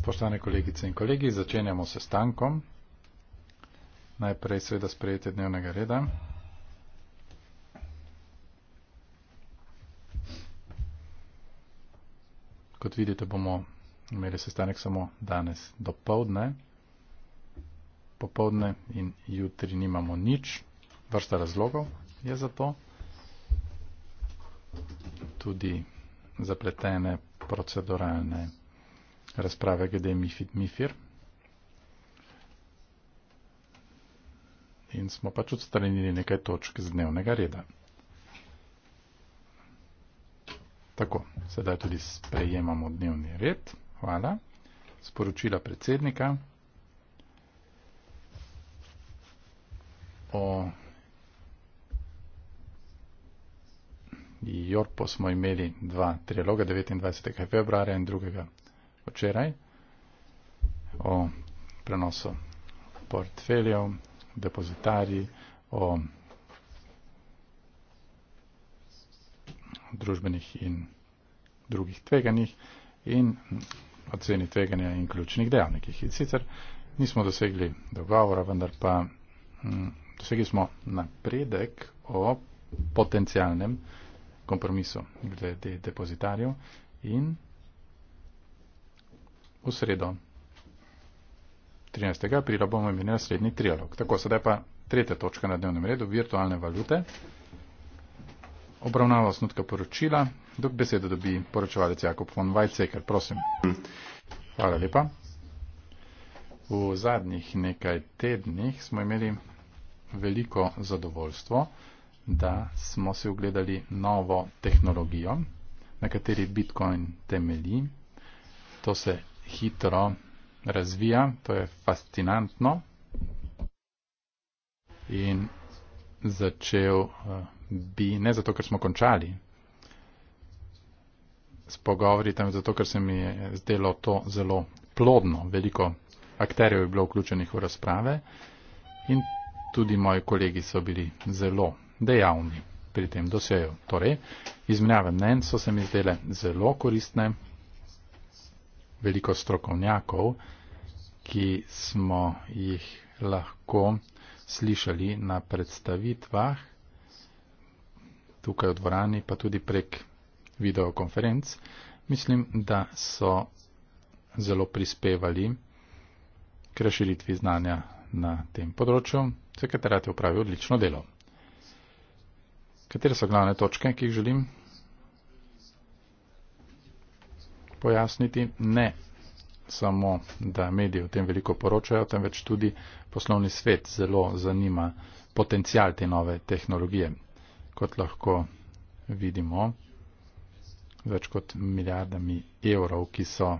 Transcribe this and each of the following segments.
Spoštovane kolegice in kolegi, začenjamo s stankom. Najprej seveda sprejete dnevnega reda. Kot vidite, bomo imeli sestanek samo danes do povdne. Popovdne in jutri nimamo nič. Vrsta razlogov je za to. Tudi zapletene proceduralne razprave glede MIFID-MIFIR. In smo pač odstranili nekaj točk z dnevnega reda. Tako, sedaj tudi sprejemamo dnevni red. Hvala. Sporočila predsednika o Jorpo smo imeli dva triloga, 29. februarja in drugega včeraj, o prenosu portfeljev, depozitarji, o družbenih in drugih tveganjih in oceni tveganja in ključnih dejavnikih. In sicer nismo dosegli dogovora, vendar pa mm, dosegli smo napredek o potencialnem kompromisu glede depozitarjev in v sredo 13. aprila bomo imeli naslednji trialog. Tako, sedaj pa tretja točka na dnevnem redu, virtualne valute. Obravnava osnutka poročila, dok besedo dobi poročevalec Jakob von Weizsäcker, prosim. Hvala lepa. V zadnjih nekaj tednih smo imeli veliko zadovoljstvo, da smo si ogledali novo tehnologijo, na kateri Bitcoin temelji. To se hitro razvija, to je fascinantno. In začel eh, bi, ne zato, ker smo končali s pogovori, tam zato, ker se mi je zdelo to zelo plodno. Veliko akterjev je bilo vključenih v razprave in tudi moji kolegi so bili zelo dejavni pri tem doseju. Torej, izmenjave mnen so se mi zdele zelo koristne. Veliko strokovnjakov, ki smo jih lahko slišali na predstavitvah, tukaj v dvorani, pa tudi prek videokonferenc, mislim, da so zelo prispevali k razširitvi znanja na tem področju. Sekretarat je upravil odlično delo. Katere so glavne točke, ki jih želim pojasniti? Ne samo, da mediji o tem veliko poročajo, temveč tudi poslovni svet zelo zanima potencial te nove tehnologije. Kot lahko vidimo, več kot milijardami evrov, ki so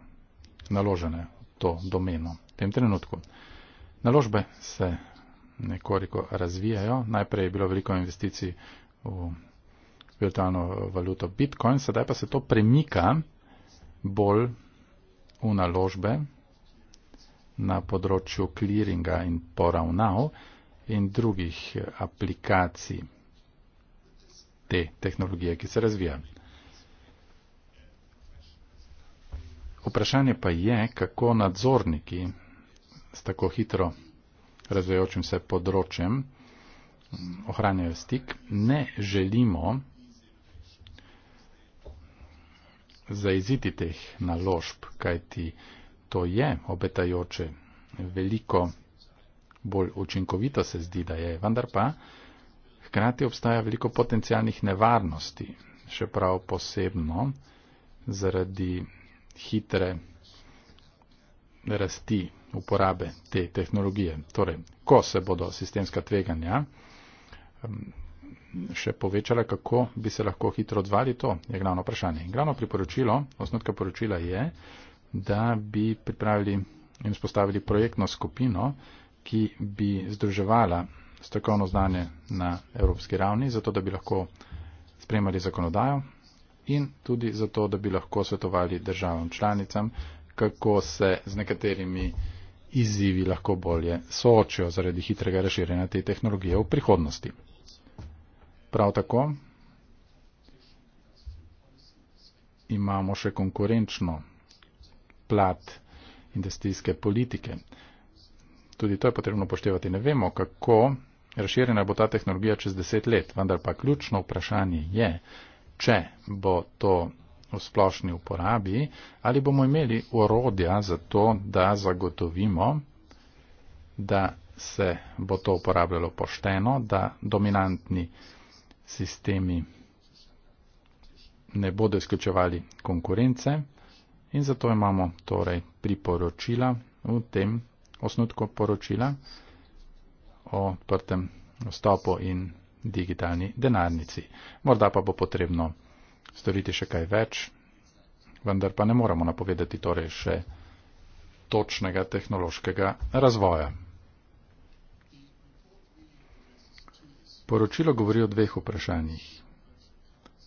naložene v to domeno v tem trenutku. Naložbe se nekoliko razvijajo. Najprej je bilo veliko investicij v virtualno eh, valuto Bitcoin, sedaj pa se to premika bolj v naložbe na področju clearinga in poravnav in drugih eh, aplikacij te tehnologije, ki se razvija. Vprašanje pa je, kako nadzorniki s tako hitro razvijajočim se področjem ohranjajo stik, ne želimo zaiziti teh naložb, kajti to je obetajoče, veliko bolj učinkovito se zdi, da je, vendar pa hkrati obstaja veliko potencijalnih nevarnosti, še prav posebno zaradi hitre rasti uporabe te tehnologije. Torej, ko se bodo sistemska tveganja še povečala, kako bi se lahko hitro odvali, to je glavno vprašanje. In glavno priporočilo, osnotka poročila je, da bi pripravili in spostavili projektno skupino, ki bi združevala strokovno znanje na evropski ravni, zato da bi lahko spremali zakonodajo in tudi zato, da bi lahko svetovali državam članicam, kako se z nekaterimi izzivi lahko bolje soočijo zaradi hitrega razširjanja te tehnologije v prihodnosti. Prav tako imamo še konkurenčno plat industrijske politike. Tudi to je potrebno poštevati. Ne vemo, kako razširjena bo ta tehnologija čez deset let, vendar pa ključno vprašanje je, če bo to v splošni uporabi, ali bomo imeli orodja za to, da zagotovimo, da se bo to uporabljalo pošteno, da dominantni eh, sistemi ne bodo izključevali konkurence in zato imamo torej priporočila v tem osnutku poročila o odprtem vstopu in digitalni denarnici. Morda pa bo potrebno storiti še kaj več, vendar pa ne moramo napovedati torej še točnega tehnološkega razvoja. Poročilo govori o dveh vprašanjih.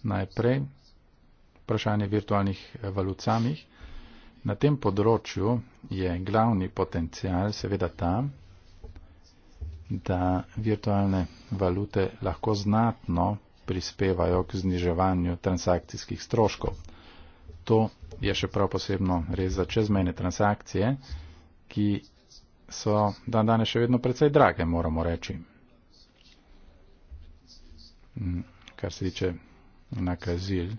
Najprej vprašanje virtualnih valut samih. Na tem področju je glavni potencial seveda ta, da virtualne valute lahko znatno prispevajo k zniževanju transakcijskih stroškov. To je še prav posebno res za čezmejne transakcije, ki so dan danes še vedno precej drage, moramo reči. Mm, kar se tiče nakazil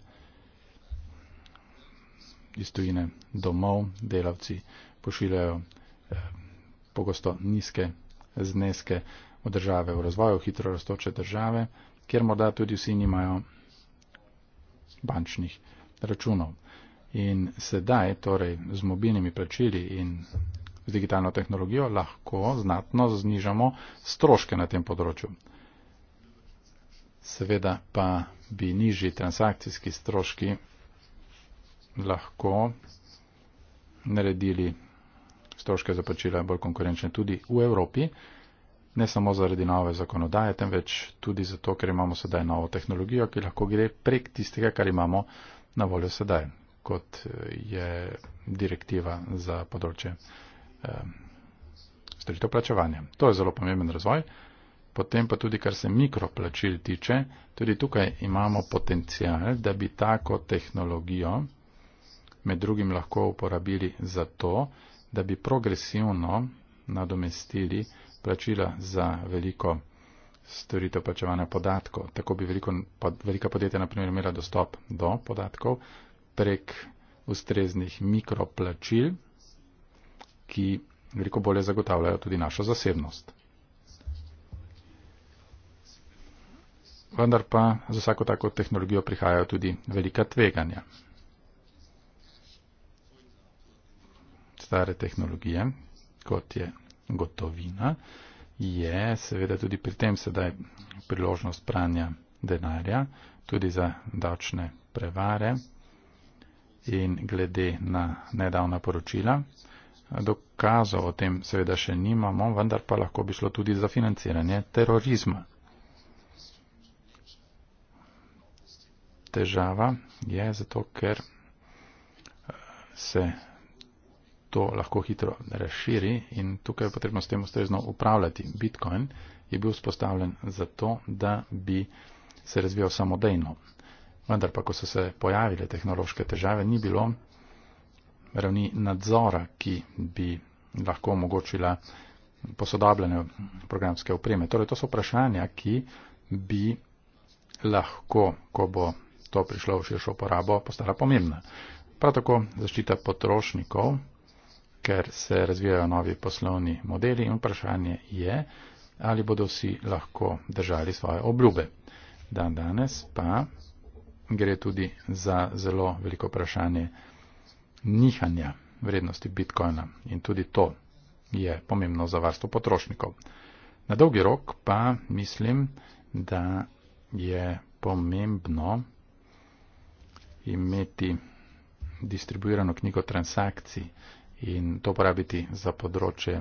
iz tujine domov, delavci pošiljajo eh, pogosto nizke zneske v države v razvoju, hitro raztoče države, kjer morda tudi vsi nimajo bančnih računov. In sedaj, torej z mobilnimi plačili in z digitalno tehnologijo, lahko znatno znižamo stroške na tem področju. Seveda pa bi nižji transakcijski stroški lahko naredili stroške za plačila bolj konkurenčne tudi v Evropi, ne samo zaradi nove zakonodaje, temveč tudi zato, ker imamo sedaj novo tehnologijo, ki lahko gre prek tistega, kar imamo na voljo sedaj, kot je direktiva za področje eh, storitev plačevanja. To je zelo pomemben razvoj potem pa tudi, kar se mikroplačil tiče, tudi tukaj imamo potencial, da bi tako tehnologijo med drugim lahko uporabili za to, da bi progresivno nadomestili plačila za veliko storitev plačevanja podatkov. Tako bi veliko, pod, velika podjetja naprimer imela dostop do podatkov prek ustreznih mikroplačil, ki veliko bolje zagotavljajo tudi našo zasebnost. vendar pa za vsako tako tehnologijo prihajajo tudi velika tveganja. Stare tehnologije, kot je gotovina, je seveda tudi pri tem sedaj priložnost pranja denarja, tudi za davčne prevare in glede na nedavna poročila. Dokazov o tem seveda še nimamo, vendar pa lahko bi šlo tudi za financiranje terorizma. težava je zato, ker eh, se to lahko hitro razširi in tukaj je potrebno s tem ustrezno upravljati. Bitcoin je bil spostavljen zato, da bi se razvijal samodejno. Vendar pa, ko so se pojavile tehnološke težave, ni bilo ravni nadzora, ki bi lahko omogočila posodobljanje programske opreme. Torej, to so vprašanja, ki bi lahko, ko bo to prišlo v širšo uporabo, postala pomembna. Prav tako zaščita potrošnikov, ker se razvijajo novi poslovni modeli in vprašanje je, ali bodo vsi lahko držali svoje obljube. Dan danes pa gre tudi za zelo veliko vprašanje nihanja vrednosti bitcoina in tudi to je pomembno za varstvo potrošnikov. Na dolgi rok pa mislim, da je pomembno, imeti distribuirano knjigo transakcij in to porabiti za področje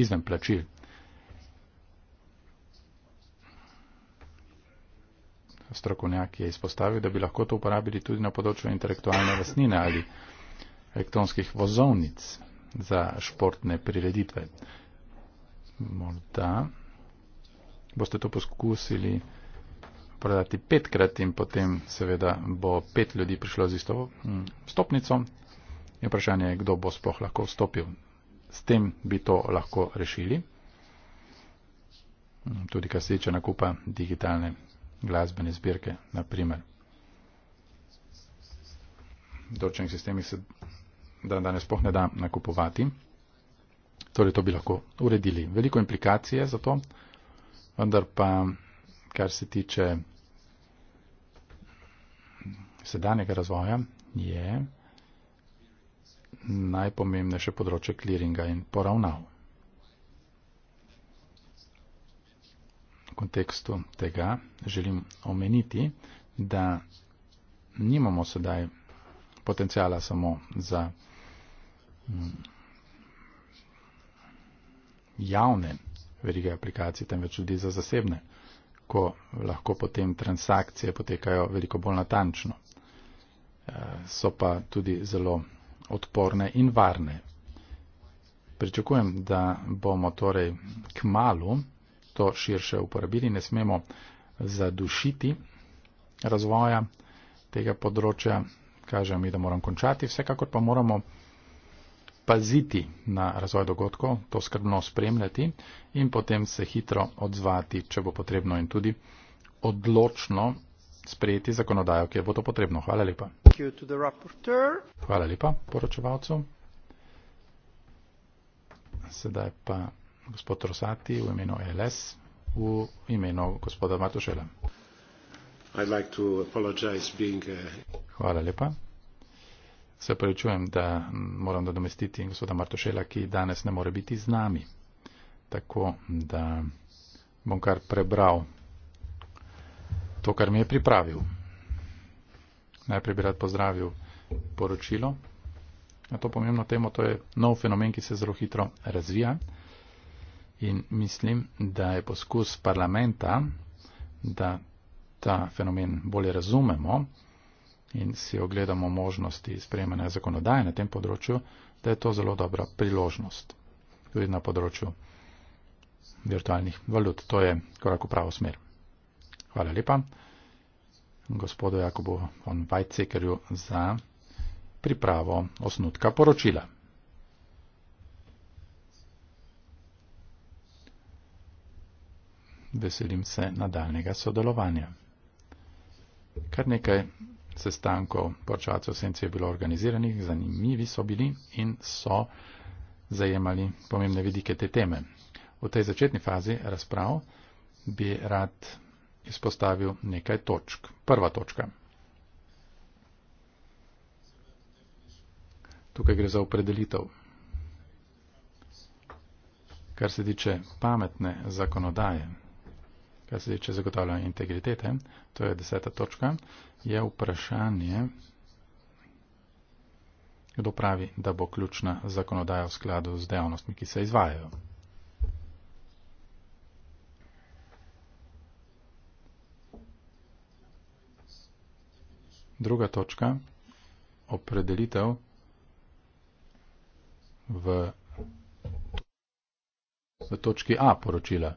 izven plačil. Strokovnjak je izpostavil, da bi lahko to uporabili tudi na področju intelektualne lastnine ali elektronskih vozovnic za športne prireditve. Morda boste to poskusili prodati petkrat in potem seveda bo pet ljudi prišlo z isto mm, stopnico. In vprašanje je, kdo bo sploh lahko vstopil. S tem bi to lahko rešili. Mm, tudi kar se tiče nakupa digitalne glasbene zbirke, na primer. V določenih sistemih se dan danes sploh ne da nakupovati. Torej, to bi lahko uredili. Veliko implikacije za to, vendar pa, kar se tiče sedanjega razvoja je najpomembnejše področje kliringa in poravnav. V kontekstu tega želim omeniti, da nimamo sedaj potencijala samo za mm, javne verige aplikacije, temveč tudi za zasebne, ko lahko potem transakcije potekajo veliko bolj natančno so pa tudi zelo odporne in varne. Pričakujem, da bomo torej k malu to širše uporabili. Ne smemo zadušiti razvoja tega področja. Kažem mi, da moram končati. Vsekakor pa moramo paziti na razvoj dogodkov, to skrbno spremljati in potem se hitro odzvati, če bo potrebno in tudi odločno sprejeti zakonodajo, kjer bo to potrebno. Hvala lepa. Hvala lepa poročevalcu. Sedaj pa gospod Rosati v imenu LS, v imenu gospoda Matošela. Like uh, Hvala lepa. Se prevečujem, da moram nadomestiti gospoda Martošela, ki danes ne more biti z nami. Tako da bom kar prebral to, kar mi je pripravil. Najprej bi rad pozdravil poročilo. Na to pomembno temo, to je nov fenomen, ki se zelo hitro razvija. In mislim, da je poskus parlamenta, da ta fenomen bolje razumemo in si ogledamo možnosti sprejemanja zakonodaje na tem področju, da je to zelo dobra priložnost. Tudi na področju virtualnih valut. To je korak v pravo smer. Hvala lepa gospodu Jakobu von Weizsäckerju za pripravo osnutka poročila. Veselim se nadaljnega sodelovanja. Kar nekaj sestankov počacov sence je bilo organiziranih, zanimivi so bili in so zajemali pomembne vidike te teme. V tej začetni fazi razprav bi rad izpostavil nekaj točk. Prva točka. Tukaj gre za opredelitev. Kar se tiče pametne zakonodaje, kar se tiče zagotavljanja integritete, to je deseta točka, je vprašanje, kdo pravi, da bo ključna zakonodaja v skladu z dejavnostmi, ki se izvajajo. Druga točka, opredelitev v, v točki A poročila.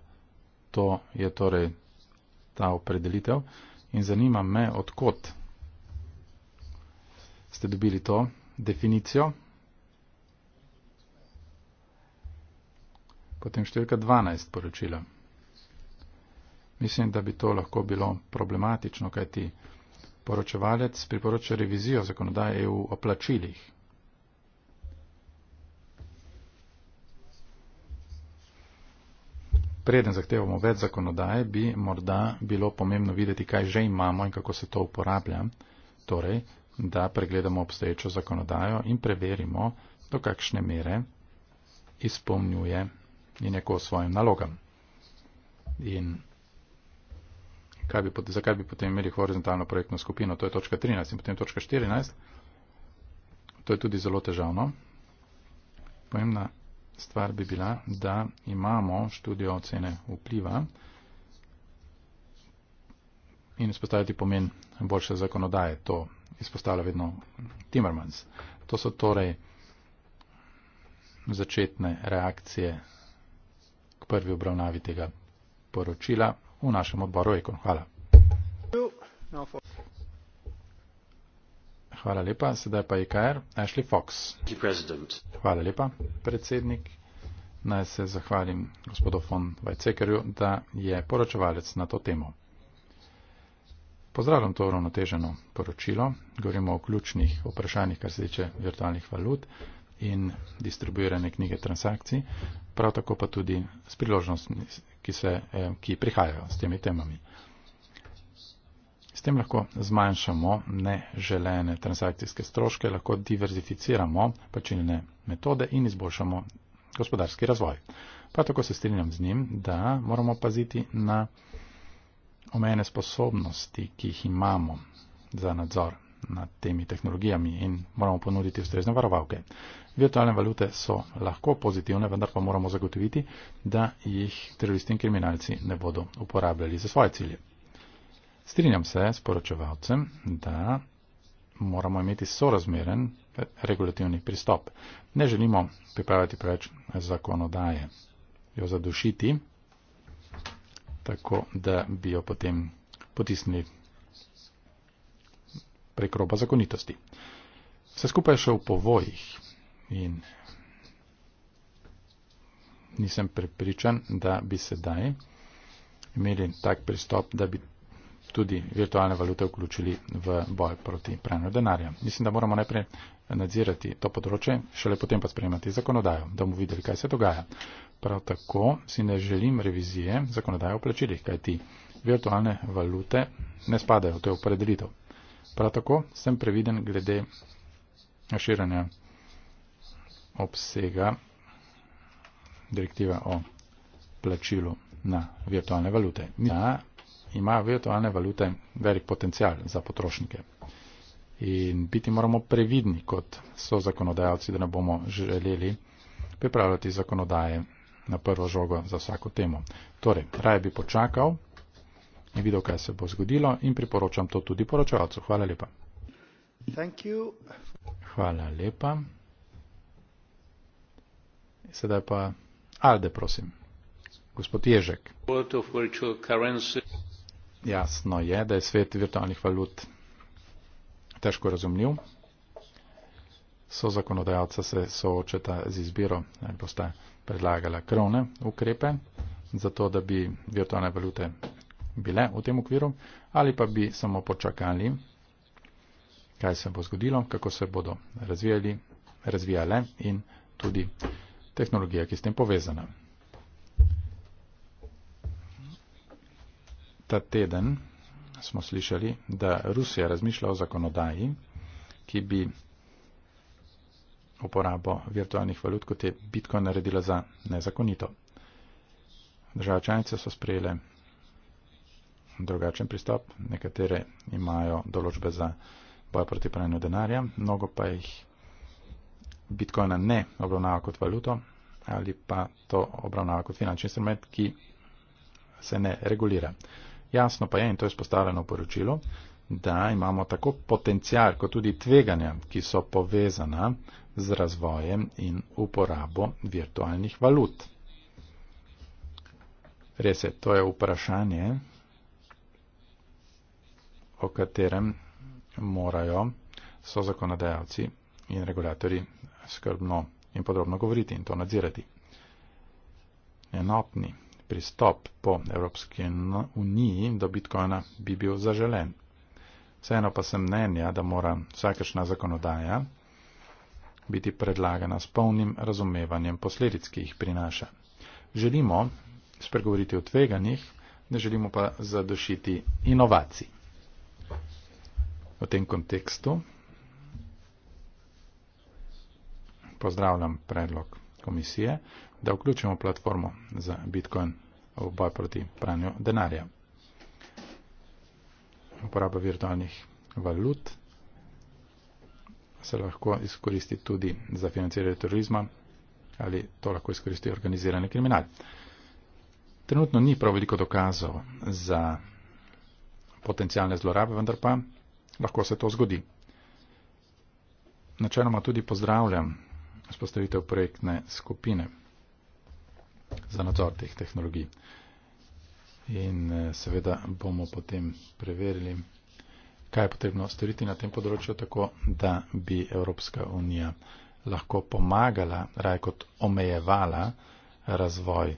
To je torej ta opredelitev in zanima me, odkot ste dobili to definicijo. Potem številka 12 poročila. Mislim, da bi to lahko bilo problematično, kajti poročevalec priporoča revizijo zakonodaje EU o plačilih. Preden zahtevamo več zakonodaje, bi morda bilo pomembno videti, kaj že imamo in kako se to uporablja. Torej, da pregledamo obstoječo zakonodajo in preverimo, do kakšne mere izpolnjuje in je ko svojim nalogam. In kaj bi, zakaj bi potem imeli horizontalno projektno skupino. To je točka 13 in potem točka 14. To je tudi zelo težavno. Pomembna stvar bi bila, da imamo študijo ocene vpliva in izpostaviti pomen boljše zakonodaje. To izpostavlja vedno Timmermans. To so torej začetne reakcije k prvi obravnavi tega poročila v našem odboru Ekon. Hvala. Hvala lepa, sedaj pa IKR, e Ashley Fox. Hvala lepa, predsednik. Naj se zahvalim gospodu von Weizsäckerju, da je poročevalec na to temo. Pozdravljam to uravnoteženo poročilo. Govorimo o ključnih vprašanjih, kar se tiče virtualnih valut in distribuirane knjige transakcij, prav tako pa tudi s priložnostmi, ki, se, eh, ki prihajajo s temi temami. S tem lahko zmanjšamo neželene transakcijske stroške, lahko diverzificiramo plačilne metode in izboljšamo gospodarski razvoj. Pa tako se strinjam z njim, da moramo paziti na omejene sposobnosti, ki jih imamo za nadzor nad temi tehnologijami in moramo ponuditi ustrezne varovalke. Virtualne valute so lahko pozitivne, vendar pa moramo zagotoviti, da jih teroristi in kriminalci ne bodo uporabljali za svoje cilje. Strinjam se s poročevalcem, da moramo imeti sorazmeren regulativni pristop. Ne želimo pripraviti preveč zakonodaje, jo zadušiti, tako da bi jo potem potisnili prek roba zakonitosti. Vse skupaj je šel po vojih in nisem prepričan, da bi sedaj imeli tak pristop, da bi tudi virtualne valute vključili v boj proti pranju denarja. Mislim, da moramo najprej nadzirati to področje, šele potem pa sprejemati zakonodajo, da bomo videli, kaj se dogaja. Prav tako si ne želim revizije zakonodaje o plačilih, kajti virtualne valute ne spadajo, to je opredelitev. Prav tako sem previden glede širanja obsega direktive o plačilu na virtualne valute. Ja, ima virtualne valute velik potencial za potrošnike. In biti moramo previdni, kot so zakonodajalci, da ne bomo želeli pripravljati zakonodaje na prvo žogo za vsako temo. Torej, raje bi počakal in videl, kaj se bo zgodilo in priporočam to tudi poročevalcu. Hvala lepa. Hvala lepa. Sedaj pa Alde, prosim. Gospod Ježek. Jasno je, da je svet virtualnih valut težko razumljiv. So zakonodajalca se soočata z izbiro, da bosta predlagala krovne ukrepe za to, da bi virtualne valute bile v tem okviru, ali pa bi samo počakali, kaj se bo zgodilo, kako se bodo razvijali, razvijale in tudi tehnologija, ki je s tem povezana. Ta teden smo slišali, da Rusija razmišlja o zakonodaji, ki bi uporabo virtualnih valut, kot je Bitcoin, naredila za nezakonito. Država članice so sprejele drugačen pristop. Nekatere imajo določbe za boj proti pranju denarja, mnogo pa jih Bitcoina ne obravnava kot valuto ali pa to obravnava kot finančni instrument, ki se ne regulira. Jasno pa je, in to je spostavljeno v poročilu, da imamo tako potencijal kot tudi tveganja, ki so povezana z razvojem in uporabo virtualnih valut. Res je, to je vprašanje, o katerem morajo so zakonodajalci in regulatori skrbno in podrobno govoriti in to nadzirati. Enotni pristop po Evropski uniji do bitcoina bi bil zaželen. Vseeno pa sem mnenja, da mora vsakršna zakonodaja biti predlagana s polnim razumevanjem posledic, ki jih prinaša. Želimo spregovoriti o tveganjih, ne želimo pa zadošiti inovacij tem kontekstu. Pozdravljam predlog komisije, da vključimo platformo za Bitcoin v boj proti pranju denarja. Uporaba virtualnih valut se lahko izkoristi tudi za financiranje turizma ali to lahko izkoristi organizirani kriminal. Trenutno ni prav veliko dokazov za potencijalne zlorabe, vendar pa lahko se to zgodi. Načeloma tudi pozdravljam spostavitev projektne skupine za nadzor teh tehnologij. In eh, seveda bomo potem preverili, kaj je potrebno storiti na tem področju, tako da bi Evropska unija lahko pomagala, raje kot omejevala, razvoj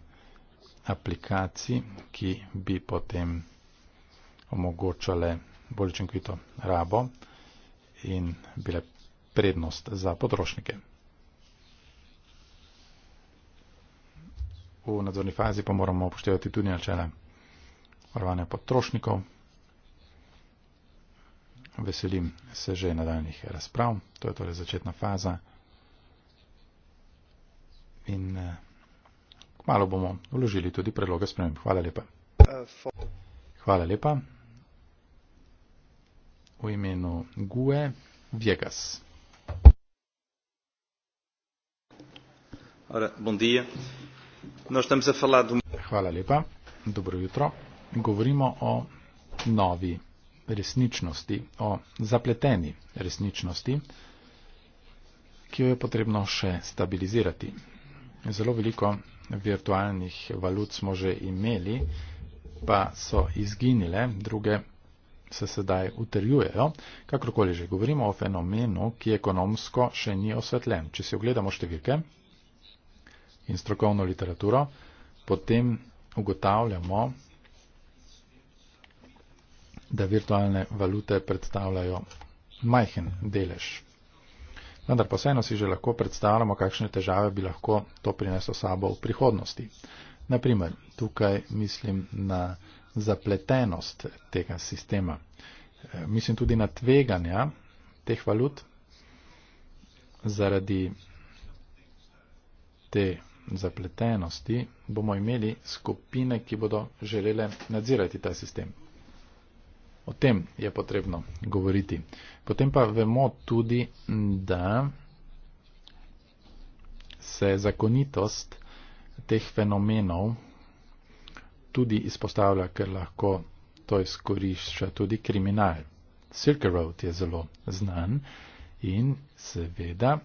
aplikacij, ki bi potem omogočale bolj učinkovito rabo in bile prednost za potrošnike. V nadzorni fazi pa moramo upoštevati tudi načele varovanja potrošnikov. Veselim se že nadaljnih razprav. To je torej začetna faza. In eh, kmalo bomo vložili tudi predloge sprememb. Hvala lepa. Eh, Hvala lepa u imenu Gue Viegas. Ora, bom dia. Nós estamos a falar do... Hvala lepa. Dobro jutro. Govorimo o novi resničnosti, o zapleteni resničnosti, ki jo je potrebno še stabilizirati. Zelo veliko virtualnih valut smo že imeli, pa so izginile, druge se sedaj utrjujejo, kakorkoli že govorimo o fenomenu, ki ekonomsko še ni osvetljen. Če si ogledamo številke in strokovno literaturo, potem ugotavljamo, da virtualne valute predstavljajo majhen delež. Vendar pa vseeno si že lahko predstavljamo, kakšne težave bi lahko to prineslo sabo v prihodnosti. Naprimer, tukaj mislim na zapletenost tega sistema. Eh, mislim tudi na tveganja teh valut zaradi te zapletenosti bomo imeli skupine, ki bodo želele nadzirati ta sistem. O tem je potrebno govoriti. Potem pa vemo tudi, da se zakonitost teh fenomenov tudi izpostavlja, ker lahko to izkorišča tudi kriminal. Silk Road je zelo znan in seveda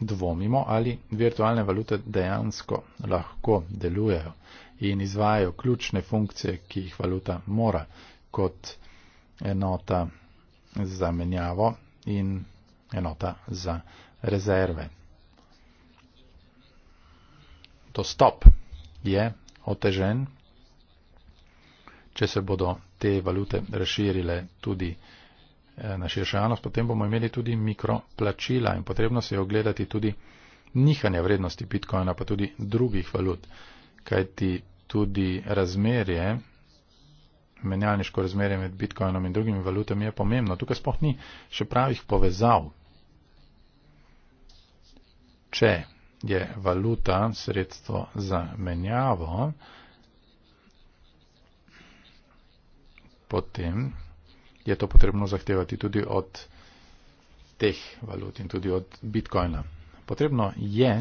dvomimo, ali virtualne valute dejansko lahko delujejo in izvajo ključne funkcije, ki jih valuta mora kot enota za menjavo in enota za rezerve. Dostop je otežen če se bodo te valute razširile tudi eh, na širšo javnost, potem bomo imeli tudi mikroplačila in potrebno se je ogledati tudi nihanja vrednosti bitcoina, pa tudi drugih valut, kajti tudi razmerje, menjalniško razmerje med bitcoinom in drugimi valutami je pomembno. Tukaj spoh ni še pravih povezav. Če je valuta sredstvo za menjavo, potem je to potrebno zahtevati tudi od teh valut in tudi od bitcoina. Potrebno je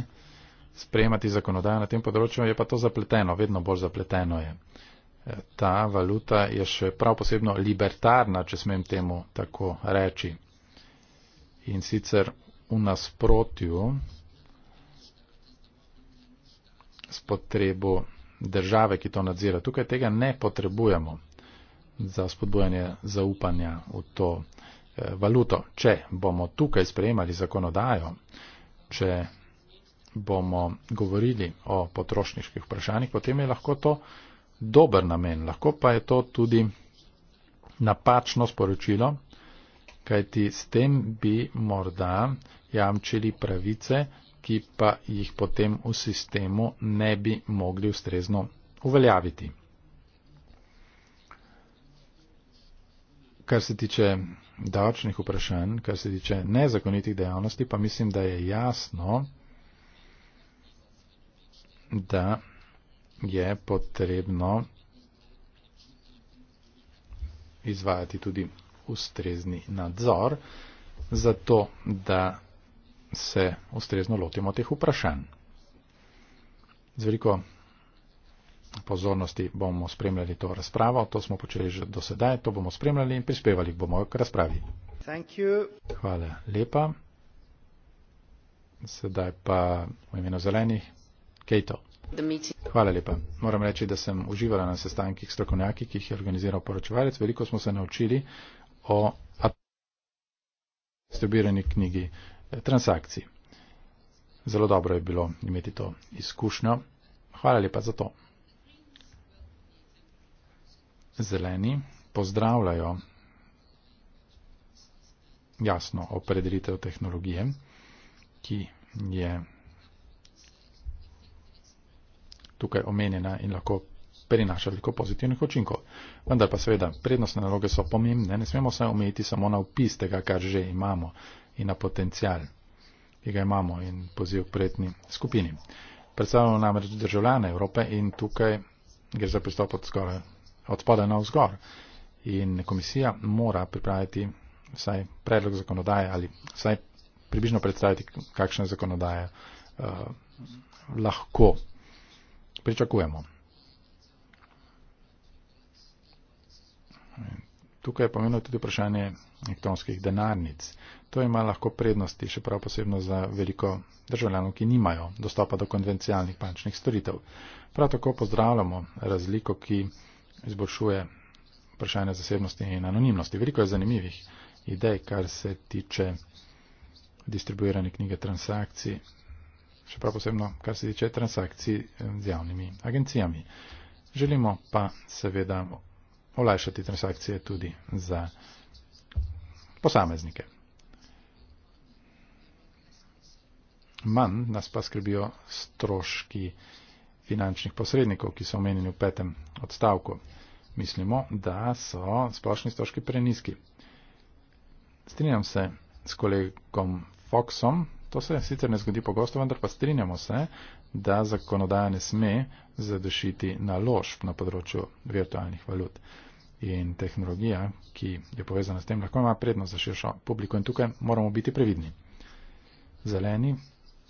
sprejemati zakonodajo na tem področju, je pa to zapleteno, vedno bolj zapleteno je. E, ta valuta je še prav posebno libertarna, če smem temu tako reči. In sicer v nasprotju s potrebo države, ki to nadzira. Tukaj tega ne potrebujemo za spodbujanje zaupanja v to eh, valuto. Če bomo tukaj sprejemali zakonodajo, če bomo govorili o potrošniških vprašanjih, potem je lahko to dober namen. Lahko pa je to tudi napačno sporočilo, kajti s tem bi morda jamčili pravice, ki pa jih potem v sistemu ne bi mogli ustrezno uveljaviti. kar se tiče davčnih vprašanj, kar se tiče nezakonitih dejavnosti, pa mislim, da je jasno, da je potrebno izvajati tudi ustrezni nadzor, zato da se ustrezno lotimo teh vprašanj. Z veliko pozornosti bomo spremljali to razpravo. To smo počeli že do sedaj, to bomo spremljali in prispevali bomo k razpravi. Hvala lepa. Sedaj pa v imenu zelenih. Kato. Hvala lepa. Moram reči, da sem uživala na sestankih strokovnjaki, ki jih je organiziral poročevalec. Veliko smo se naučili o distribuirani knjigi eh, transakcij. Zelo dobro je bilo imeti to izkušnjo. Hvala lepa za to zeleni pozdravljajo jasno opredelitev tehnologije, ki je tukaj omenjena in lahko prinaša veliko pozitivnih učinkov. Vendar pa seveda prednostne naloge so pomembne, ne smemo se omejiti samo na upis tega, kar že imamo in na potencial, ki ga imamo in poziv k prijetni skupini. Predstavljamo namreč državljane Evrope in tukaj gre za pristop od skoraj odpada na vzgor. In komisija mora pripraviti vsaj predlog zakonodaje ali vsaj približno predstaviti, kakšna zakonodaja uh, lahko pričakujemo. Tukaj je pomenilo tudi vprašanje elektronskih denarnic. To ima lahko prednosti, še prav posebno za veliko državljanov, ki nimajo dostopa do konvencionalnih bančnih storitev. Prav tako pozdravljamo razliko, ki izboljšuje vprašanje zasebnosti in anonimnosti. Veliko je zanimivih idej, kar se tiče distribuirane knjige transakcij, še prav posebno, kar se tiče transakcij eh, z javnimi agencijami. Želimo pa seveda olajšati transakcije tudi za posameznike. Manj nas pa skrbijo stroški finančnih posrednikov, ki so omenjeni v petem odstavku. Mislimo, da so splošni stroški preniski. Strinjam se s kolegom Foxom, to se sicer ne zgodi pogosto, vendar pa strinjamo se, da zakonodaja ne sme zadošiti naložb na področju virtualnih valut. In tehnologija, ki je povezana s tem, lahko ima prednost za širšo publiko in tukaj moramo biti previdni. Zeleni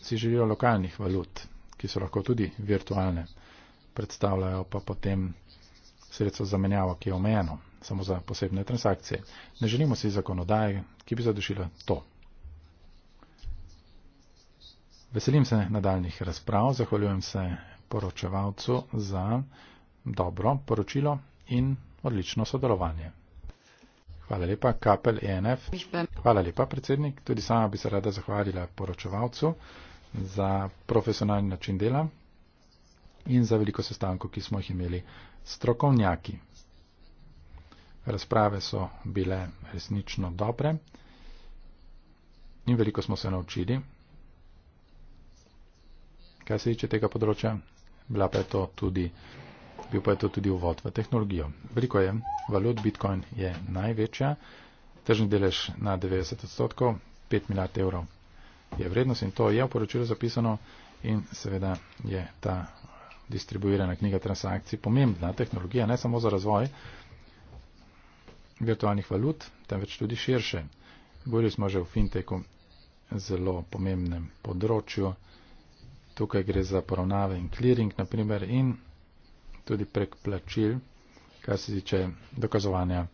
si želijo lokalnih valut, ki so lahko tudi virtualne, predstavljajo pa potem sredstvo zamenjava, ki je omejeno, samo za posebne transakcije. Ne želimo si zakonodaje, ki bi zadošila to. Veselim se nadaljnih razprav, zahvaljujem se poročevalcu za dobro poročilo in odlično sodelovanje. Hvala lepa, Kapel ENF. Hvala lepa, predsednik. Tudi sama bi se rada zahvalila poročevalcu za profesionalni način dela in za veliko sestankov, ki smo jih imeli strokovnjaki. Razprave so bile resnično dobre in veliko smo se naučili. Kaj se tiče tega področja, bila pa je to tudi. Bil pa je to tudi uvod v tehnologijo. Veliko je, valut Bitcoin je največja, tržni delež na 90 odstotkov, 5 milijard evrov je vrednost in to je v poročilu zapisano in seveda je ta distribuirana knjiga transakcij pomembna tehnologija, ne samo za razvoj virtualnih valut, temveč tudi širše. Govorili smo že v finteku zelo pomembnem področju. Tukaj gre za poravnave in clearing, naprimer, in tudi prek plačil, kar se tiče dokazovanja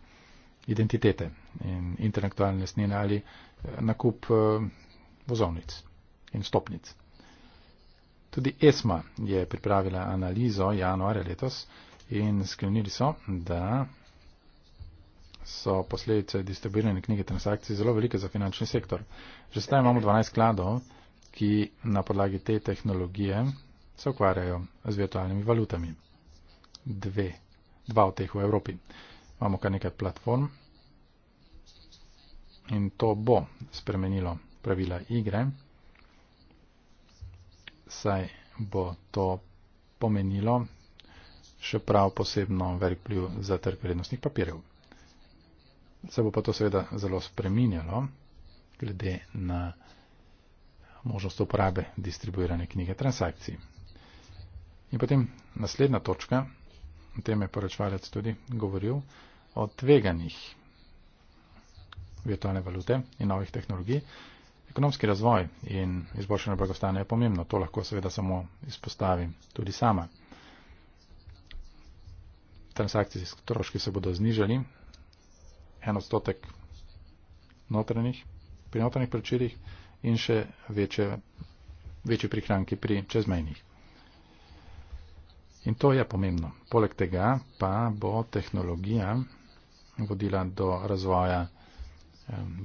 identitete in intelektualne snine ali eh, nakup eh, vozovnic in stopnic. Tudi ESMA je pripravila analizo januarja letos in sklenili so, da so posledice distribuirane knjige transakcij zelo velike za finančni sektor. Že zdaj imamo 12 skladov, ki na podlagi te tehnologije se ukvarjajo z virtualnimi valutami. Dve, dva od teh v Evropi. Imamo kar nekaj platform in to bo spremenilo pravila igre, saj bo to pomenilo še prav posebno velik pliv za trg vrednostnih papirjev. Se bo pa to seveda zelo spreminjalo, glede na možnost uporabe distribuirane knjige transakcij. In potem naslednja točka, o tem je poročvalec tudi govoril, o tveganih virtualne valute in novih tehnologij, ekonomski razvoj in izboljšanje blagostanja je pomembno. To lahko seveda samo izpostavim tudi sama. Transakcijski stroški se bodo znižali, en odstotek notranjih, pri notranjih plačilih in še večje, večji prihranki pri čezmejnih. In to je pomembno. Poleg tega pa bo tehnologija vodila do razvoja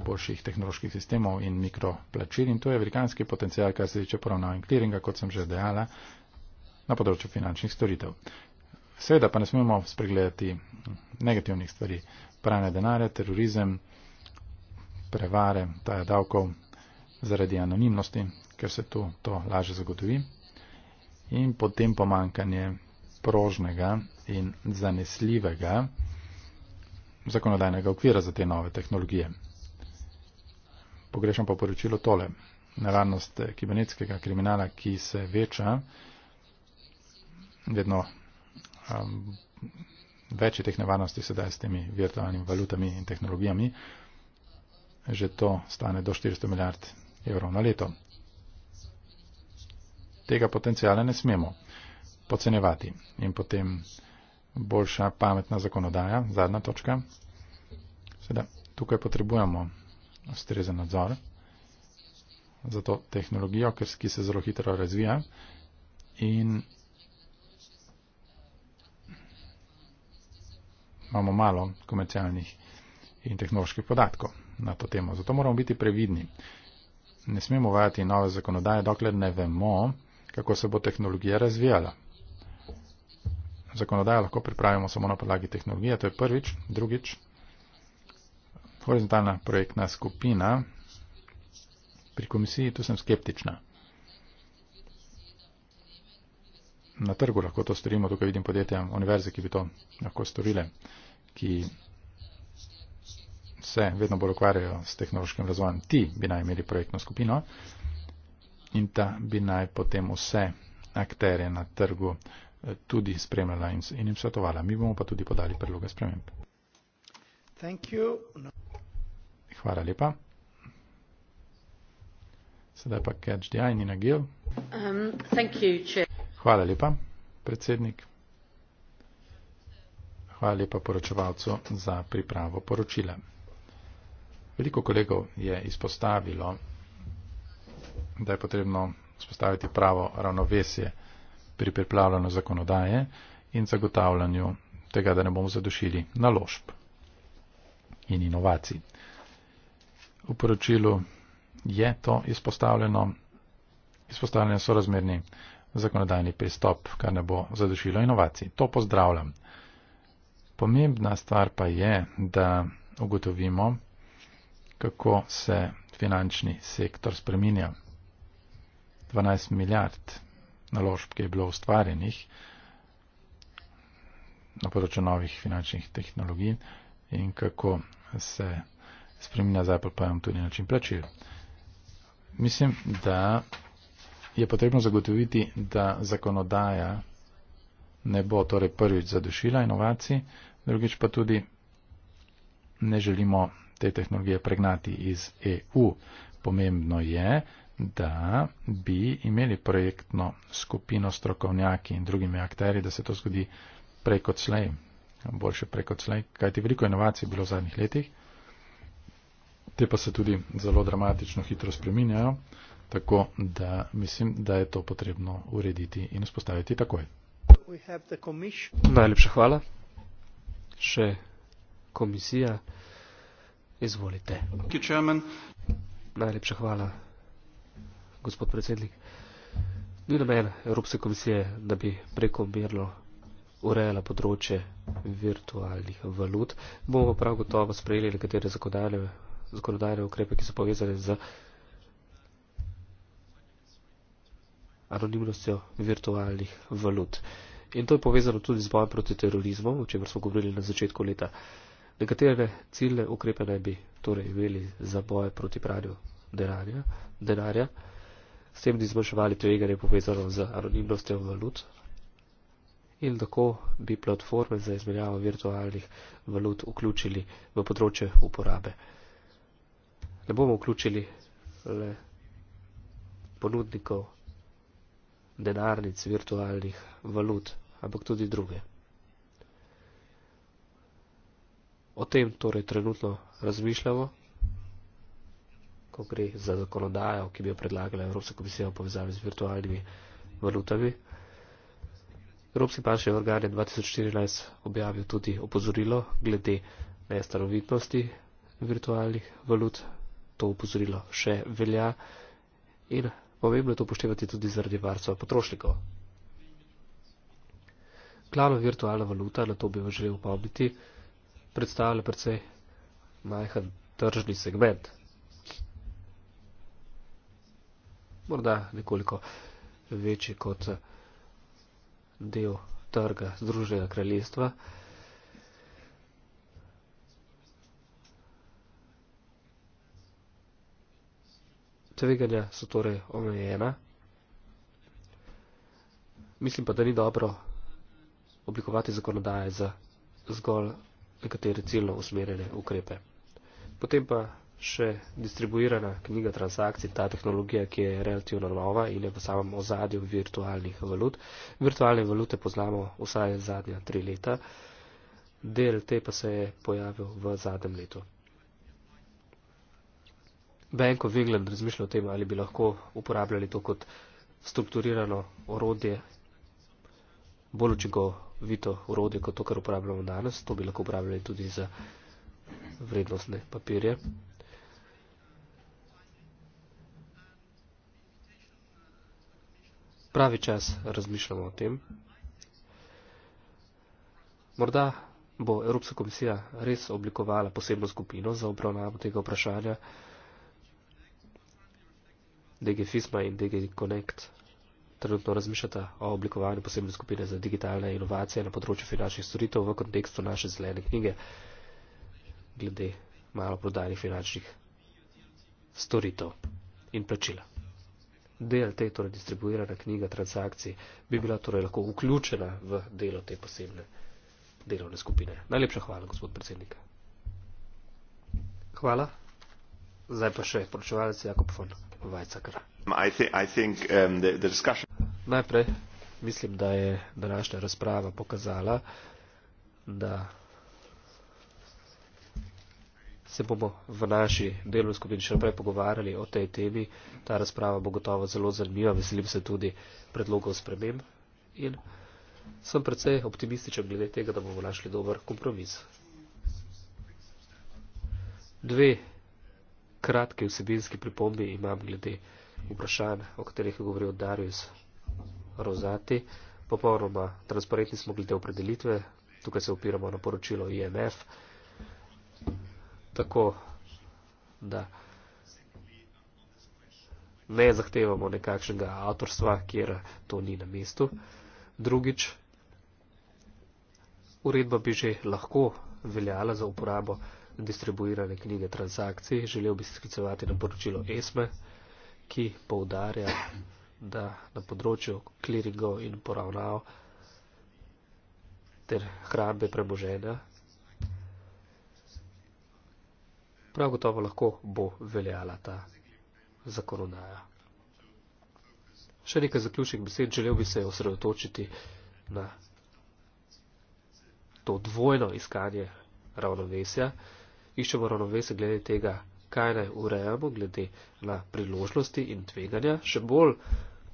boljših tehnoloških sistemov in mikroplačil. In to je velikanski potencial, kar se tiče poravnav in kliringa, kot sem že dejala, na področju finančnih storitev. Seveda pa ne smemo spregledati negativnih stvari. Pranje denarja, terorizem, prevare, taja davkov zaradi anonimnosti, ker se tu to laže zagotovi. In potem pomankanje prožnega in zanesljivega zakonodajnega okvira za te nove tehnologije pogrešam pa poročilo tole. Nevarnost eh, kibernetskega kriminala, ki se veča, vedno um, več je teh nevarnosti sedaj s temi virtualnimi valutami in tehnologijami, že to stane do 400 milijard evrov na leto. Tega potencijala ne smemo pocenevati. In potem boljša pametna zakonodaja, zadnja točka. Sedaj, tukaj potrebujemo ustrezen nadzor za to tehnologijo, ki se zelo hitro razvija in imamo malo komercialnih in tehnoloških podatkov na to temo. Zato moramo biti previdni. Ne smemo uvajati nove zakonodaje, dokler ne vemo, kako se bo tehnologija razvijala. Zakonodajo lahko pripravimo samo na podlagi tehnologije, to je prvič. Drugič, horizontalna projektna skupina. Pri komisiji tu sem skeptična. Na trgu lahko to storimo, tukaj vidim podjetja univerze, ki bi to lahko storile, ki se vedno bolj ukvarjajo s tehnološkim razvojem. Ti bi naj imeli projektno skupino in ta bi naj potem vse akterje na trgu eh, tudi spremljala in jim svetovala. Mi bomo pa tudi podali predloge sprememb. Thank you. Hvala lepa. Sedaj pa catch the eye, Nina Gill. Um, thank you, chair. Hvala lepa, predsednik. Hvala lepa poročevalcu za pripravo poročila. Veliko kolegov je izpostavilo, da je potrebno spostaviti pravo ravnovesje pri pripravljanju zakonodaje in zagotavljanju tega, da ne bomo zadušili naložb in inovacij v poročilu je to izpostavljeno, izpostavljen sorazmerni zakonodajni pristop, kar ne bo zadošilo inovacij. To pozdravljam. Pomembna stvar pa je, da ugotovimo, kako se finančni sektor spreminja. 12 milijard naložb, ki je bilo ustvarjenih na področju novih finančnih tehnologij in kako se spreminja spremlja z Apple Payom tudi način plačil. Mislim, da je potrebno zagotoviti, da zakonodaja ne bo torej prvič zadušila inovacij, drugič pa tudi ne želimo te tehnologije pregnati iz EU. Pomembno je, da bi imeli projektno skupino strokovnjaki in drugimi akteri, da se to zgodi preko slej, boljše preko slej, kajti veliko inovacij je bilo v zadnjih letih. Te pa se tudi zelo dramatično hitro spreminjajo, tako da mislim, da je to potrebno urediti in vzpostaviti takoj. Najlepša hvala. Še komisija. Izvolite. Najlepša hvala, gospod predsednik. Ni namen Evropske komisije, da bi preko merlo urejala področje virtualnih valut. Bomo prav gotovo sprejeli nekatere zakonodajne zakonodajne ukrepe, ki so povezane z anonimnostjo virtualnih valut. In to je povezano tudi z bojem proti terorizmu, o čemer smo govorili na začetku leta. Nekatere ciljne ukrepe naj bi torej imeli za boje proti pranju denarja, denarja, s tem bi zmanjševali tveganje povezano z anonimnostjo valut in tako bi platforme za izmenjavo virtualnih valut vključili v področje uporabe ne bomo vključili le ponudnikov denarnic, virtualnih valut, ampak tudi druge. O tem torej trenutno razmišljamo, ko gre za zakonodajo, ki bi jo predlagala Evropska komisija v povezavi z virtualnimi valutami. Evropski pašni organ je 2014 objavil tudi opozorilo glede nestarovitnosti virtualnih valut to upozorilo še velja in pomembno je to upoštevati tudi zaradi varstva potrošnikov. Glavna virtualna valuta, na to bi vam želel upomniti, predstavlja predvsej majhen tržni segment. Morda nekoliko večji kot del trga Združenega kraljestva. tveganja so torej omejena. Mislim pa, da ni dobro oblikovati zakonodaje za zgolj nekatere ciljno usmerjene ukrepe. Potem pa še distribuirana knjiga transakcij, ta tehnologija, ki je relativno nova in je v samem ozadju virtualnih valut. Virtualne valute poznamo vsaj zadnja tri leta, del te pa se je pojavil v zadnjem letu. Bank of England razmišlja o tem, ali bi lahko uporabljali to kot strukturirano orodje, bolj učinkovito orodje kot to, kar uporabljamo danes. To bi lahko uporabljali tudi za vrednostne papirje. Pravi čas razmišljamo o tem. Morda bo Evropska komisija res oblikovala posebno skupino za obravnavo tega vprašanja. DGFISMA in DGConnect trenutno razmišljata o oblikovanju posebne skupine za digitalne inovacije na področju finančnih storitev v kontekstu naše zelene knjige glede malo prodajnih finančnih storitev in plačila. DLT, torej distribuirana knjiga transakcij, bi bila torej lahko vključena v delo te posebne delovne skupine. Najlepša hvala, gospod predsednik. Hvala. Zdaj pa še poročevalec Jakob Fon. Vajcakra. Um, Najprej mislim, da je današnja razprava pokazala, da se bomo v naši delovni skupini še naprej pogovarjali o tej temi. Ta razprava bo gotovo zelo zanimiva, veselim se tudi predlogov sprememb in sem predvsej optimističen glede tega, da bomo našli dober kompromis. Dve kratke vsebinske pripombe imam glede vprašanj, o katerih je govoril Darius Rozati. Popolnoma transparentni smo glede opredelitve, tukaj se opiramo na poročilo IMF. Tako da ne zahtevamo nekakšnega avtorstva, kjer to ni na mestu. Drugič, uredba bi že lahko veljala za uporabo distribuirane knjige transakcij. Želel bi se sklicovati na poročilo ESME, ki poudarja, da na področju kliringov in poravnav ter hrambe premoženja prav gotovo lahko bo veljala ta zakonodaja. Še nekaj zaključnih besed, želel bi se osredotočiti na to dvojno iskanje ravnovesja iščemo ravnovesje glede tega, kaj naj urejamo glede na priložnosti in tveganja. Še bolj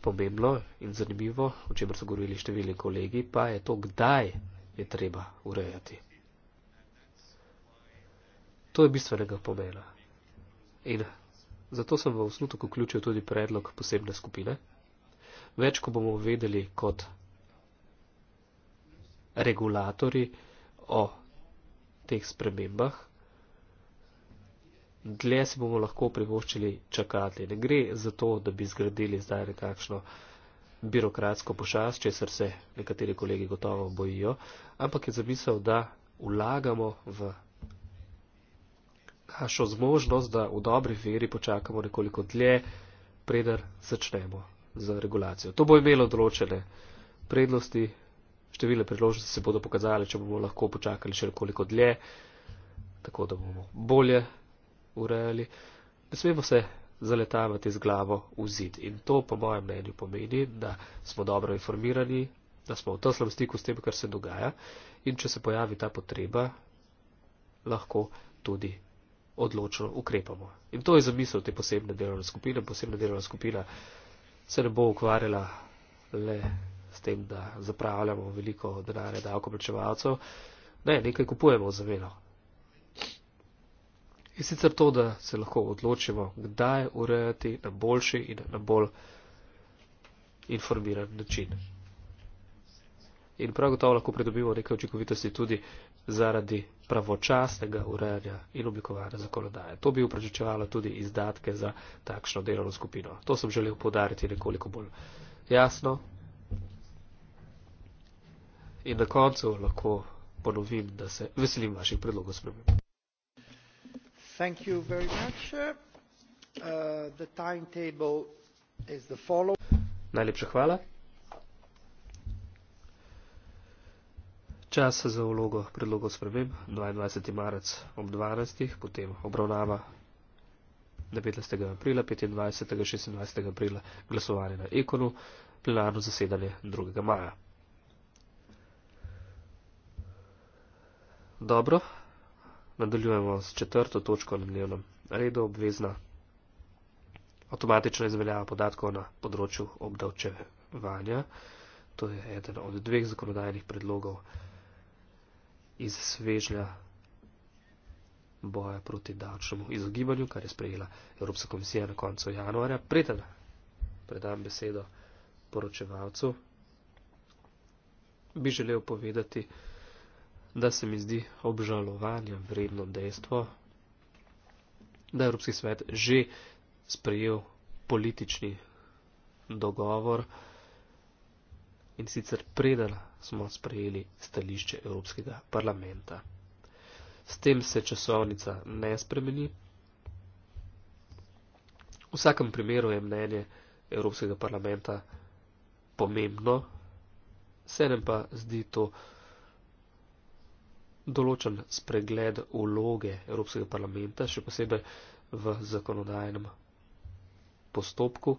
pomembno in zanimivo, o čemer so govorili številni kolegi, pa je to, kdaj je treba urejati. To je bistvenega pomena. In zato sem v osnutku vključil tudi predlog posebne skupine. Več, ko bomo vedeli kot regulatori o teh spremembah, dlje si bomo lahko privoščili čakati. Ne gre za to, da bi zgradili zdaj nekakšno birokratsko pošast, česar se nekateri kolegi gotovo bojijo, ampak je zamisel, da vlagamo v našo zmožnost, da v dobri veri počakamo nekoliko dlje, preden začnemo z regulacijo. To bo imelo določene prednosti, številne priložnosti se bodo pokazali, če bomo lahko počakali še nekoliko dlje, tako da bomo bolje urejali, ne smemo se zaletavati z glavo v zid. In to, po mojem mnenju, pomeni, da smo dobro informirani, da smo v toslem stiku s tem, kar se dogaja in če se pojavi ta potreba, lahko tudi odločno ukrepamo. In to je zamisel te posebne delovne skupine. Posebna delovna skupina se ne bo ukvarjala le s tem, da zapravljamo veliko denarja davkoplačevalcev. Ne, nekaj kupujemo za veno, In sicer to, da se lahko odločimo, kdaj urejati na boljši in na bolj informiran način. In prav gotovo lahko pridobimo nekaj očekovitosti tudi zaradi pravočasnega urejanja in oblikovanja zakonodaje. To bi upravičevalo tudi izdatke za takšno delovno skupino. To sem želel podariti nekoliko bolj jasno. In na koncu lahko ponovim, da se veselim vaših predlogov spremem. Thank you very much. Uh, the timetable is the following. Najlepša hvala. Čas za vlogo predlogov sprememb 22. marec ob 12. potem obravnava 19. aprila, 25. 26. aprila glasovanje na ekonu, plenarno zasedanje 2. maja. Dobro, Nadaljujemo s četrto točko na dnevnem redu, obvezna avtomatična izveljava podatkov na področju obdavčevanja. To je eden od dveh zakonodajnih predlogov iz svežnja boja proti davčnemu izogibanju, kar je sprejela Evropska komisija na koncu januarja. Preden predam besedo poročevalcu, bi želel povedati, da da se mi zdi obžalovanja vredno dejstvo, da je Evropski svet že sprejel politični dogovor in sicer predala smo sprejeli stališče Evropskega parlamenta. S tem se časovnica ne spremeni. V vsakem primeru je mnenje Evropskega parlamenta pomembno, se nam pa zdi to vsega, določen spregled vloge Evropskega parlamenta, še posebej v zakonodajnem postopku,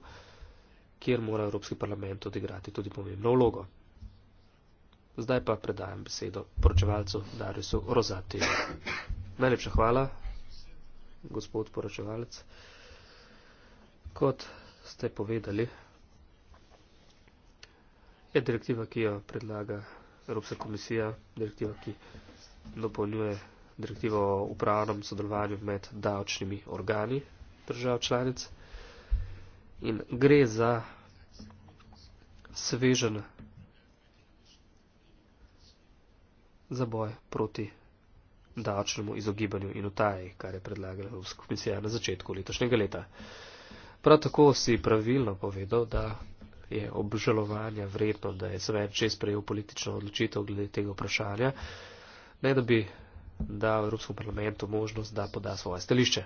kjer mora Evropski parlament odigrati tudi pomembno vlogo. Zdaj pa predajam besedo poročevalcu Darisu Rozatiju. Najlepša hvala, gospod poročevalec. Kot ste povedali, je direktiva, ki jo predlaga Evropska komisija, direktiva, ki dopolnjuje direktivo o upravnem sodelovanju med davčnimi organi držav članic. In gre za svežen za boj proti davčnemu izogibanju in utaji, kar je predlagala Evropska komisija na začetku letošnjega leta. Prav tako si pravilno povedal, da je obžalovanja vredno, da je Svet že sprejel politično odločitev glede tega vprašanja ne da bi dal Evropskom parlamentu možnost, da poda svoje stališče.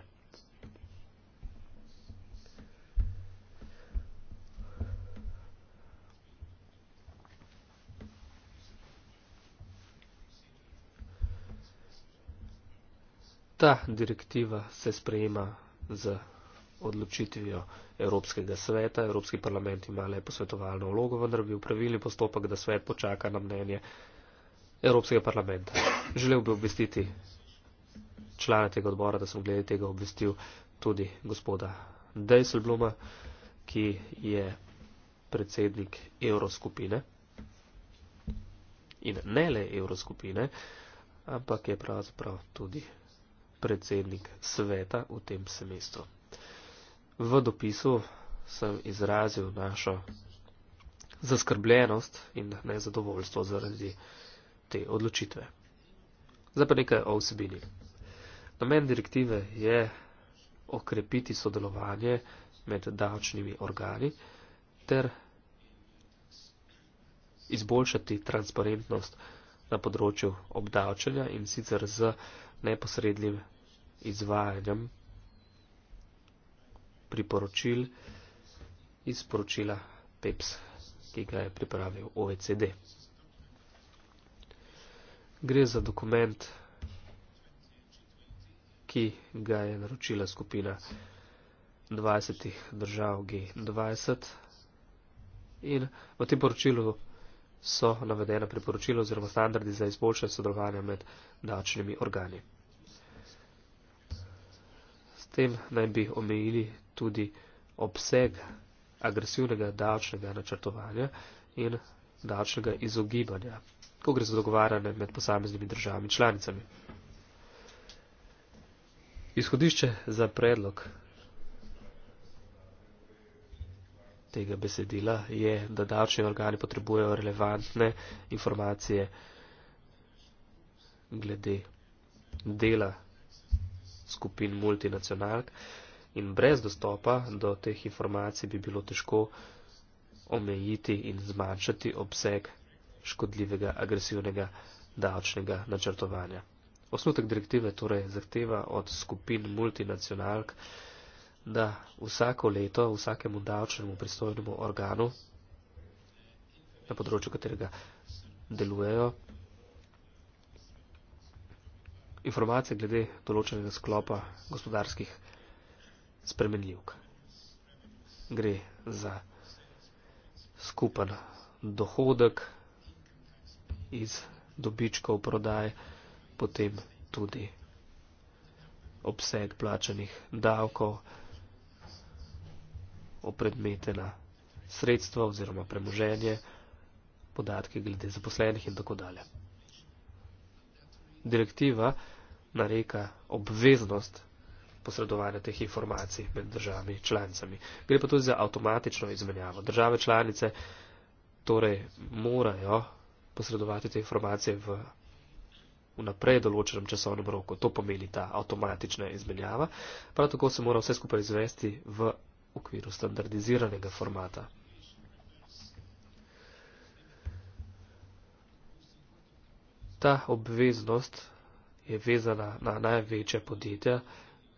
Ta direktiva se sprejema z odločitvijo Evropskega sveta. Evropski parlament ima le posvetovalno vlogo, vendar bi upravili postopek, da svet počaka na mnenje Evropskega sveta. Evropskega parlamenta. Želel bi obvestiti člana tega odbora, da sem glede tega obvestil tudi gospoda Dejselbloma, ki je predsednik Evroskupine in ne le Evroskupine, ampak je pravzaprav tudi predsednik sveta v tem semestru. V dopisu sem izrazil našo zaskrbljenost in nezadovoljstvo zaradi te odločitve. Zdaj pa nekaj o vsebini. Namen direktive je okrepiti sodelovanje med davčnimi organi ter izboljšati transparentnost na področju obdavčanja in sicer z neposrednim izvajanjem priporočil iz poročila PEPS, ki ga je pripravil OECD. Gre za dokument, ki ga je naročila skupina 20 držav G20 in v tem poročilu so navedena priporočila oziroma standardi za izboljšanje sodelovanja med davčnimi organi. S tem naj bi omejili tudi obseg agresivnega davčnega načrtovanja in davčnega izogibanja ko gre za dogovarjanje med posameznimi državami članicami. Izhodišče za predlog tega besedila je, da davčni organi potrebujejo relevantne informacije glede dela skupin multinacionalk in brez dostopa do teh informacij bi bilo težko omejiti in zmanjšati obseg škodljivega, agresivnega davčnega načrtovanja. Osnutek direktive torej zahteva od skupin multinacionalk, da vsako leto vsakemu davčnemu pristojnemu organu, na področju katerega delujejo, informacije glede določenega sklopa gospodarskih spremenljivk. Gre za skupen dohodek, iz dobičkov prodaje, potem tudi obseg plačanih davkov, opredmetena sredstva oziroma premoženje, podatke glede zaposlenih in tako dalje. Direktiva nareka obveznost posredovanja teh informacij med državami članicami. Gre pa tudi za avtomatično izmenjavo. Države članice torej morajo posredovati te informacije v vnaprej določenem časovnem roku. To pomeni ta avtomatična izmenjava. Prav tako se mora vse skupaj izvesti v okviru standardiziranega formata. Ta obveznost je vezana na največje podjetja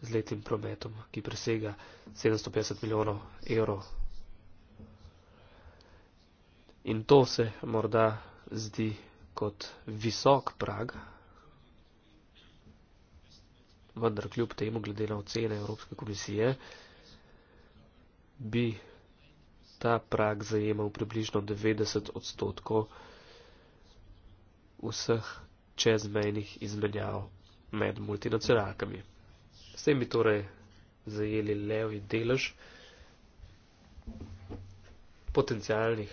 z letnim prometom, ki presega 750 milijonov evrov. In to se morda zdi kot visok prag, vendar kljub temu glede na ocene Evropske komisije, bi ta prag zajemal približno 90 odstotkov vseh čezmejnih izmenjav med multinacionalkami. S tem bi torej zajeli levi delež potencialnih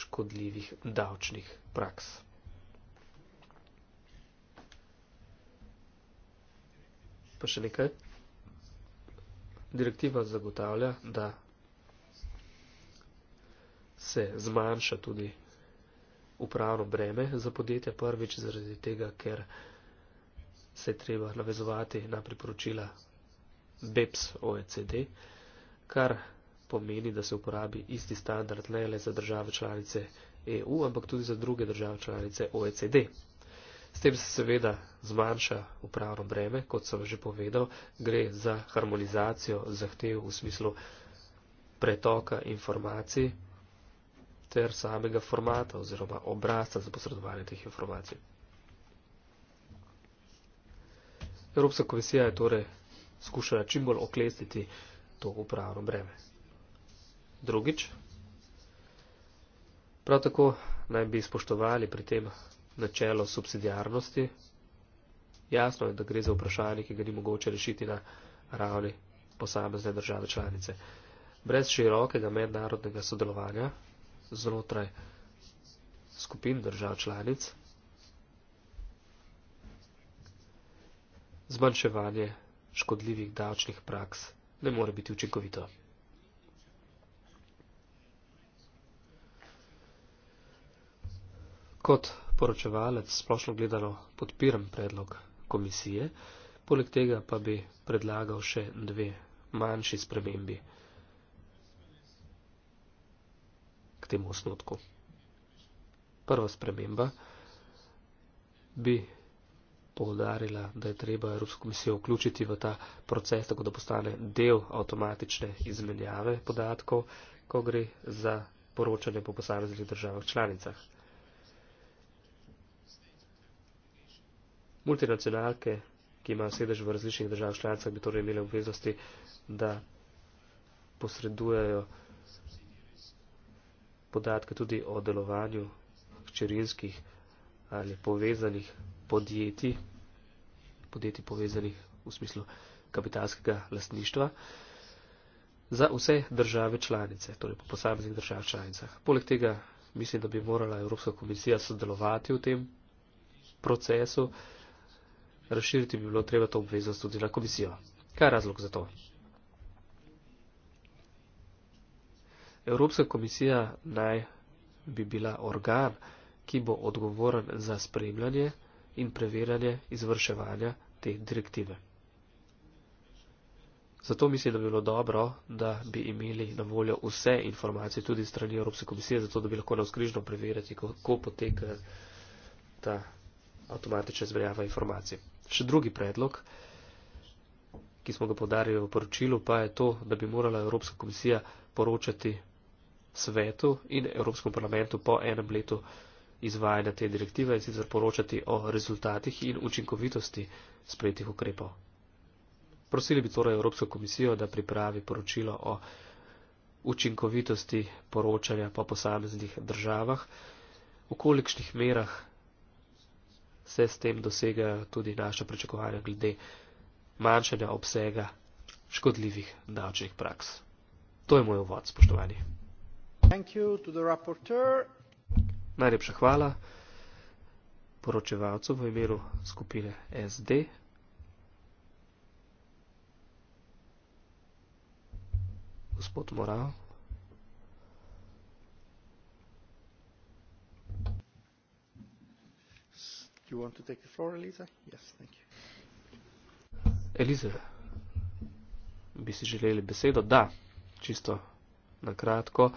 škodljivih davčnih praks. Pa še nekaj. Direktiva zagotavlja, da se zmanjša tudi upravno breme za podjetja prvič zaradi tega, ker se je treba navezovati na priporočila BEPS OECD, kar pomeni, da se uporabi isti standard ne le za države članice EU, ampak tudi za druge države članice OECD. S tem se seveda zmanjša upravno breme, kot sem že povedal, gre za harmonizacijo zahtev v smislu pretoka informacij ter samega formata oziroma obrazca za posredovanje teh informacij. Evropska komisija je torej skušala čim bolj oklestiti to upravno breme drugič. Prav tako naj bi spoštovali pri tem načelo subsidijarnosti. Jasno je, da gre za vprašanje, ki ga ni mogoče rešiti na ravni posamezne države članice. Brez širokega mednarodnega sodelovanja znotraj skupin držav članic, zmanjševanje škodljivih davčnih praks ne more biti učinkovito. Kot poročevalec splošno gledano podpiram predlog komisije, poleg tega pa bi predlagal še dve manjši spremembi k temu osnotku. Prva sprememba bi povdarila, da je treba Evropsko komisijo vključiti v ta proces, tako da postane del avtomatične izmenjave podatkov, ko gre za poročanje po posameznih državah članicah. Multinacionalke, ki imajo sedež v različnih državah članicah, bi torej imele obveznosti, da posredujejo podatke tudi o delovanju hčerinskih ali povezanih podjetij, podjetij povezanih v smislu kapitalskega lastništva, za vse države članice, torej po posameznih držav članicah. Poleg tega mislim, da bi morala Evropska komisija sodelovati v tem procesu, razširiti bi bilo treba to obveznost tudi na komisijo. Kaj je razlog za to? Evropska komisija naj bi bila organ, ki bo odgovoren za spremljanje in preverjanje izvrševanja te direktive. Zato mislim, da bi bilo dobro, da bi imeli na voljo vse informacije tudi strani Evropske komisije, zato da bi lahko navskrižno preverjati, kako poteka ta avtomatična izmenjava informacij še drugi predlog, ki smo ga podarili v poročilu, pa je to, da bi morala Evropska komisija poročati svetu in Evropskem parlamentu po enem letu izvajanja te direktive in sicer poročati o rezultatih in učinkovitosti sprejetih ukrepov. Prosili bi torej Evropsko komisijo, da pripravi poročilo o učinkovitosti poročanja po posameznih državah, v kolikšnih merah se s tem dosega tudi naša pričakovanja glede manjšanja obsega škodljivih davčnih praks. To je moj uvod, spoštovani. Najlepša hvala poročevalcu v imenu skupine SD. Gospod Morao. you want to take the floor, Eliza? Yes, thank you. Eliza, bi si želeli besedo? Da, čisto na kratko.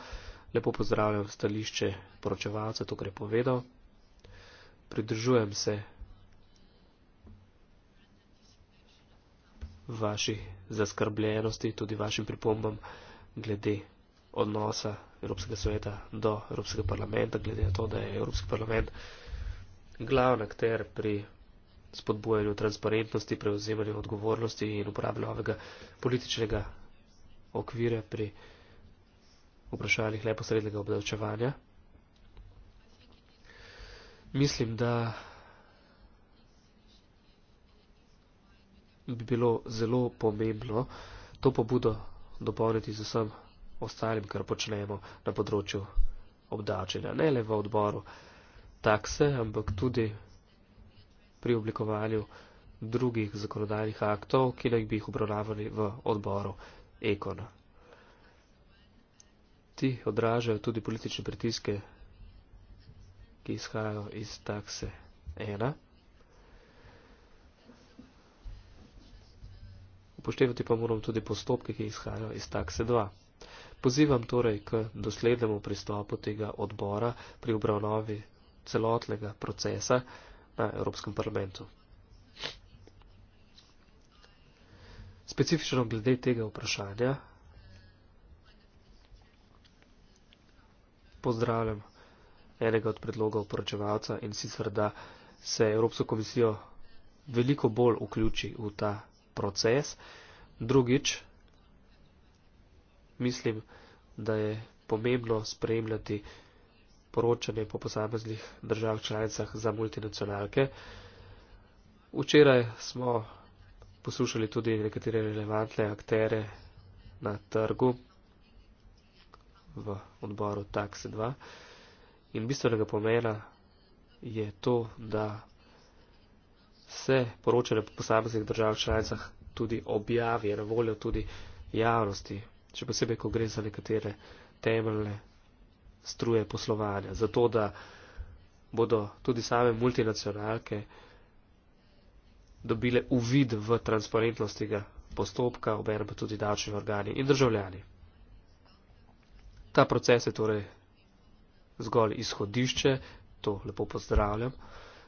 Lepo pozdravljam stališče poročevalca, to, kar je povedal. Pridržujem se vaši zaskrbljenosti, tudi vašim pripombam glede odnosa Evropskega sveta do Evropskega parlamenta, glede na to, da je Evropski parlament glavni akter pri spodbujanju transparentnosti, prevzemanju odgovornosti in uporabi novega političnega okvira pri vprašanjih neposrednega obdavčevanja. Mislim, da bi bilo zelo pomembno to pobudo dopolniti z vsem ostalim, kar počnemo na področju obdavčenja, ne le v odboru takse, ampak tudi pri oblikovanju drugih zakonodajnih aktov, ki naj bi jih obravnavali v odboru ekona. Ti odražajo tudi politične pritiske, ki izhajajo iz takse 1. Upoštevati pa moram tudi postopke, ki izhajajo iz takse 2. Pozivam torej k doslednemu pristopu tega odbora pri obravnavi celotnega procesa na Evropskem parlamentu. Specifično glede tega vprašanja pozdravljam enega od predlogov poročevalca in sicer, da se Evropsko komisijo veliko bolj vključi v ta proces. Drugič, mislim, da je pomembno spremljati poročanje po posameznih državah članicah za multinacionalke. Včeraj smo poslušali tudi nekatere relevantne aktere na trgu v odboru TAX2 in bistvenega pomena je to, da se poročanje po posameznih državah članicah tudi objavi, je na voljo tudi javnosti, še posebej, ko gre za nekatere temeljne struje poslovanja, zato da bodo tudi same multinacionalke dobile uvid v transparentnost tega postopka, obenem pa tudi davčni organi in državljani. Ta proces je torej zgolj izhodišče, to lepo pozdravljam,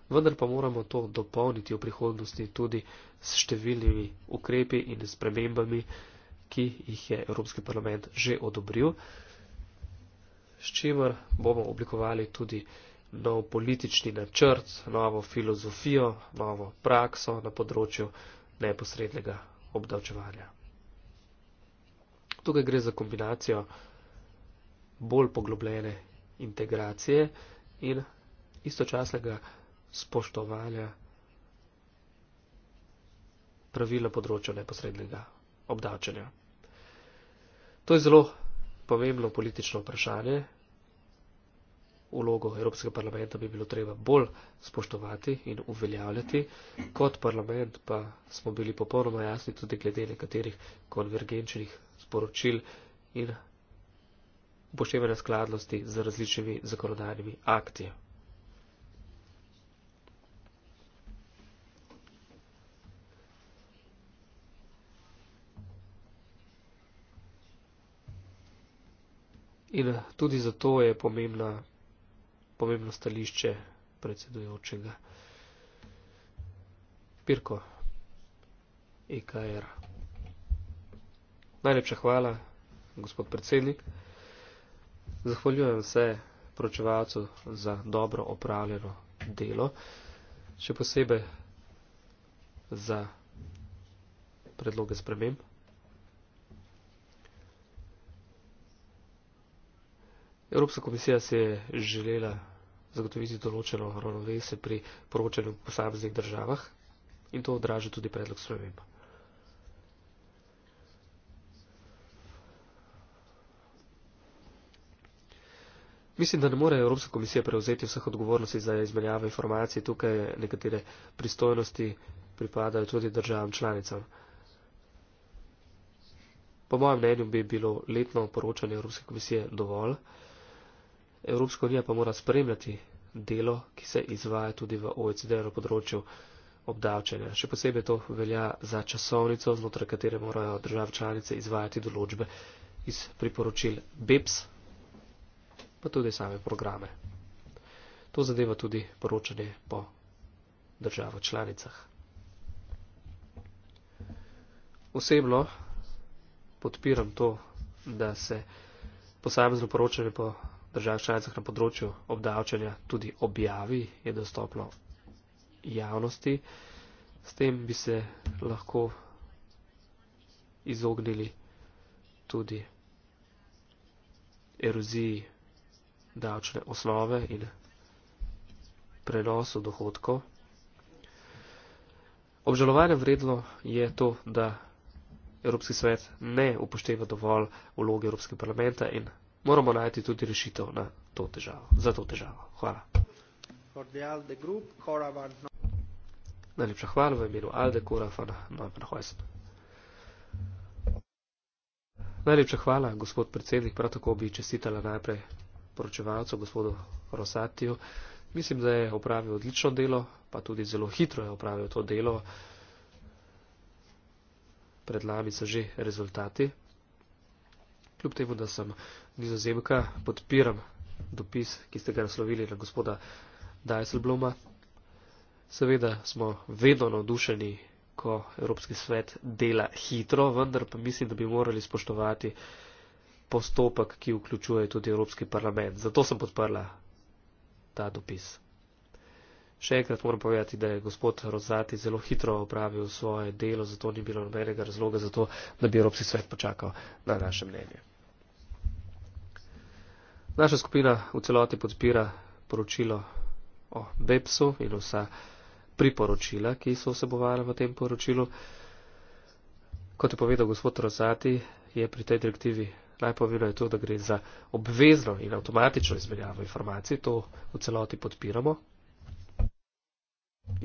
vendar pa moramo to dopolniti v prihodnosti tudi s številnimi ukrepi in spremembami, ki jih je Evropski parlament že odobril s čimer bomo oblikovali tudi nov politični načrt, novo filozofijo, novo prakso na področju neposrednega obdavčevanja. Tukaj gre za kombinacijo bolj poglobljene integracije in istočasnega spoštovanja pravila področja neposrednega obdavčanja. To je zelo pomembno politično vprašanje, ulogo Evropskega parlamenta bi bilo treba bolj spoštovati in uveljavljati. Kot parlament pa smo bili popolnoma jasni tudi glede nekaterih konvergenčnih sporočil in upoštevanja skladnosti z različnimi zakonodajnimi akti. In tudi zato je pomembna pomembno stališče predsedujočega Pirko EKR. Najlepša hvala, gospod predsednik. Zahvaljujem se pročevalcu za dobro opravljeno delo, še posebej za predloge spremembe. Evropska komisija se je želela zagotoviti določeno ravnovesje pri poročanju v posameznih državah in to odraža tudi predlog sprememba. Mislim, da ne more Evropska komisija prevzeti vseh odgovornosti za izmenjavo informacij, tukaj nekatere pristojnosti pripadajo tudi državam članicam. Po mojem mnenju bi bilo letno poročanje Evropske komisije dovolj. Evropska unija pa mora spremljati delo, ki se izvaja tudi v OECD na področju obdavčanja. Še posebej to velja za časovnico, znotraj katere morajo države članice izvajati določbe iz priporočil BEPS, pa tudi same programe. To zadeva tudi poročanje po državah članicah. Osebno podpiram to, da se posamezno poročanje po držav članicah na področju obdavčanja tudi objavi, je dostopno javnosti. S tem bi se lahko izognili tudi eroziji davčne osnove in prenosu dohodkov. Obžalovanje vredno je to, da Evropski svet ne upošteva dovolj vloge Evropskega parlamenta in moramo najti tudi rešitev na to težavo, za to težavo. Hvala. Najlepša hvala v imenu Alde Korafana Neumann Heusen. Najlepša hvala, gospod predsednik, prav tako bi čestitala najprej poročevalcu, gospodu Rosatiju. Mislim, da je opravil odlično delo, pa tudi zelo hitro je opravil to delo. Pred nami so že rezultati. Kljub temu, da sem nizozemka, podpiram dopis, ki ste ga naslovili na gospoda Dijsselbloma. Seveda smo vedno navdušeni, ko Evropski svet dela hitro, vendar pa mislim, da bi morali spoštovati postopek, ki vključuje tudi Evropski parlament. Zato sem podprla ta dopis. Še enkrat moram povedati, da je gospod Rozati zelo hitro opravil svoje delo, zato ni bilo nobenega razloga za to, da bi Evropski svet počakal na naše mnenje. Naša skupina v celoti podpira poročilo o BEPS-u in vsa priporočila, ki so vsebovala v tem poročilu. Kot je povedal gospod Rosati, je pri tej direktivi najpomembno to, da gre za obvezno in avtomatično izmenjavo informacij. To v celoti podpiramo.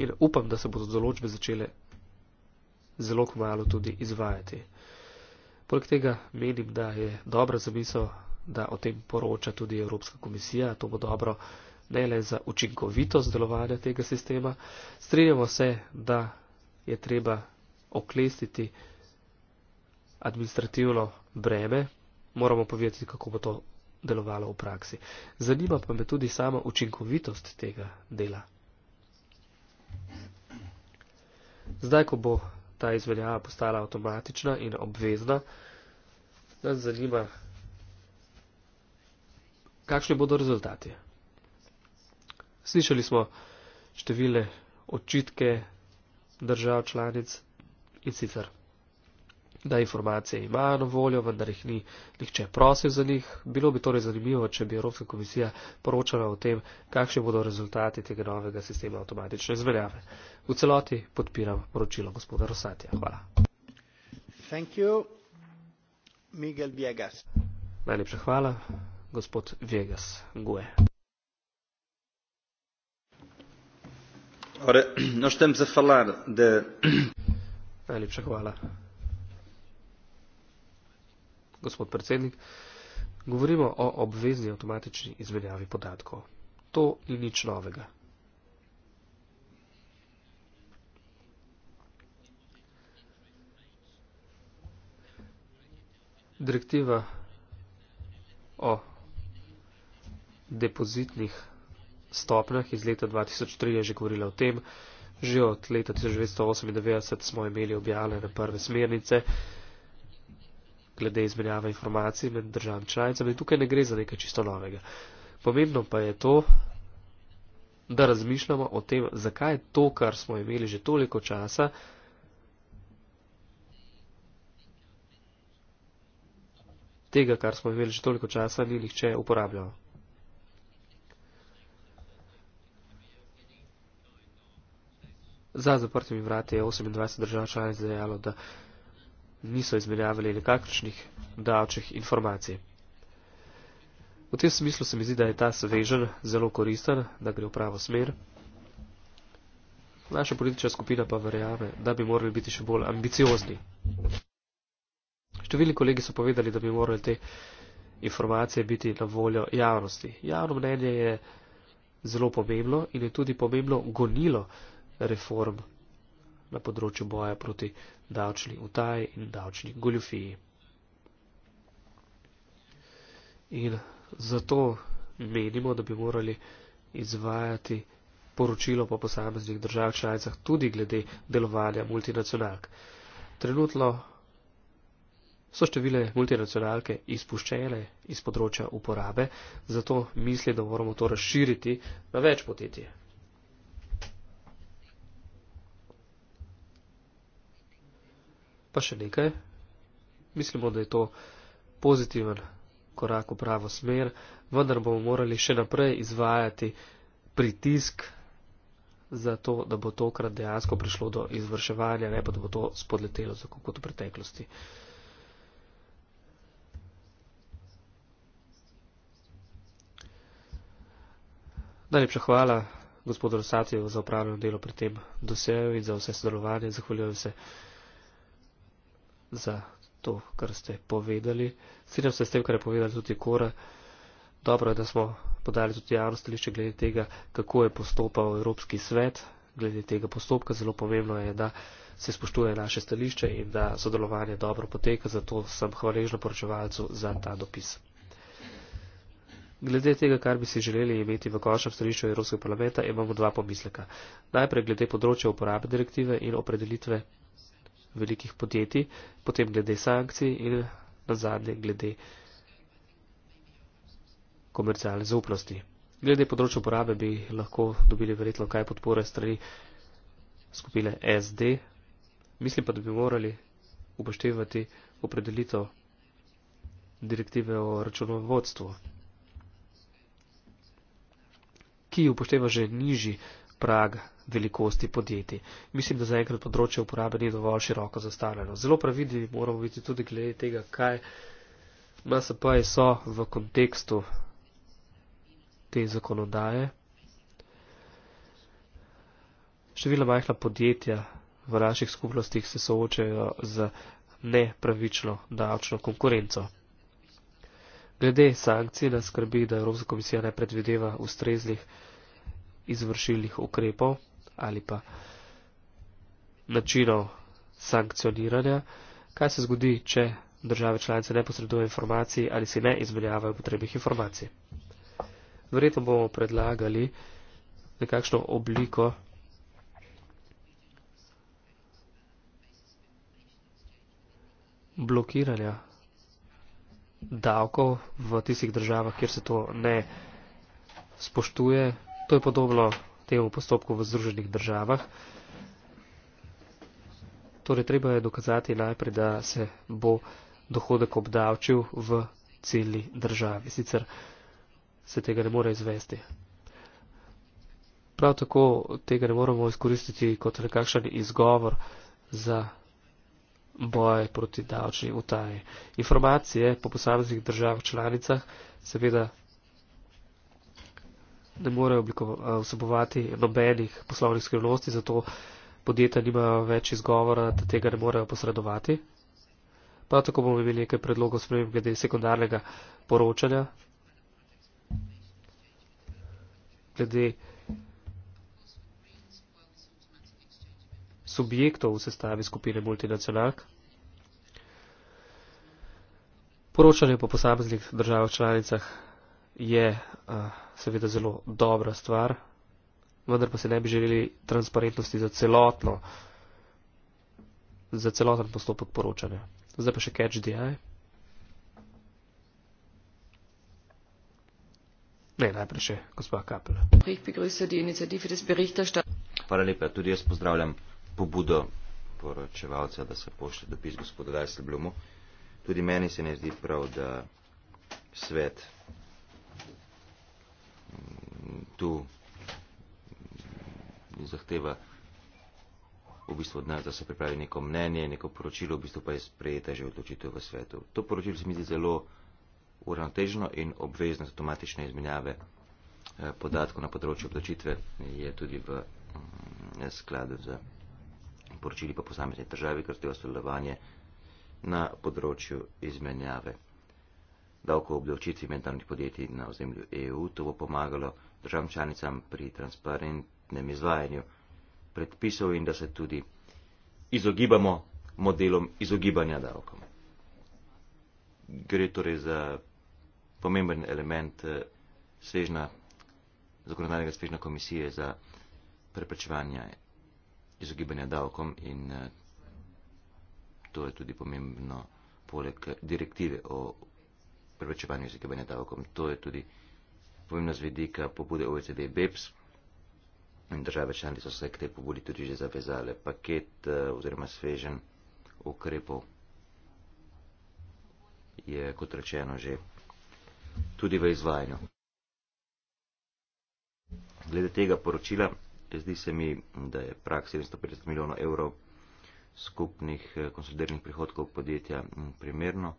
In upam, da se bodo določbe začele zelo kmalo tudi izvajati. Poleg tega menim, da je dobra zamisel da o tem poroča tudi Evropska komisija. To bo dobro ne le za učinkovitost delovanja tega sistema. Strinjamo se, da je treba oklestiti administrativno breme. Moramo povedati, kako bo to delovalo v praksi. Zanima pa me tudi sama učinkovitost tega dela. Zdaj, ko bo ta izvedjava postala avtomatična in obvezna, nas zanima, kakšni bodo rezultati. Slišali smo številne očitke držav članic in sicer, da informacije imajo na voljo, vendar jih ni nihče prosil za njih. Bilo bi torej zanimivo, če bi Evropska komisija poročala o tem, kakšni bodo rezultati tega novega sistema avtomatične izmenjave. V celoti podpiram poročilo gospoda Rosatija. Hvala. Najlepša hvala gospod Vegas Gue. Ora, nós estamos a falar de... Najlepša hvala. Gospod predsednik, govorimo o obvezni avtomatični izmenjavi podatkov. To ni nič novega. Direktiva o depozitnih stopnjah iz leta 2003 je že govorila o tem. Že od leta 1998 smo imeli objavljene prve smernice glede izmenjave informacij med državami članicami. Tukaj ne gre za nekaj čisto novega. Pomembno pa je to, da razmišljamo o tem, zakaj je to, kar smo imeli že toliko časa, tega, kar smo imeli že toliko časa, ni nihče uporabljal. Za zaprtimi vrati je 28 držav članic dejalo, da niso izmenjavali nekakršnih davčnih informacij. V tem smislu se mi zdi, da je ta svežen zelo koristen, da gre v pravo smer. Naša politična skupina pa verjame, da bi morali biti še bolj ambiciozni. Številni kolegi so povedali, da bi morali te informacije biti na voljo javnosti. Javno mnenje je zelo pomembno in je tudi pomembno gonilo reform na področju boja proti davčni utaji in davčni goljofiji. In zato menimo, da bi morali izvajati poročilo po posameznih državah članicah tudi glede delovanja multinacionalk. Trenutno so številne multinacionalke izpuščene iz področja uporabe, zato mislim, da moramo to razširiti na več podjetij. pa še nekaj. Mislimo, da je to pozitiven korak v pravo smer, vendar bomo morali še naprej izvajati pritisk za to, da bo tokrat dejansko prišlo do izvrševanja, ne pa da bo to spodletelo, tako kot v preteklosti. Najlepša hvala gospodu Rosatijevu za upravljeno delo pri tem doseju in za vse sodelovanje. Zahvaljujem se za to, kar ste povedali. Sredem se s tem, kar je povedal tudi Kora. Dobro je, da smo podali tudi javno stališče glede tega, kako je postopal Evropski svet glede tega postopka. Zelo pomembno je, da se spoštuje naše stališče in da sodelovanje dobro poteka. Zato sem hvaležna poročevalcu za ta dopis. Glede tega, kar bi si želeli imeti v končnem stališču Evropskega parlamenta, imamo dva pomisleka. Najprej glede področja uporabe direktive in opredelitve velikih podjetij, potem glede sankcij in na zadnje glede komercialne zaupnosti. Glede področja uporabe bi lahko dobili verjetno kaj podpore strani skupine SD, mislim pa, da bi morali upoštevati opredelitev direktive o računovodstvu, ki upošteva že nižji prag velikosti podjetij. Mislim, da zaenkrat področje uporabe ni dovolj široko zastavljeno. Zelo pravidni moramo biti tudi glede tega, kaj MSP-je so v kontekstu te zakonodaje. Števila majhna podjetja v naših skupnostih se soočajo z nepravično davčno konkurenco. Glede sankcij nas skrbi, da Evropska komisija ne predvideva ustreznih izvršilnih ukrepov ali pa načinov sankcioniranja, kaj se zgodi, če države članice ne posredujejo informacij ali si ne izmenjavajo potrebnih informacij. Verjetno bomo predlagali nekakšno obliko blokiranja davkov v tistih državah, kjer se to ne spoštuje, To je podobno temu postopku v Združenih državah. Torej, treba je dokazati najprej, da se bo dohodek obdavčil v celi državi, sicer se tega ne more izvesti. Prav tako tega ne moramo izkoristiti kot nekakšen izgovor za boj proti davčni utaji. Informacije po posameznih državah članicah seveda ne morejo eh, vsebovati nobenih poslovnih skrivnosti, zato podjetja nimajo več izgovora, da tega ne morejo posredovati. Prav tako bomo imeli nekaj predlogov sprejem glede sekundarnega poročanja, glede subjektov v sestavi skupine multinacionalk. Poročanje po posameznih državah članicah je. Uh, seveda zelo dobra stvar, vendar pa se ne bi želeli transparentnosti za celotno, za celoten postopek poročanja. Zdaj pa še catch the eye. Ne, najprej še gospa Kapel. Hvala lepa, tudi jaz pozdravljam pobudo poročevalca, da se pošlje dopis gospodu Dajsel Blumu. Tudi meni se ne zdi prav, da svet tu zahteva v bistvu od nas, da se pripravi neko mnenje, neko poročilo, v bistvu pa je sprejeta že odločitev v svetu. To poročilo se mi zdi zelo uravnotežno in obvezno za avtomatične izmenjave eh, podatkov na področju odločitve je tudi v mm, skladu z poročili pa posamezne države, kar zdaj sodelovanje na področju izmenjave davkov obdavčitvi mentalnih podjetij na ozemlju EU. To bo pomagalo državam članicam pri transparentnem izvajanju predpisov in da se tudi izogibamo modelom izogibanja davkom. Gre torej za pomemben element eh, svežna, zakonodajnega svežna komisije za preprečevanje izogibanja davkom in eh, to je tudi pomembno poleg direktive o preprečevanju izogibanja davkom. To je tudi pomembno z vedika pobude OECD BEPS in države članice so se k tej pobudi tudi že zavezale. Paket eh, oziroma svežen ukrepov je, kot rečeno, že tudi v izvajanju. Glede tega poročila, zdi se mi, da je prak 750 milijonov evrov skupnih eh, konsolidiranih prihodkov podjetja mm, primerno,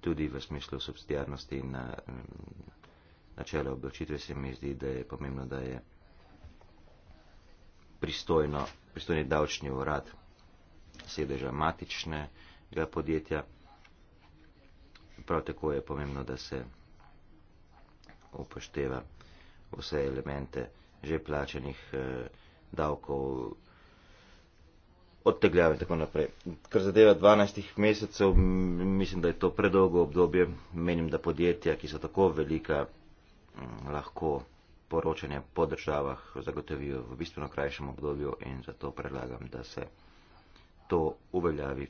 tudi v smislu subsidijarnosti in na, na, mm, načela obdočitve, se mi zdi, da je pomembno, da je pristojno, pristojni davčni urad sedeža matičnega podjetja. Prav tako je pomembno, da se upošteva vse elemente že plačenih eh, davkov, odtegljave in tako naprej. Kar zadeva 12 mesecev, mislim, da je to predolgo obdobje. Menim, da podjetja, ki so tako velika, lahko poročanje po državah zagotovijo v bistveno krajšem obdobju in zato predlagam, da se to uveljavi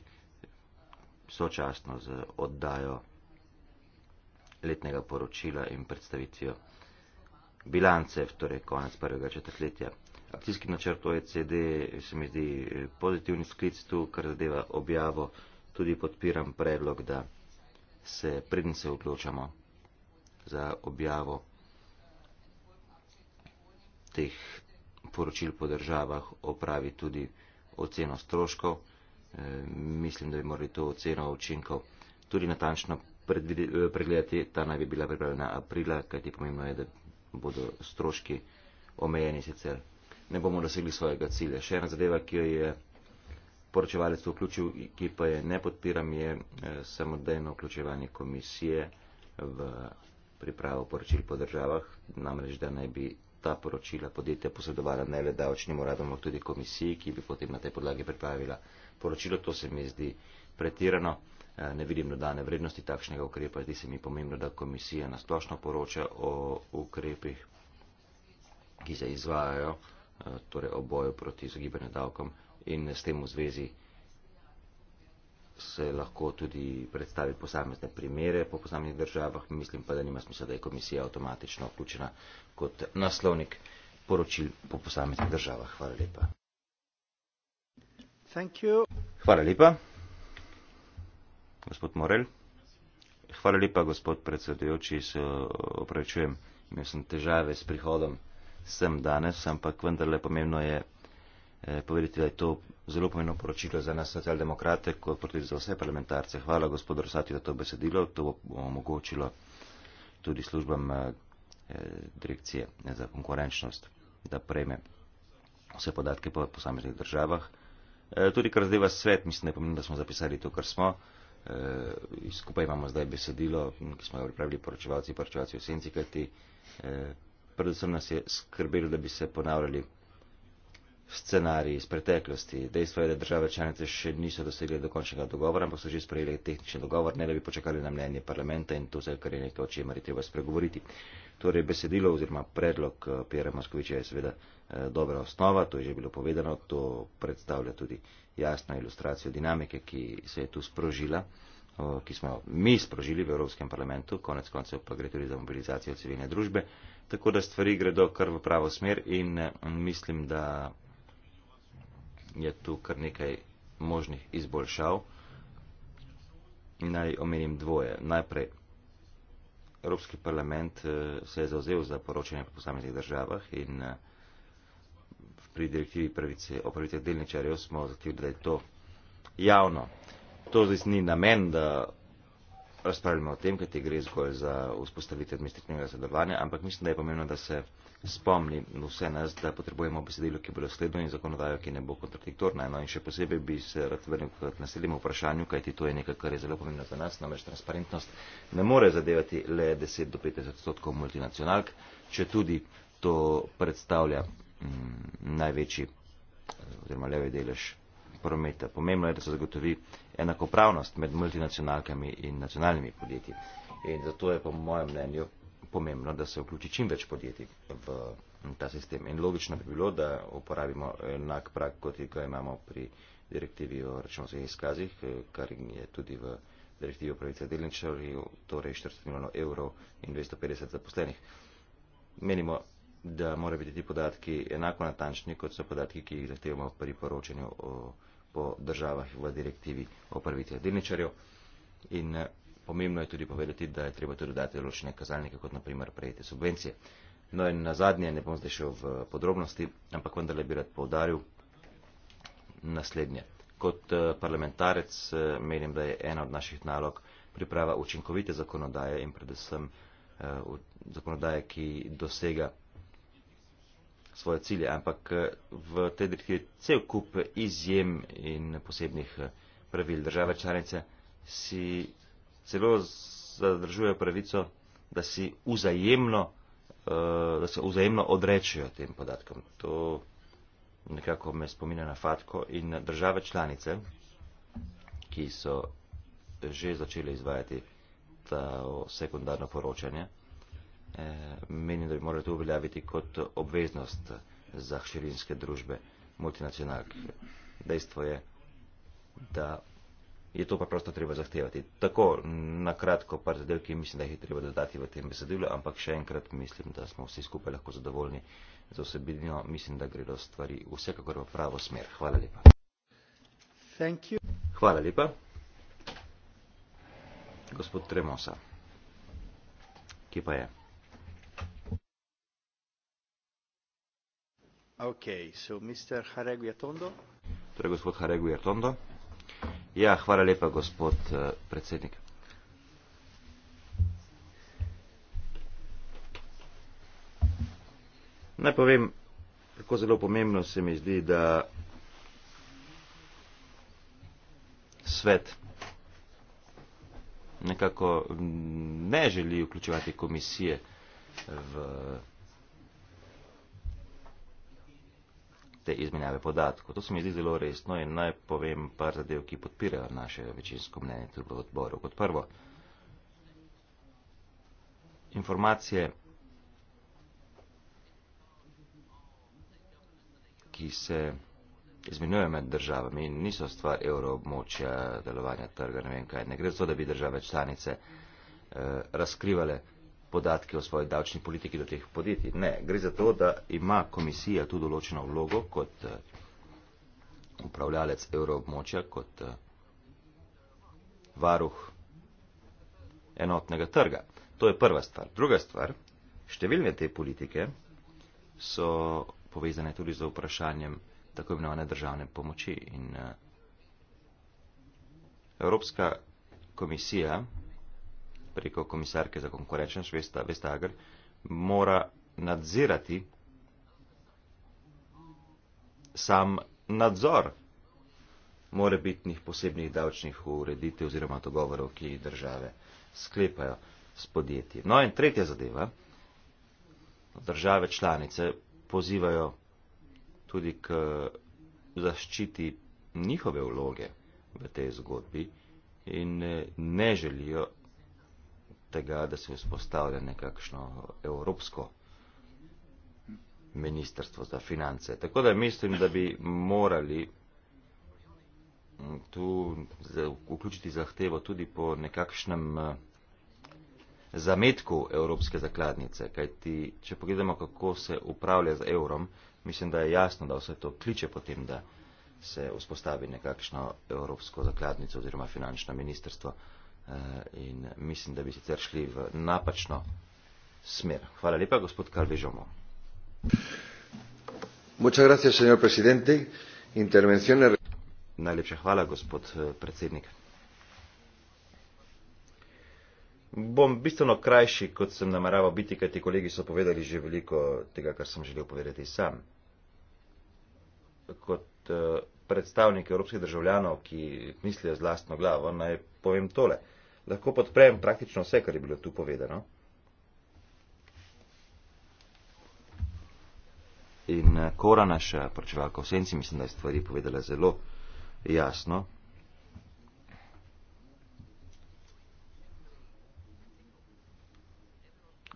sočasno z oddajo letnega poročila in predstavitvijo bilance, torej konec prvega četrtletja. Akcijski načrt OECD se mi zdi pozitivni sklic tu, kar zadeva objavo, tudi podpiram predlog, da se predn se vključamo za objavo teh poročil po državah opravi tudi oceno stroškov. E, mislim, da bi morali to oceno učinkov tudi natančno eh, pregledati. Ta naj bi bila pripravljena aprila, kajti pomembno je, da bodo stroški omejeni sicer. Ne bomo dosegli svojega cilja. Še ena zadeva, ki jo je poročevalec vključil, ki pa je ne podpiram, je eh, samodejno vključevanje komisije v pripravo poročil po državah, namreč da naj bi ta poročila podjetja posredovala ne le davčnim uradom, ampak tudi komisiji, ki bi potem na tej podlagi pripravila poročilo. To se mi zdi pretirano. Eh, ne vidim dodane vrednosti takšnega ukrepa. Zdi se mi pomembno, da komisija nasplošno poroča o ukrepih, ki se izvajajo, eh, torej o boju proti izogibanju davkom in s tem v zvezi se lahko tudi predstaviti posamezne primere po posameznih državah, mislim pa, da nima smisla, da je komisija avtomatično vključena kot naslovnik poročil po posameznih državah. Hvala lepa. Hvala lepa. Gospod Morel. Hvala lepa, gospod predsedujoči, se eh, opravičujem, imel sem težave s prihodom sem danes, ampak vendarle pomembno je. Eh, povedati, da je to zelo pomeno poročilo za nas socialdemokrate, kot tudi za vse parlamentarce. Hvala gospodu Rosati za to besedilo, to bo omogočilo tudi službam eh, eh, direkcije za konkurenčnost, da prejme vse podatke po posameznih državah. Tudi kar zdaj vas svet, mislim, da je pomembno, da smo zapisali to, kar smo. Skupaj imamo zdaj besedilo, ki smo jo pripravili poročevalci, poročevalci v senci, kajti predvsem nas je skrbelo, da bi se ponavljali scenarij iz preteklosti. Dejstvo je, da države članice še niso dosegli dokončnega dogovora, ampak so že sprejeli tehnični dogovor, ne da bi počakali na mnenje parlamenta in to vse, kar je nekaj, o čemer je treba spregovoriti. Torej, besedilo oziroma predlog eh, Pera Moskoviča je seveda eh, dobra osnova, to je že bilo povedano, to predstavlja tudi jasno ilustracijo dinamike, ki se je tu sprožila, ki smo mi sprožili v Evropskem parlamentu, konec koncev pa gre tudi za mobilizacijo civilne družbe. Tako da stvari gredo kar v pravo smer in eh, mislim, da je tu kar nekaj možnih izboljšav. Naj omenim dvoje. Najprej, Evropski parlament eh, se je zauzel za poročanje po posameznih državah in eh, pri direktivi pravice, o pravicah delničarjev smo zahtevali, da je to javno. To zdaj ni namen, da razpravljamo o tem, kaj ti gre zgolj za vzpostavitev administrativnega sodelovanja, ampak mislim, da je pomembno, da se spomni vse nas, da potrebujemo besedilo, ki bo dosledno in zakonodajo, ki ne bo kontradiktorna. No in še posebej bi se rad vrnil k naslednjemu vprašanju, kajti to je nekaj, kar je zelo pomembno za nas, namreč transparentnost ne more zadevati le 10 do 50 odstotkov multinacionalk, če tudi to predstavlja mm, največji oziroma levi delež prometa. Pomembno je, da se zagotovi enakopravnost med multinacionalkami in nacionalnimi podjetji. In zato je po mojem mnenju pomembno, da se vključi čim več podjetij v ta sistem. In logično bi bilo, da uporabimo enak prak, kot ga imamo pri direktivi o računovskih izkazih, kar je tudi v direktivi o pravice delničarjev, torej 40 milijonov evrov in 250 zaposlenih. Menimo, da morajo biti ti podatki enako natančni, kot so podatki, ki jih zahtevamo pri poročanju o, po državah v direktivi o pravice delničarjev. In pomembno je tudi povedati, da je treba tudi dati določene kazalnike, kot naprimer prejete subvencije. No in na zadnje, ne bom zdaj šel v podrobnosti, ampak vendarle bi rad povdaril naslednje. Kot eh, parlamentarec eh, menim, da je ena od naših nalog priprava učinkovite zakonodaje in predvsem eh, zakonodaje, ki dosega svoje cilje, ampak v tej direktivi cel kup izjem in posebnih pravil države članice si celo zadržujejo pravico, da, vzajemno, eh, da se vzajemno odrečijo tem podatkom. To nekako me spominja na fatko in države članice, ki so že začele izvajati ta sekundarno poročanje, eh, menim, da bi morali to uveljaviti kot obveznost za hširinske družbe multinacionalk. Dejstvo je, da je to pa prosto treba zahtevati. Tako, na kratko par zadev, ki mislim, da jih je treba dodati v tem besedilu, ampak še enkrat mislim, da smo vsi skupaj lahko zadovoljni z osebino. Mislim, da gre do stvari vsekakor v pravo smer. Hvala lepa. Hvala lepa. Gospod Tremosa, ki pa je. Okay, so Mr. Haregu Yatondo. Torej, gospod Haregu Yatondo. Ja, hvala lepa, gospod eh, predsednik. Naj povem, kako zelo pomembno se mi zdi, da svet nekako mm, ne želi vključevati komisije v te izmenjave podatkov. To se mi zdi zelo resno in naj povem par zadev, ki podpirajo naše večinsko mnenje trgov odborov. Kot prvo, informacije, ki se izmenjujejo med državami, niso stvar evroobmočja delovanja trga, ne vem kaj. Ne gre za to, da bi države članice eh, razkrivale podatke o svoji davčni politiki do teh podjetij. Ne, gre za to, da ima komisija tu določeno vlogo kot eh, upravljalec evroobmočja, kot eh, varuh enotnega trga. To je prva stvar. Druga stvar, številne te politike so povezane tudi z vprašanjem tako imenovane državne pomoči in eh, Evropska komisija preko komisarke za konkurenčnost Vesta Vestager mora nadzirati sam nadzor morebitnih posebnih davčnih ureditev oziroma dogovorov, ki jih države sklepajo s podjetji. No in tretja zadeva, države članice pozivajo tudi k zaščiti njihove vloge v tej zgodbi in eh, ne želijo tega, da se vzpostavlja nekakšno evropsko ministrstvo za finance. Tako da mislim, da bi morali mm, tu vključiti zahtevo tudi po nekakšnem eh, zametku evropske zakladnice, kajti če pogledamo, kako se upravlja z evrom, mislim, da je jasno, da vse to kliče potem, da se vzpostavi nekakšno evropsko zakladnico oziroma finančno ministrstvo. Eh, in mislim, da bi sicer šli v napačno smer. Hvala lepa, gospod Kalvežomo. Najlepša hvala, gospod eh, predsednik. Bom bistveno krajši, kot sem nameraval biti, kaj ti kolegi so povedali že veliko tega, kar sem želel povedati sam. Kot eh, predstavnik evropskih državljanov, ki mislijo z lastno glavo, naj povem tole lahko podprem praktično vse, kar je bilo tu povedano. In eh, Kora naša pročevalka v senci, mislim, da je stvari povedala zelo jasno.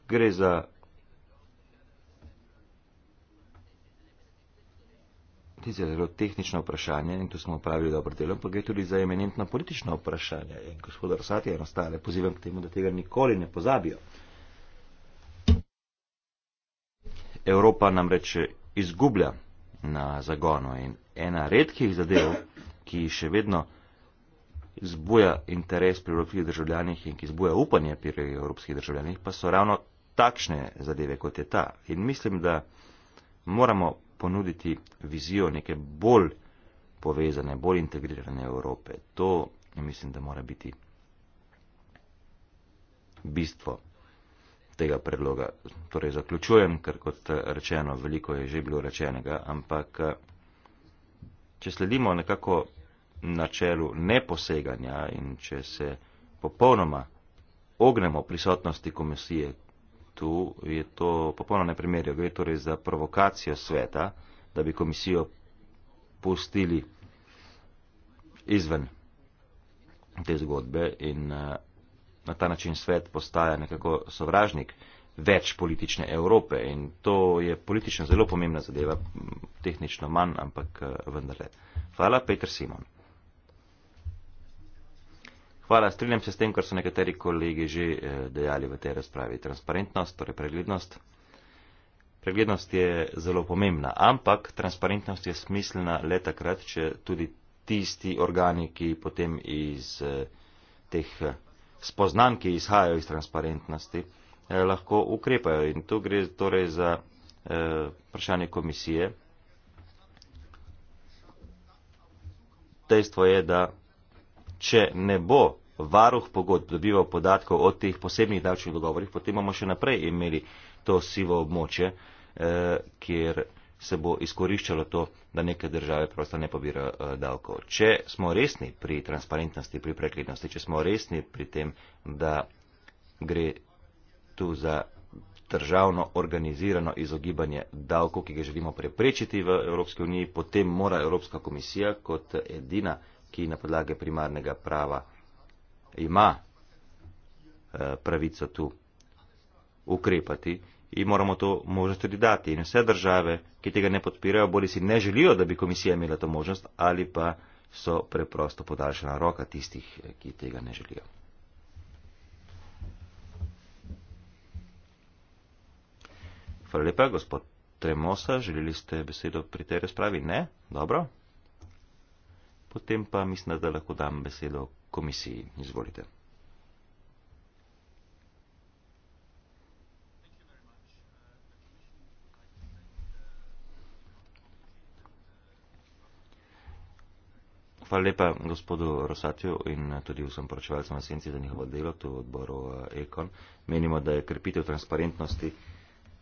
Gre za parlamenti za zelo tehnično vprašanje in tu smo opravili dobro delo, ampak gre tudi za eminentno politično vprašanje. In gospod Rosati in ostale pozivam k temu, da tega nikoli ne pozabijo. Evropa namreč izgublja na zagonu in ena redkih zadev, ki še vedno zbuja interes pri evropskih državljanih in ki zbuja upanje pri evropskih državljanih, pa so ravno takšne zadeve kot je ta. In mislim, da moramo ponuditi vizijo neke bolj povezane, bolj integrirane Evrope. To ja, mislim, da mora biti bistvo tega predloga. Torej zaključujem, ker kot rečeno, veliko je že bilo rečenega, ampak če sledimo nekako načelu neposeganja in če se popolnoma ognemo prisotnosti komisije, svetu je to popolno neprimerjo. Gre torej za provokacijo sveta, da bi komisijo pustili izven te zgodbe in eh, na ta način svet postaja nekako sovražnik več politične Evrope in to je politično zelo pomembna zadeva, tehnično manj, ampak eh, vendarle. Hvala, Peter Simon. Hvala, strinjam se s tem, kar so nekateri kolegi že eh, dejali v tej razpravi. Transparentnost, torej preglednost. Preglednost je zelo pomembna, ampak transparentnost je smiselna le takrat, če tudi tisti organi, ki potem iz eh, teh eh, spoznan, ki izhajajo iz transparentnosti, lahko ukrepajo. In tu gre torej za vprašanje komisije. Dejstvo je, da če ne bo varuh pogodb dobival podatkov o teh posebnih davčnih dogovorih, potem bomo še naprej imeli to sivo območje, eh, kjer se bo izkoriščalo to, da neke države prosto ne pobirajo eh, davkov. Če smo resni pri transparentnosti, pri preglednosti, če smo resni pri tem, da gre tu za državno organizirano izogibanje davkov, ki ga želimo preprečiti v Evropski uniji, potem mora Evropska komisija kot edina ki na podlage primarnega prava ima eh, pravico tu ukrepati in moramo to možnost tudi dati. In vse države, ki tega ne podpirajo, bodi si ne želijo, da bi komisija imela to možnost ali pa so preprosto podaljšana roka tistih, eh, ki tega ne želijo. Hvala lepa, gospod Tremosa. Želeli ste besedo pri tej razpravi? Ne? Dobro. Potem pa mislim, da lahko dam besedo komisiji. Izvolite. Hvala lepa gospodu Rosatju in tudi vsem poročevalcem Asenci za njihovo delo, to je odboru eh, Ekon. Menimo, da je krepitev transparentnosti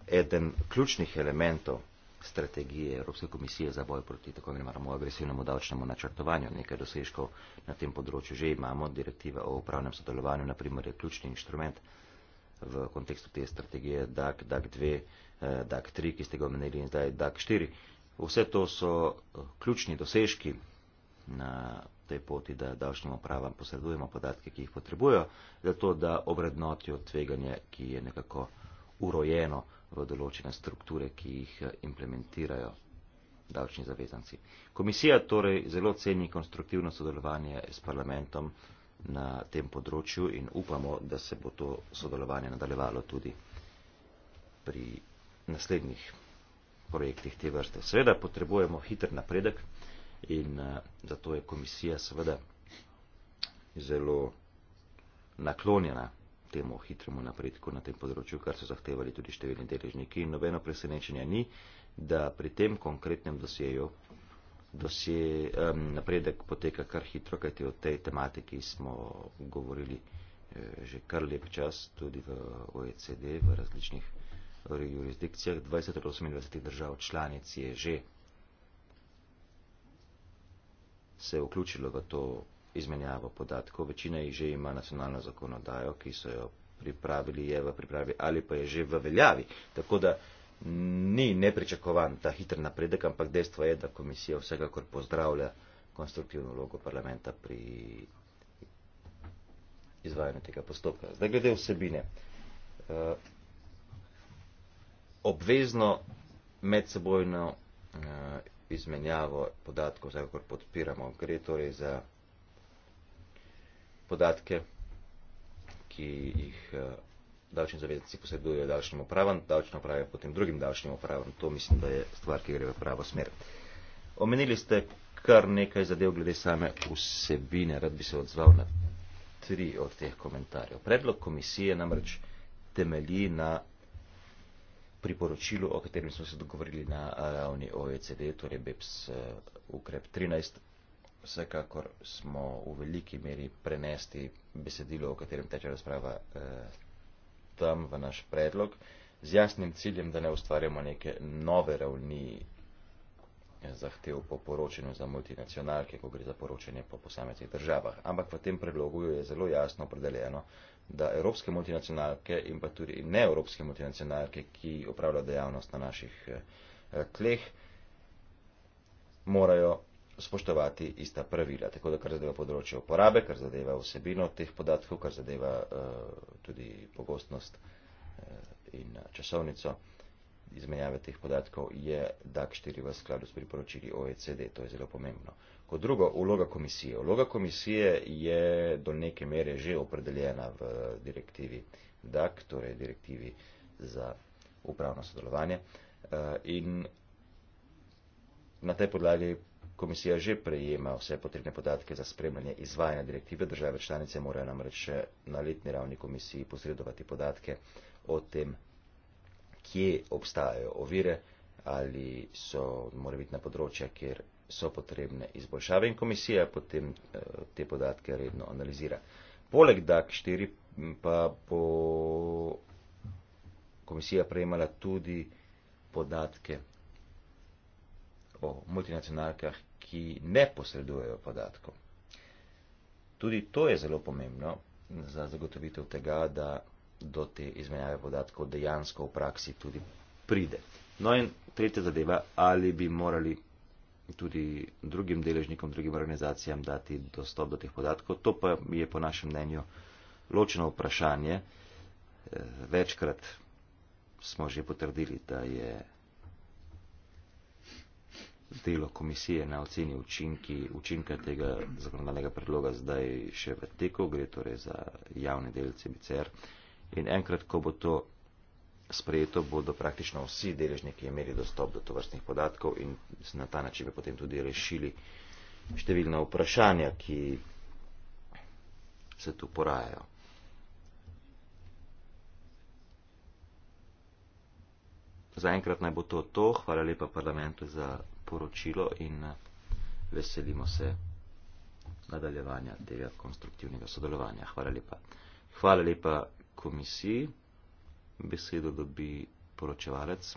eden ključnih elementov strategije Evropske komisije za boj proti tako imenovanemu agresivnemu davčnemu načrtovanju. Nekaj dosežkov na tem področju že imamo, direktiva o upravnem sodelovanju, na primer, je ključni inštrument v kontekstu te strategije DAC, DAC 2, eh, DAC 3, ki ste ga omenili in zdaj DAC 4. Vse to so eh, ključni dosežki na tej poti, da davčnim upravam posredujemo podatke, ki jih potrebujo, zato da obrednotijo tveganje, ki je nekako urojeno v določene strukture, ki jih eh, implementirajo davčni zavezanci. Komisija torej zelo ceni konstruktivno sodelovanje s parlamentom na tem področju in upamo, da se bo to sodelovanje nadaljevalo tudi pri naslednjih projektih te vrste. Seveda potrebujemo hiter napredek in eh, zato je komisija seveda zelo naklonjena temu hitremu napredku na tem področju, kar so zahtevali tudi številni deležniki. In nobeno presenečenje ni, da pri tem konkretnem dosjeju dosje, um, napredek poteka kar hitro, kajti o tej tematiki smo govorili eh, že kar lep čas, tudi v OECD, v različnih eh, jurisdikcijah. 20 od 28 držav članic je že se je vključilo v to izmenjavo podatkov, večina jih že ima nacionalno zakonodajo, ki so jo pripravili, je v pripravi ali pa je že v veljavi. Tako da ni nepričakovan ta hiter napredek, ampak dejstvo je, da komisija vsekakor pozdravlja konstruktivno vlogo parlamenta pri izvajanju tega postopka. Zdaj glede vsebine. Uh, obvezno medsebojno uh, izmenjavo podatkov, vsekakor podpiramo, gre torej za podatke, ki jih eh, davčni zavezanci posedujejo davčnim upravam, davčna uprava je potem drugim davčnim upravam. To mislim, da je stvar, ki gre v pravo smer. Omenili ste kar nekaj zadev glede same vsebine. Rad bi se odzval na tri od teh komentarjev. Predlog komisije namreč temelji na priporočilu, o katerem smo se dogovorili na eh, ravni OECD, torej BEPS eh, ukrep 13 vsekakor smo v veliki meri prenesti besedilo, o katerem teče razprava, eh, tam v naš predlog, z jasnim ciljem, da ne ustvarjamo neke nove ravni eh, zahtev po poročanju za multinacionalke, ko gre za poročanje po posameznih državah. Ampak v tem predlogu je zelo jasno opredeljeno, da evropske multinacionalke in pa tudi neevropske multinacionalke, ki upravljajo dejavnost na naših eh, tleh, morajo spoštovati ista pravila. Tako da kar zadeva področje uporabe, kar zadeva vsebino teh podatkov, kar zadeva eh, tudi pogostnost eh, in časovnico izmenjave teh podatkov, je DAG 4 v skladu s priporočili OECD. To je zelo pomembno. Kot drugo, vloga komisije. Vloga komisije je do neke mere že opredeljena v direktivi DAG, torej direktivi za upravno sodelovanje. Eh, in na tej podlagi komisija že prejema vse potrebne podatke za spremljanje izvajanja direktive, države članice morajo namreč na letni ravni komisiji posredovati podatke o tem, kje obstajajo ovire ali so mora biti na področja, kjer so potrebne izboljšave in komisija potem eh, te podatke redno analizira. Poleg DAK 4 pa bo komisija prejemala tudi podatke o multinacionalkah ki ne posredujejo podatkov. Tudi to je zelo pomembno za zagotovitev tega, da do te izmenjave podatkov dejansko v praksi tudi pride. No in tretja zadeva, ali bi morali tudi drugim deležnikom, drugim organizacijam dati dostop do teh podatkov, to pa je po našem mnenju ločeno vprašanje. Eh, večkrat smo že potrdili, da je delo komisije na oceni učinki, učinka tega zakonodajnega predloga zdaj še v teku, gre torej za javne delce BCR. In enkrat, ko bo to sprejeto, bodo praktično vsi deležniki imeli dostop do tovrstnih podatkov in se na ta način bi potem tudi rešili številna vprašanja, ki se tu porajajo. Zaenkrat naj bo to to. Hvala lepa parlamentu za poročilo in eh, veselimo se nadaljevanja tega konstruktivnega sodelovanja. Hvala lepa. Hvala lepa komisiji. Besedo dobi poročevalec.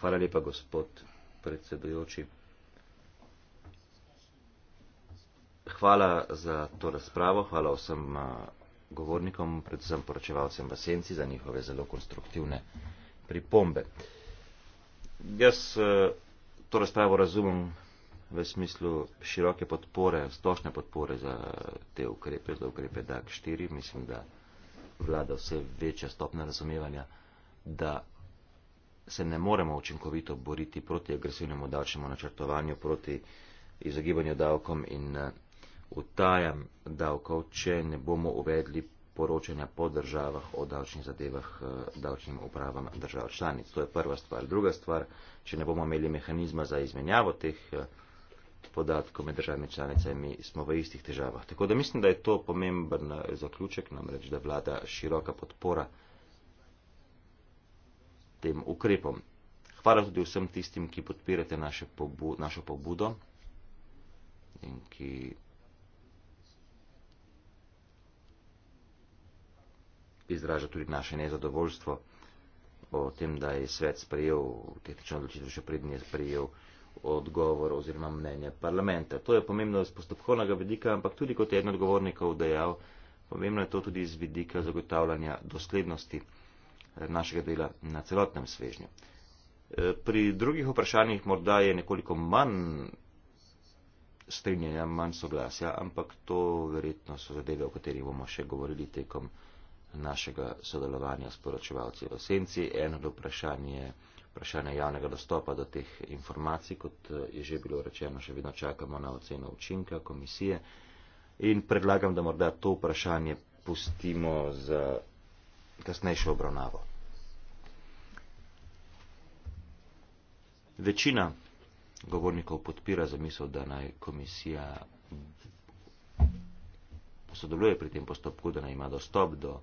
Hvala lepa, gospod predsedujoči. Hvala za to razpravo, hvala vsem eh, govornikom, predvsem poročevalcem v Senci za njihove zelo konstruktivne pripombe. Jaz eh, to razpravo razumem v smislu široke podpore, stošne podpore za te ukrepe, za ukrepe DAG 4. Mislim, da vlada vse večja stopna razumevanja, da se ne moremo učinkovito boriti proti agresivnemu davčnemu načrtovanju, proti izogibanju davkom in eh, utajam davkov, če ne bomo uvedli poročanja po državah o davčnih zadevah eh, davčnim upravam držav članic. To je prva stvar. Druga stvar, če ne bomo imeli mehanizma za izmenjavo teh eh, podatkov med državami članicami, smo v istih težavah. Tako da mislim, da je to pomemben eh, zaključek, namreč, da vlada široka podpora tem ukrepom. Hvala tudi vsem tistim, ki podpirate naše pobu našo pobudo in ki izraža tudi naše nezadovoljstvo o tem, da je svet sprejel tehnično odločitev, še prednje sprejel odgovor oziroma mnenje parlamenta. To je pomembno z postopkovnega vidika, ampak tudi kot eden odgovornikov dejal, pomembno je to tudi z vidika zagotavljanja doslednosti eh, našega dela na celotnem svežnju. Eh, pri drugih vprašanjih morda je nekoliko manj strinjanja, manj soglasja, ampak to verjetno so zadeve, o katerih bomo še govorili tekom našega sodelovanja s poročevalci v senci. Eno od vprašanj je vprašanje javnega dostopa do teh informacij, kot eh, je že bilo rečeno, še vedno čakamo na oceno učinka komisije. In predlagam, da morda to vprašanje pustimo za kasnejšo obravnavo. Večina govornikov podpira zamisel, da naj komisija sodeluje pri tem postopku, da naj ima dostop do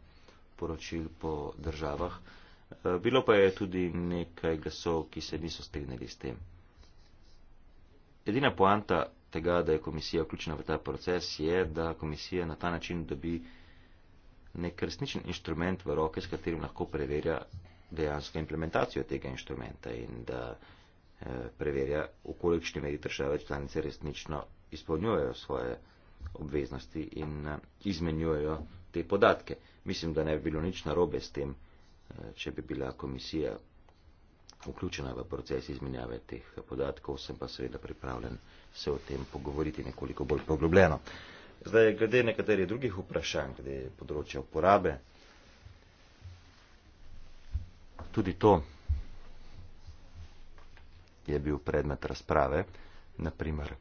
poročil po državah. Eh, bilo pa je tudi nekaj glasov, ki se niso strinjali s tem. Edina poanta tega, da je komisija vključena v ta proces, je, da komisija na ta način dobi nek resničen inštrument v roke, s katerim lahko preverja dejansko implementacijo tega inštrumenta in da eh, preverja, v kolikšni meri države članice resnično izpolnjujejo svoje obveznosti in eh, izmenjujejo te podatke. Mislim, da ne bi bilo nič narobe s tem, eh, če bi bila komisija vključena v proces izmenjave teh podatkov, sem pa seveda pripravljen se o tem pogovoriti nekoliko bolj poglobljeno. Zdaj, glede nekaterih drugih vprašanj, glede področja uporabe, tudi to je bil predmet razprave, naprimer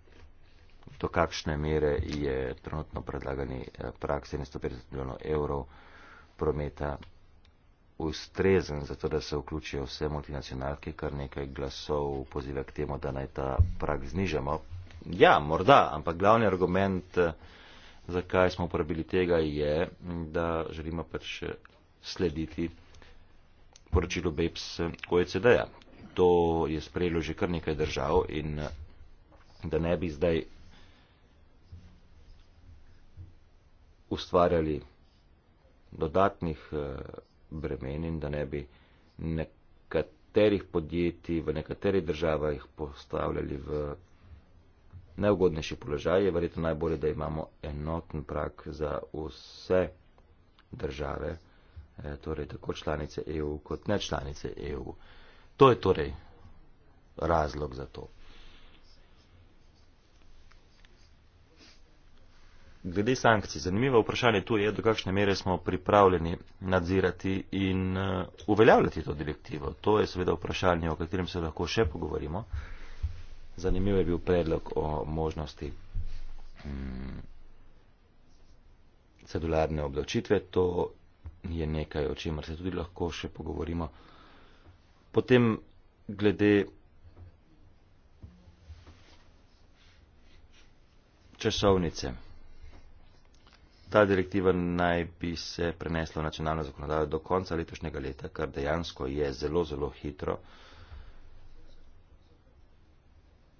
do kakšne mere je trenutno predlagani eh, prak 750 milijonov evrov prometa ustrezen za to, da se vključijo vse multinacionalke, kar nekaj glasov poziva k temu, da naj ta prak znižamo. Ja, morda, ampak glavni argument, eh, zakaj smo uporabili tega, je, da želimo pač slediti poročilu BEPS eh, OECD-ja. To je sprejelo že kar nekaj držav in da ne bi zdaj ustvarjali dodatnih eh, bremen in da ne bi nekaterih podjetij v nekaterih državah postavljali v neugodnejši položaj, je verjetno najbolje, da imamo enoten prak za vse države, eh, torej tako članice EU kot ne članice EU. To je torej razlog za to. Glede sankcij, zanimivo vprašanje tu je, do kakšne mere smo pripravljeni nadzirati in eh, uveljavljati to direktivo. To je seveda vprašanje, o katerem se lahko še pogovorimo. Zanimiv je bil predlog o možnosti mm, cedularne obdavčitve. To je nekaj, o čemer se tudi lahko še pogovorimo. Potem glede. Časovnice ta direktiva naj bi se prenesla v nacionalno zakonodajo do konca letošnjega leta, kar dejansko je zelo, zelo hitro.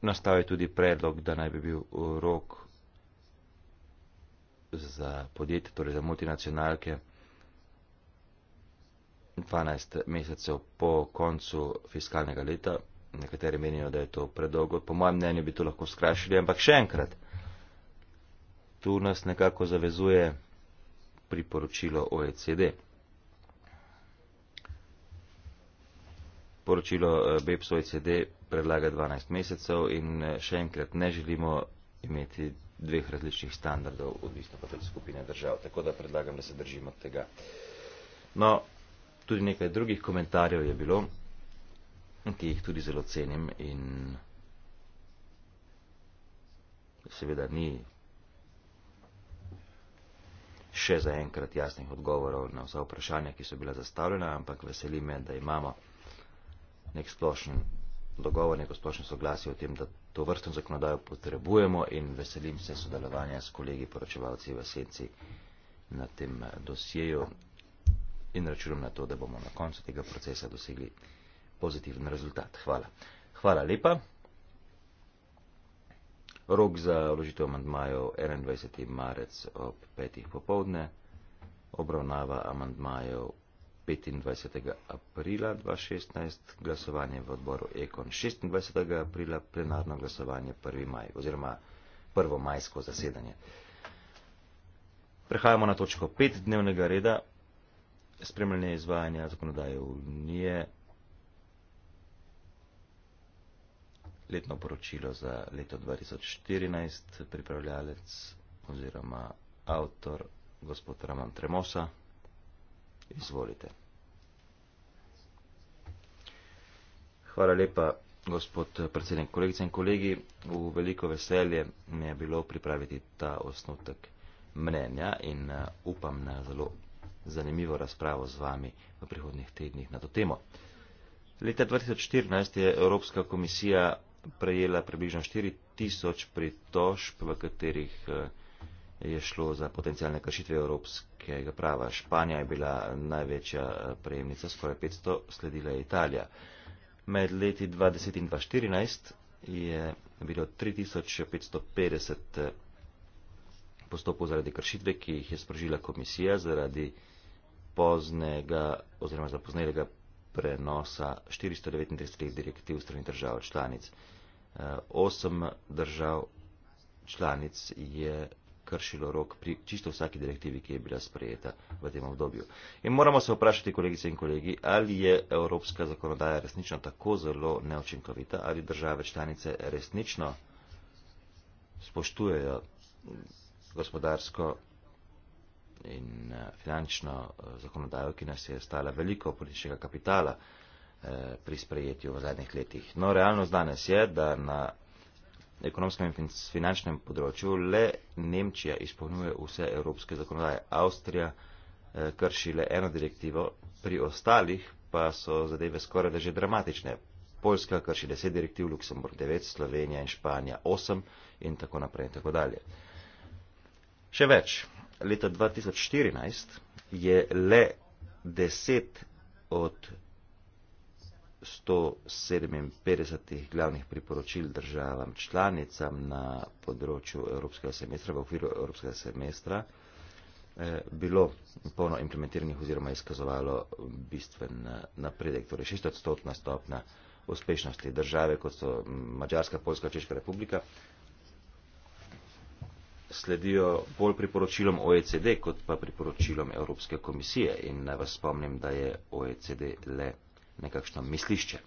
Nastavi tudi predlog, da naj bi bil rok za podjetje, torej za multinacionalke, 12 mesecev po koncu fiskalnega leta. Nekateri menijo, da je to predolgo. Po mojem mnenju bi to lahko skrašili, ampak še enkrat tu nas nekako zavezuje priporočilo OECD. Poročilo eh, BEPS OECD predlaga 12 mesecev in eh, še enkrat ne želimo imeti dveh različnih standardov, odvisno pa tudi skupine držav. Tako da predlagam, da se držimo tega. No, tudi nekaj drugih komentarjev je bilo, ki jih tudi zelo cenim in seveda ni še zaenkrat jasnih odgovorov na vsa vprašanja, ki so bila zastavljena, ampak veseli me, da imamo nek splošen dogovor, neko splošno soglasje o tem, da to vrstno zakonodajo potrebujemo in veselim se sodelovanja s kolegi poročevalci v senci na tem eh, dosjeju in računam na to, da bomo na koncu tega procesa dosegli pozitiven rezultat. Hvala. Hvala lepa. Rok za vložitev amandmajev 21. marec ob 5. popovdne, obravnava amandmajev 25. aprila 2016, glasovanje v odboru Ekon 26. aprila, plenarno glasovanje 1. maj oziroma 1. majsko zasedanje. Prehajamo na točko 5 dnevnega reda, spremljanje izvajanja zakonodaje Unije letno poročilo za leto 2014, pripravljalec oziroma avtor gospod Raman Tremosa. Izvolite. Hvala lepa, gospod predsednik, kolegice in kolegi. V veliko veselje mi je bilo pripraviti ta osnutek mnenja in eh, upam na zelo zanimivo razpravo z vami v prihodnih tednih na to temo. Leta 2014 je Evropska komisija prejela približno 4000 pritožb, v katerih eh, je šlo za potencijalne kršitve evropskega prava. Španija je bila največja eh, prejemnica, skoraj 500, sledila je Italija. Med leti 2010 in 2014 je bilo 3550 eh, postopkov zaradi kršitve, ki jih je sprožila komisija zaradi poznega oziroma zapoznelega prenosa 439 direktiv strani držav članic. Eh, osem držav članic je kršilo rok pri čisto vsaki direktivi, ki je bila sprejeta v tem obdobju. In moramo se vprašati, kolegice in kolegi, ali je evropska zakonodaja resnično tako zelo neočinkovita, ali države članice resnično spoštujejo gospodarsko in eh, finančno eh, zakonodajo, ki nas je stala veliko političnega kapitala. Eh, pri sprejetju v zadnjih letih. No, realnost danes je, da na ekonomskem in finančnem področju le Nemčija izpolnjuje vse evropske zakonodaje. Avstrija eh, krši le eno direktivo, pri ostalih pa so zadeve skoraj da že dramatične. Poljska krši deset direktiv, Luksemburg devet, Slovenija in Španija osem in tako naprej in tako dalje. Še več, leta 2014 je le deset od 157 glavnih priporočil državam članicam na področju evropskega semestra, v okviru evropskega semestra, eh, bilo polno implementiranih oziroma izkazovalo bistven eh, napredek, torej 600-stotna stopna uspešnosti države, kot so Mačarska, Poljska, Češka republika, sledijo bolj priporočilom OECD kot pa priporočilom Evropske komisije. In vas spomnim, da je OECD le nekakšno mislišče.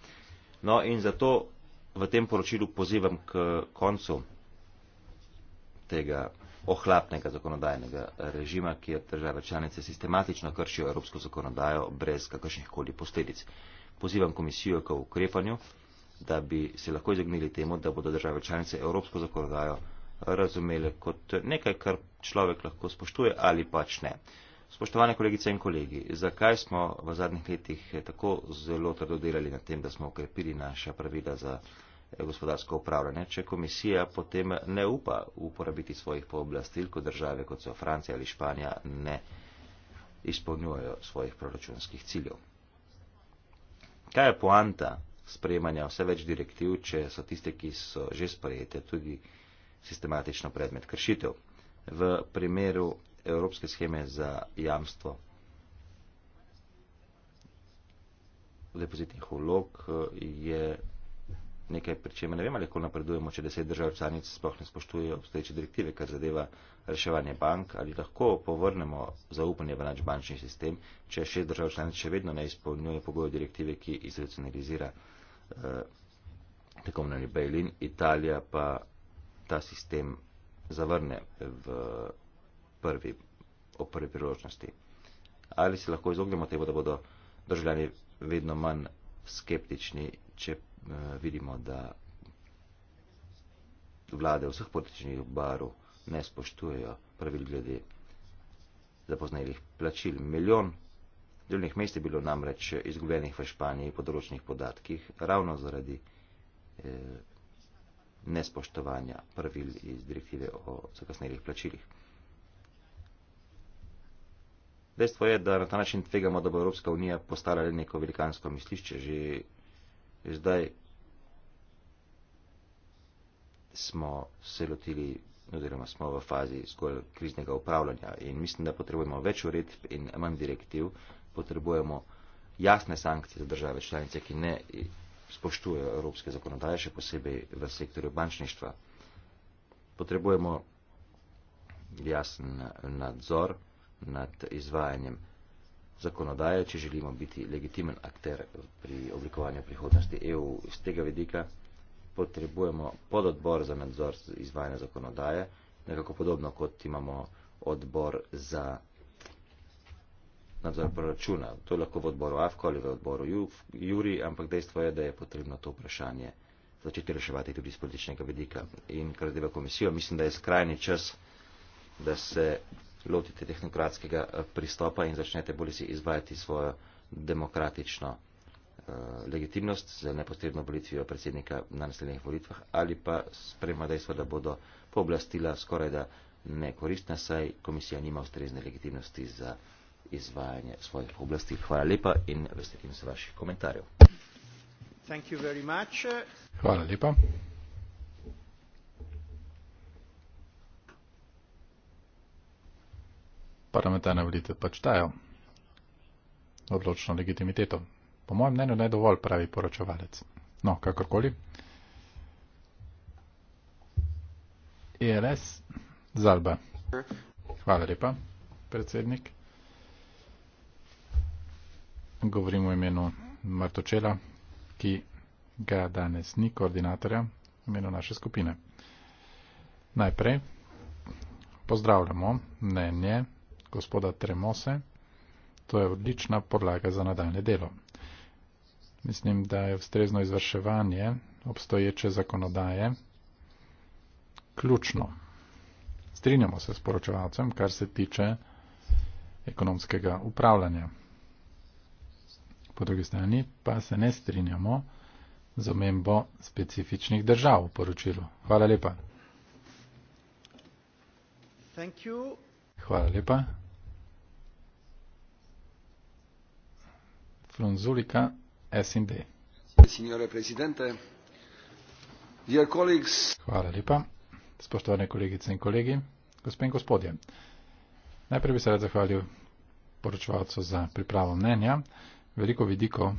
No in zato v tem poročilu pozivam k koncu tega ohlapnega zakonodajnega režima, ki je država članice sistematično kršijo evropsko zakonodajo brez kakršnih koli posledic. Pozivam komisijo k ukrepanju, da bi se lahko izognili temu, da bodo države članice evropsko zakonodajo razumele kot nekaj, kar človek lahko spoštuje ali pač ne. Spoštovane kolegice in kolegi, zakaj smo v zadnjih letih tako zelo trdo delali na tem, da smo ukrepili naša pravila za eh, gospodarsko upravljanje, če komisija potem ne upa uporabiti svojih pooblastil, ko države kot so Francija ali Španija ne izpolnjujejo svojih proračunskih ciljev. Kaj je poanta sprejemanja vse več direktiv, če so tiste, ki so že sprejete, tudi sistematično predmet kršitev? V primeru evropske scheme za jamstvo depozitnih vlog eh, je nekaj, pri čemer ne vem, ali lahko napredujemo, če deset držav članic sploh ne spoštujejo obstoječe direktive, kar zadeva reševanje bank, ali lahko povrnemo zaupanje v naš bančni sistem, če šest držav članic še vedno ne izpolnjuje pogojev direktive, ki izracionalizira eh, tako imenovani Bejlin, Italija pa ta sistem zavrne v prvi, ob prvi priložnosti. Ali se lahko izognemo temu, da bodo državljani vedno manj skeptični, če uh, vidimo, da vlade vseh političnih barv ne spoštujejo pravil glede zapoznajih plačil. Milijon delovnih mest je bilo namreč izgubljenih v Španiji po določenih podatkih, ravno zaradi eh, nespoštovanja pravil iz direktive o zakasnelih plačilih. Dejstvo je, da na ta način tvegamo, da bo Evropska unija postala le neko velikansko mislišče. Že zdaj smo se lotili, oziroma smo v fazi zgolj kriznega upravljanja in mislim, da potrebujemo več uredb in manj direktiv, potrebujemo jasne sankcije za države članice, ki ne spoštujejo evropske zakonodaje, še posebej v sektorju bančništva. Potrebujemo jasen nadzor nad izvajanjem zakonodaje, če želimo biti legitimen akter pri oblikovanju prihodnosti EU. Iz tega vidika potrebujemo pododbor za nadzor izvajanja zakonodaje, nekako podobno kot imamo odbor za nadzor proračuna. To je lahko v odboru AFKO ali v odboru JURI, ampak dejstvo je, da je potrebno to vprašanje začeti reševati tudi iz političnega vidika. In kar zdaj v komisijo, mislim, da je skrajni čas, da se lotite tehnokratskega eh, pristopa in začnete bolj si izvajati svojo demokratično eh, legitimnost z neposredno volitvijo predsednika na naslednjih volitvah ali pa sprema dejstva, da bodo pooblastila skoraj da nekoristna, saj komisija nima ustrezne legitimnosti za izvajanje svojih oblasti. Hvala lepa in veselim se vaših komentarjev. Thank you very much. Hvala lepa. parlamentarne volitve pač dajo odločno legitimiteto. Po mojem mnenju ne dovolj pravi poročevalec. No, kakorkoli. ELS Zalba. Hvala lepa, predsednik. Govorim v imenu Martočela, ki ga danes ni koordinatorja v imenu naše skupine. Najprej pozdravljamo mnenje gospoda Tremose, to je odlična podlaga za nadaljne delo. Mislim, da je ustrezno izvrševanje obstoječe zakonodaje ključno. Strinjamo se s poročevalcem, kar se tiče ekonomskega upravljanja. Po drugi strani pa se ne strinjamo z omembo specifičnih držav v poročilu. Hvala lepa. Thank you. Hvala lepa. Strunzulica, SND. Signore Presidente, dear colleagues... Hvala lepa, spoštovane kolegice in kolegi, gospe in gospodje. Najprej bi se rad zahvalil poročevalcu za pripravo mnenja. Veliko vidiko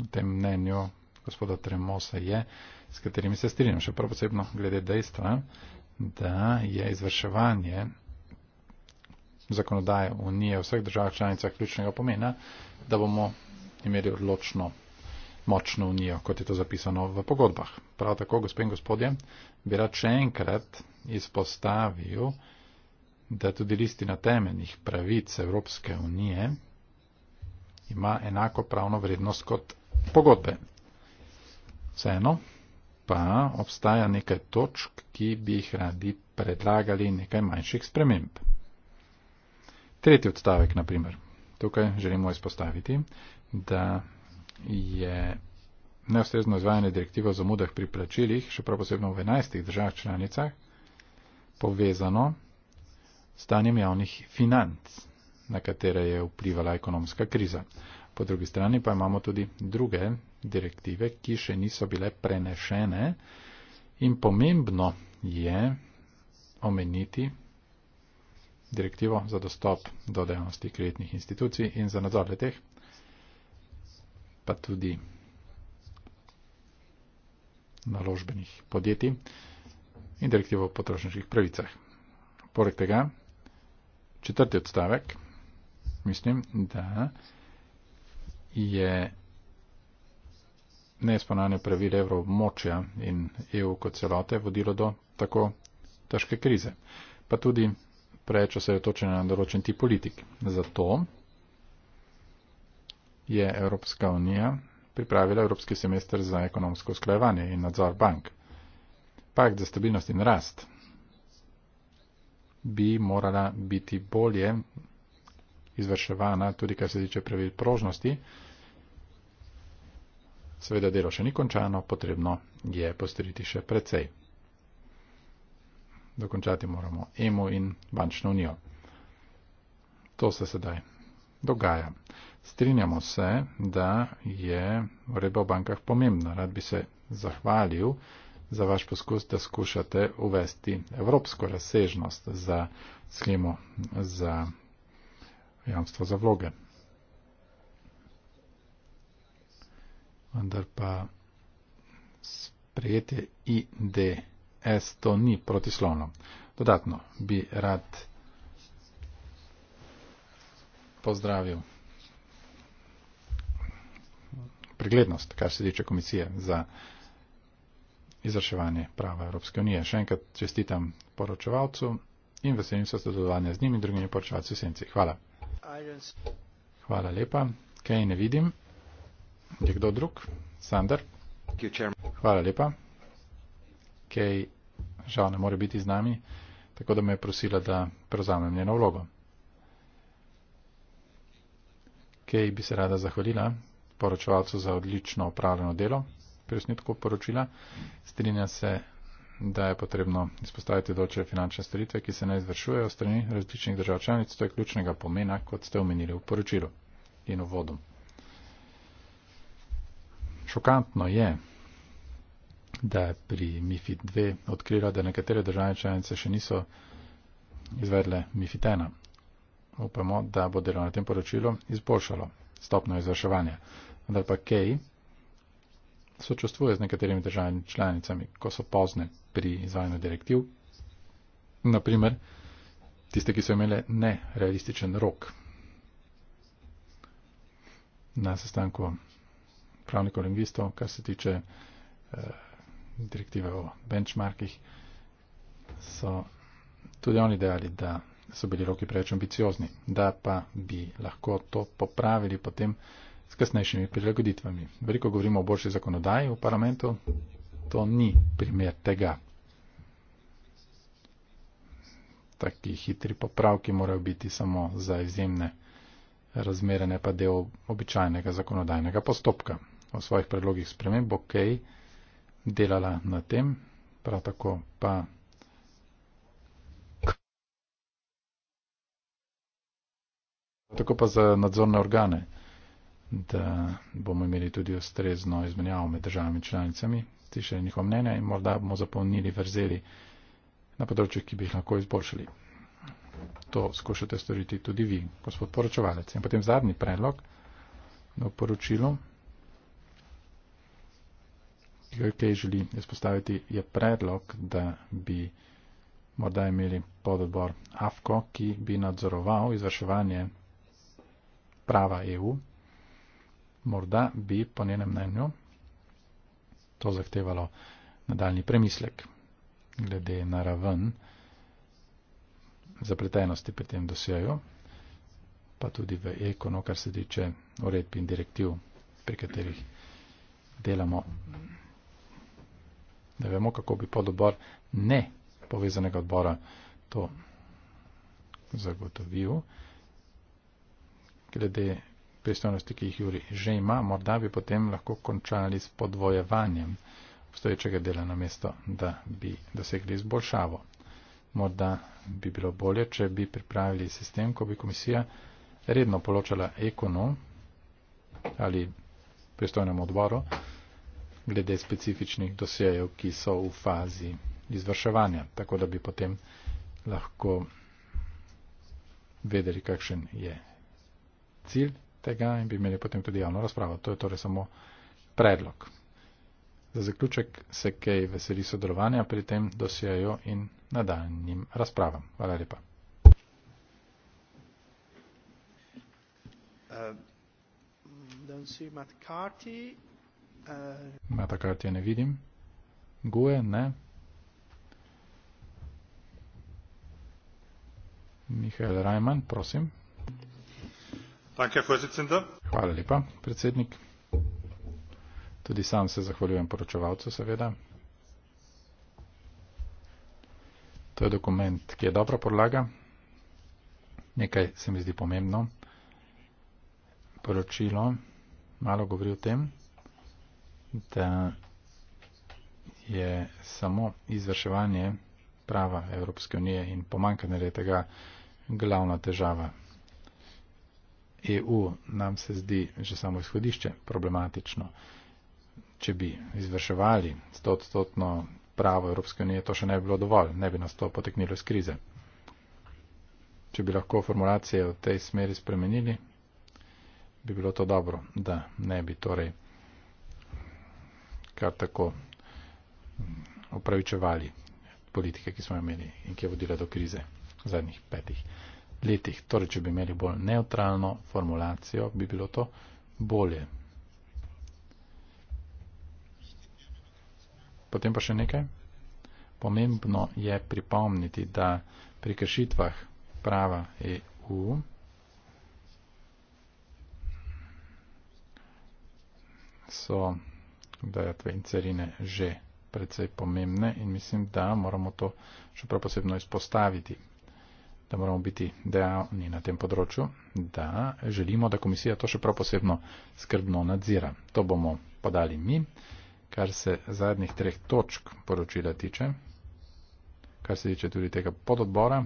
v tem mnenju gospoda Tremosa je, s katerimi se strinjam, še prav posebno glede dejstva, da je izvrševanje zakonodaje Unije v vseh državah članicah ključnega pomena, da bomo imeli odločno močno Unijo, kot je to zapisano v pogodbah. Prav tako, gospod in gospodje, bi rad še enkrat izpostavil, da tudi listina temeljnih pravic Evropske unije ima enako pravno vrednost kot pogodbe. Vseeno pa obstaja nekaj točk, ki bi jih radi predlagali nekaj manjših sprememb. Tretji odstavek, naprimer. Tukaj želimo izpostaviti, da je neustrezno izvajanje direktive o zamudah pri plačilih, še prav posebno v 11 državah članicah, povezano s stanjem javnih financ, na katere je vplivala ekonomska kriza. Po drugi strani pa imamo tudi druge direktive, ki še niso bile prenešene in pomembno je omeniti, direktivo za dostop do dejavnosti kreditnih institucij in za nadzor leteh, pa tudi naložbenih podjetij in direktivo o potrošniških pravicah. Poleg tega, četrti odstavek, mislim, da je neizpolnjanje pravil evroobmočja in EU kot celote vodilo do tako težke krize, pa tudi preveč osredotočena na določen tip politik. Zato je Evropska unija pripravila Evropski semester za ekonomsko usklajevanje in nadzor bank. Pakt za stabilnost in rast bi morala biti bolje izvrševana tudi, kar se tiče pravil prožnosti. Seveda delo še ni končano, potrebno je postoriti še precej dokončati moramo emu in bančno unijo. To se sedaj dogaja. Strinjamo se, da je vreba v bankah pomembna. Rad bi se zahvalil za vaš poskus, da skušate uvesti evropsko razsežnost za schemo za jamstvo za vloge. Vendar pa sprejete ID S to ni protislovno. Dodatno bi rad pozdravil preglednost, kar se tiče komisije za izraševanje prava Evropske unije. Še enkrat čestitam poročevalcu in veselim se sodelovanja z njimi in drugimi poročevalci v senci. Hvala. Hvala lepa. Kaj ne vidim? Je kdo drug? Sander? Hvala lepa. Kaj žal ne more biti z nami, tako da me je prosila, da prevzamem njeno vlogo. Kej bi se rada zahvalila poročevalcu za odlično opravljeno delo pri osnutku poročila. Strinja se, da je potrebno izpostaviti določe finančne storitve, ki se ne izvršujejo strani različnih držav članic. To je ključnega pomena, kot ste omenili v poročilu in v vodu. Šokantno je, da je pri MIFID 2 odkrila, da nekatere države članice še niso izvedle MIFID 1. Upamo, da bo delo na tem poročilu izboljšalo stopno izvrševanja. Vendar pa Kej sočustvuje z nekaterimi državami članicami, ko so pozne pri izvajanju direktiv, naprimer tiste, ki so imele nerealističen rok. Na sestanku pravnikov lingvistov, kar se tiče eh, direktive o benchmarkih, so tudi oni dejali, da so bili roki preveč ambiciozni, da pa bi lahko to popravili potem s kasnejšimi prilagoditvami. Veliko govorimo o boljši zakonodaji v parlamentu, to ni primer tega. Taki hitri popravki morajo biti samo za izjemne razmere, ne pa del običajnega zakonodajnega postopka. O svojih predlogih sprememb, okej. Okay, delala na tem, prav tako pa. Tako pa za nadzorne organe, da bomo imeli tudi ustrezno izmenjavo med državami članicami, slišali njihovo mnenje in morda bomo zapolnili vrzeli na področju, ki bi jih lahko izboljšali. To skušate storiti tudi vi, gospod poročevalec. In potem zadnji predlog v no, poročilu ki ga kaj želi izpostaviti, je predlog, da bi morda imeli pododbor AFKO, ki bi nadzoroval izvrševanje prava EU. Morda bi po njenem mnenju to zahtevalo nadaljni premislek glede na raven zapletenosti pri tem dosjeju, pa tudi v ekono, kar se tiče uredb in direktiv, pri katerih delamo da vemo, kako bi pododbor ne povezanega odbora to zagotovil. Glede pristojnosti, ki jih Juri že ima, morda bi potem lahko končali s podvojevanjem obstoječega dela na mesto, da bi dosegli izboljšavo. Morda bi bilo bolje, če bi pripravili sistem, ko bi komisija redno poločala ekonom ali pristojnemu odboru glede specifičnih dosjejev, ki so v fazi izvrševanja, tako da bi potem lahko vedeli, kakšen je cilj tega in bi imeli potem tudi javno razpravo. To je torej samo predlog. Za zaključek se kaj veseli sodelovanja pri tem dosjeju in nadaljnjim razpravam. Hvala lepa. Uh, don't see McCarthy. Eh. Ma takrat je ne vidim. Guje, ne. Mihael Rajman, prosim. Hvala lepa, predsednik. Tudi sam se zahvaljujem poročevalcu, seveda. To je dokument, ki je dobra podlaga. Nekaj se mi zdi pomembno. Poročilo malo govori o tem da je samo izvrševanje prava Evropske unije in pomankanje tega glavna težava. EU nam se zdi že samo izhodišče problematično. Če bi izvrševali stotstotno pravo Evropske unije, to še ne bi bilo dovolj, ne bi nas to poteknilo iz krize. Če bi lahko formulacije v tej smeri spremenili, bi bilo to dobro, da ne bi torej kar tako opravičevali politike, ki smo imeli in ki je vodila do krize v zadnjih petih letih. Torej, če bi imeli bolj neutralno formulacijo, bi bilo to bolje. Potem pa še nekaj. Pomembno je pripomniti, da pri kršitvah prava EU so dajatve in carine že predvsej pomembne in mislim, da moramo to še prav posebno izpostaviti, da moramo biti dejavni na tem področju, da želimo, da komisija to še prav posebno skrbno nadzira. To bomo podali mi, kar se zadnjih treh točk poročila tiče, kar se tiče tudi tega pododbora,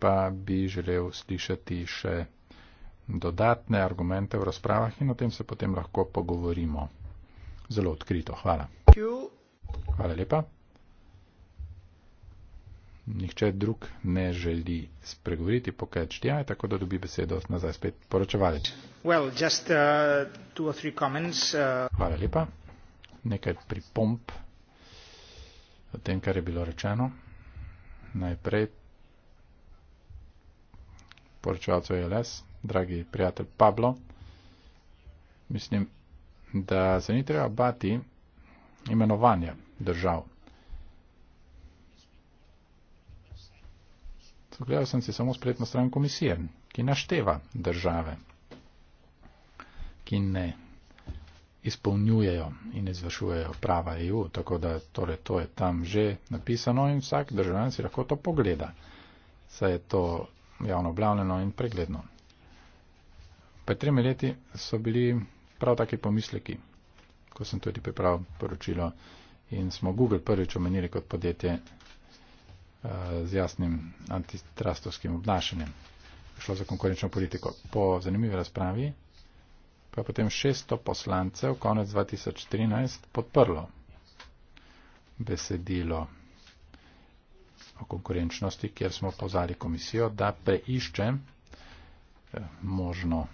pa bi želel slišati še dodatne argumente v razpravah in o tem se potem lahko pogovorimo. Zelo odkrito. Hvala. Hvala lepa. Nihče drug ne želi spregovoriti po KHDI, ja, tako da dobi besedo nazaj spet poročevalec. Well, just, uh, comments, uh... Hvala lepa. Nekaj pripomp o tem, kar je bilo rečeno. Najprej poročevalcev LS dragi prijatelj Pablo. Mislim, da se ni treba bati imenovanja držav. Gledal sem si samo spletno stran komisije, ki našteva države, ki ne izpolnjujejo in izvršujejo prava EU, tako da torej, to je tam že napisano in vsak državljan si lahko to pogleda. Saj je to javno objavljeno in pregledno pred tremi leti so bili prav taki pomisleki, ko sem tudi pripravil poročilo in smo Google prvič omenili kot podjetje eh, z jasnim antitrastovskim obnašanjem. Šlo za konkurenčno politiko. Po zanimivi razpravi pa je potem 600 poslancev konec 2013 podprlo besedilo o konkurenčnosti, kjer smo pozvali komisijo, da preišče eh, možno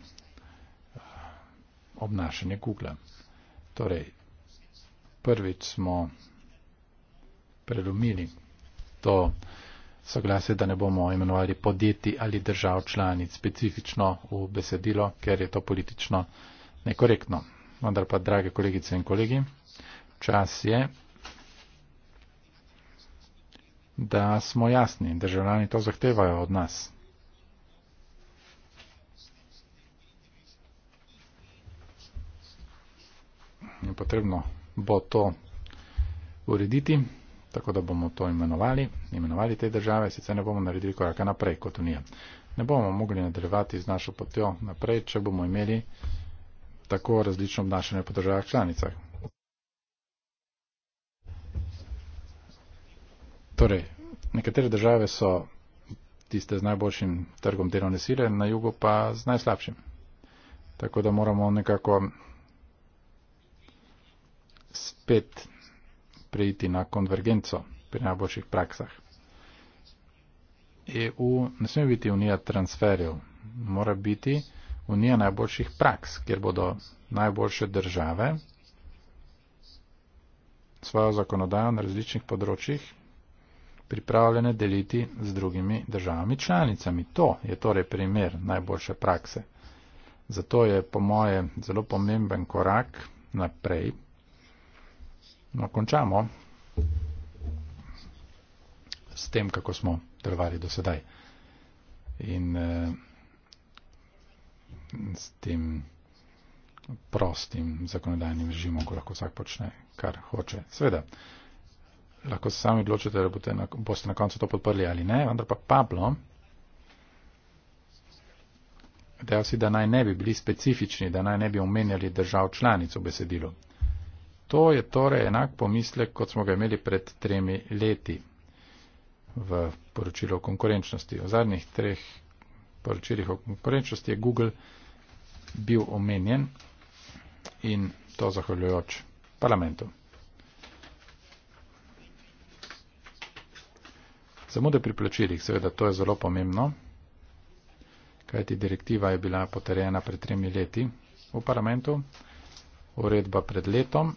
obnašanje kugla. Torej, prvič smo prelomili to soglasje, da ne bomo imenovali podjetij ali držav članic specifično v besedilo, ker je to politično nekorektno. Vendar pa, drage kolegice in kolegi, čas je, da smo jasni. Državljani to zahtevajo od nas. in potrebno bo to urediti, tako da bomo to imenovali, imenovali te države, sicer ne bomo naredili koraka naprej kot Unija. Ne bomo mogli nadaljevati z našo potjo naprej, če bomo imeli tako različno obnašanje po državah članicah. Torej, nekatere države so tiste z najboljšim trgom delovne sile, na jugu pa z najslabšim. Tako da moramo nekako spet preiti na konvergenco pri najboljših praksah. EU ne sme biti unija transferjev, mora biti unija najboljših praks, kjer bodo najboljše države svojo zakonodajo na različnih področjih pripravljene deliti z drugimi državami članicami. To je torej primer najboljše prakse. Zato je po moje zelo pomemben korak naprej No, končamo s tem, kako smo delovali do sedaj. In eh, s tem prostim zakonodajnim režimom, ko lahko vsak počne, kar hoče. Sveda, lahko se sami odločite, da na, boste na koncu to podprli ali ne, vendar pa Pablo dejal si, da naj ne bi bili specifični, da naj ne bi omenjali držav članic v besedilu. To je torej enak pomislek, kot smo ga imeli pred tremi leti v poročilu o konkurenčnosti. V zadnjih treh poročilih o konkurenčnosti je Google bil omenjen in to zahvaljujoč parlamentu. Zamude pri plačilih, seveda to je zelo pomembno, kajti direktiva je bila potrjena pred tremi leti v parlamentu, uredba pred letom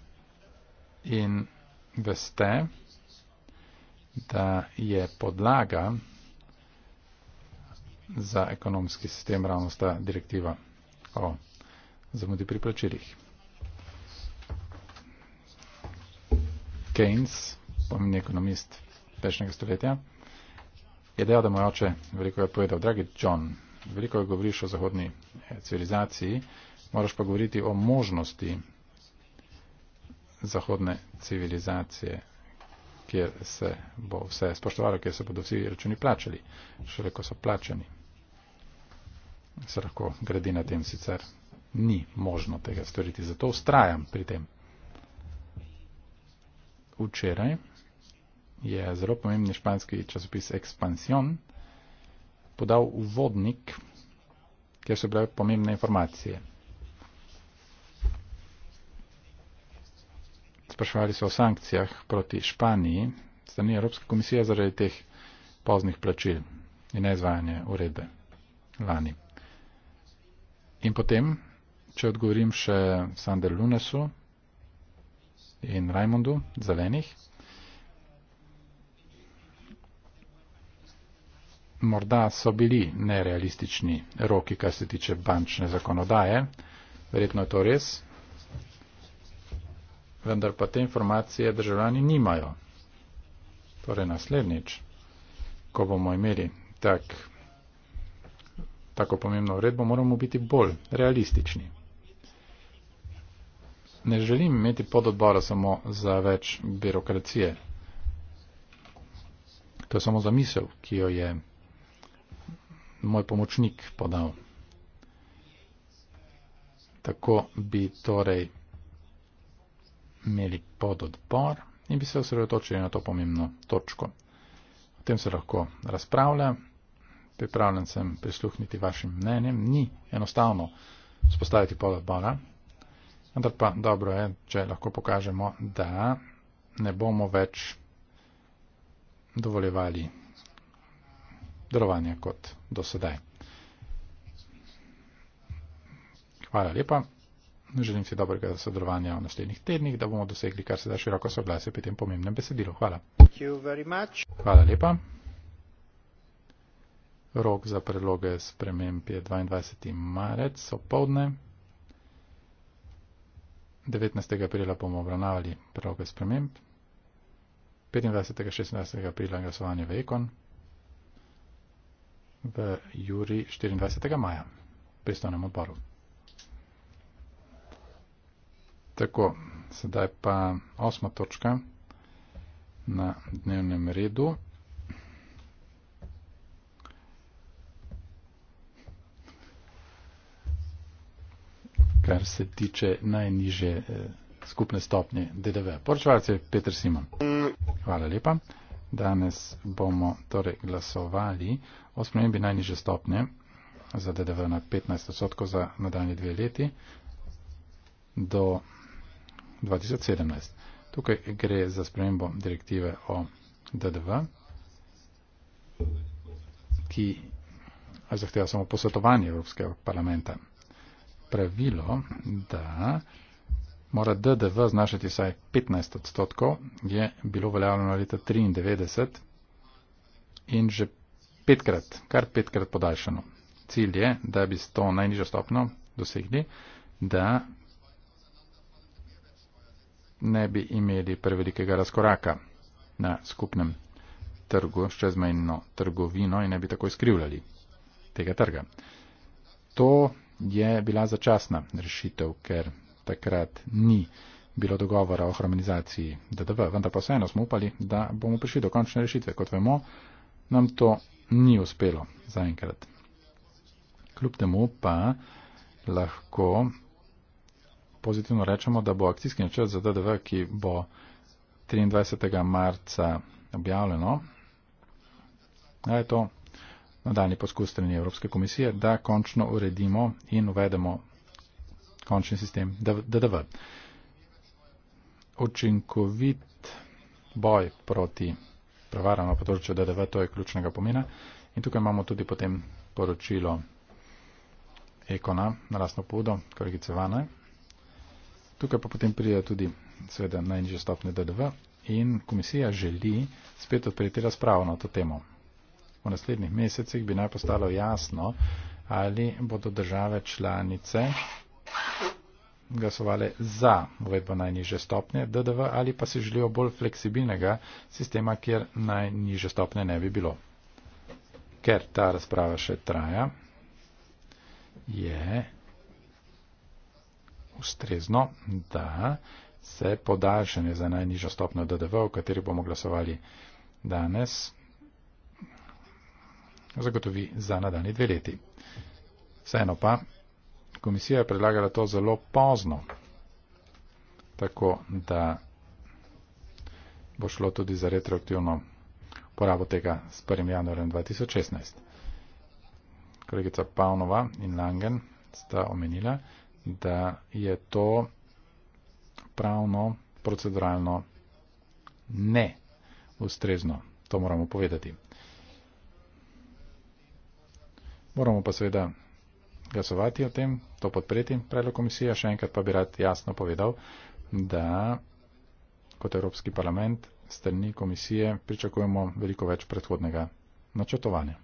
in veste, da je podlaga za ekonomski sistem ravno sta direktiva o zamudi pri plačilih. Keynes, pomeni ekonomist prejšnjega stoletja, je dejal, da moj oče veliko je povedal, dragi John, veliko je govoriš o zahodni eh, civilizaciji, moraš pa govoriti o možnosti zahodne civilizacije, kjer se bo vse spoštovalo, kjer se bodo vsi računi plačali. Šele ko so plačani, se lahko gradi na tem sicer. Ni možno tega storiti, zato ustrajam pri tem. Včeraj je zelo pomembni španski časopis Expansion podal uvodnik, kjer so bile pomembne informacije. spraševali so o sankcijah proti Španiji, strani Evropske komisije zaradi teh poznih plačil in neizvajanja uredbe lani. In potem, če odgovorim še Sander Lunesu in Raimondu Zelenih, morda so bili nerealistični roki, kar se tiče bančne zakonodaje, verjetno je to res, vendar pa te informacije državljani nimajo. Torej naslednjič, ko bomo imeli tak, tako pomembno uredbo, moramo biti bolj realistični. Ne želim imeti pododbora samo za več birokracije. To je samo zamisel, ki jo je moj pomočnik podal. Tako bi torej imeli pododbor in bi se osredotočili na to pomembno točko. O tem se lahko razpravlja, pripravljen sem prisluhniti vašim mnenjem. Ni enostavno spostaviti pododbora, vendar pa dobro je, če lahko pokažemo, da ne bomo več dovoljevali darovanja kot do sedaj. Hvala lepa. Želim si dobrega sodelovanja v naslednjih tednih, da bomo dosegli kar se da široko soglasje pri tem pomembnem besedilu. Hvala. Hvala lepa. Rok za predloge sprememb je 22. marec, opoldne. 19. aprila bomo obravnavali predloge sprememb. 25. 16. aprila je glasovanje v Ekon. V juri 24. maja pristojnem odboru. Tako, sedaj pa osma točka na dnevnem redu. kar se tiče najniže eh, skupne stopnje DDV. Poročevalc je Peter Simon. Hvala lepa. Danes bomo torej glasovali o spremembi najniže stopnje za DDV na 15 odstotkov za nadaljne dve leti do 2017. Tukaj gre za spremembo direktive o DDV, ki zahteva samo posvetovanje Evropskega parlamenta. Pravilo, da mora DDV znašati saj 15 odstotkov, je bilo veljavljeno leta 1993 in že petkrat, kar petkrat podaljšano. Cilj je, da bi s to najnižjo stopno dosegli, da ne bi imeli prevelikega razkoraka na skupnem trgu, še zmenjno trgovino in ne bi tako skrivljali tega trga. To je bila začasna rešitev, ker takrat ni bilo dogovora o harmonizaciji DDV, vendar pa vseeno smo upali, da bomo prišli do končne rešitve. Kot vemo, nam to ni uspelo zaenkrat. Kljub temu pa lahko pozitivno rečemo, da bo akcijski načrt za DDV, ki bo 23. marca objavljeno, da je to nadaljni poskus strani Evropske komisije, da končno uredimo in uvedemo končni sistem DDV. Učinkovit boj proti prevaram na področju DDV, to je ključnega pomena. In tukaj imamo tudi potem poročilo Ekona na lastno pudo, kolegice Vane. Tukaj pa potem prija tudi seveda najnižje stopne DDV in komisija želi spet odpreti razpravo na to temo. V naslednjih mesecih bi naj postalo jasno, ali bodo države članice glasovale za uvedbo najnižje stopnje DDV ali pa si želijo bolj fleksibilnega sistema, kjer najnižje stopnje ne bi bilo. Ker ta razprava še traja, je ustrezno, da se podaljšanje za najnižjo stopno DDV, o kateri bomo glasovali danes, zagotovi za nadaljni dve leti. Vseeno pa, komisija je predlagala to zelo pozno, tako da bo šlo tudi za retroaktivno porabo tega s 1. januarjem 2016. Kolegica Pavnova in Langen sta omenila, da je to pravno, proceduralno ne ustrezno. To moramo povedati. Moramo pa seveda glasovati o tem, to podpreti predlog komisije. Še enkrat pa bi rad jasno povedal, da kot Evropski parlament strani komisije pričakujemo veliko več predhodnega načrtovanja.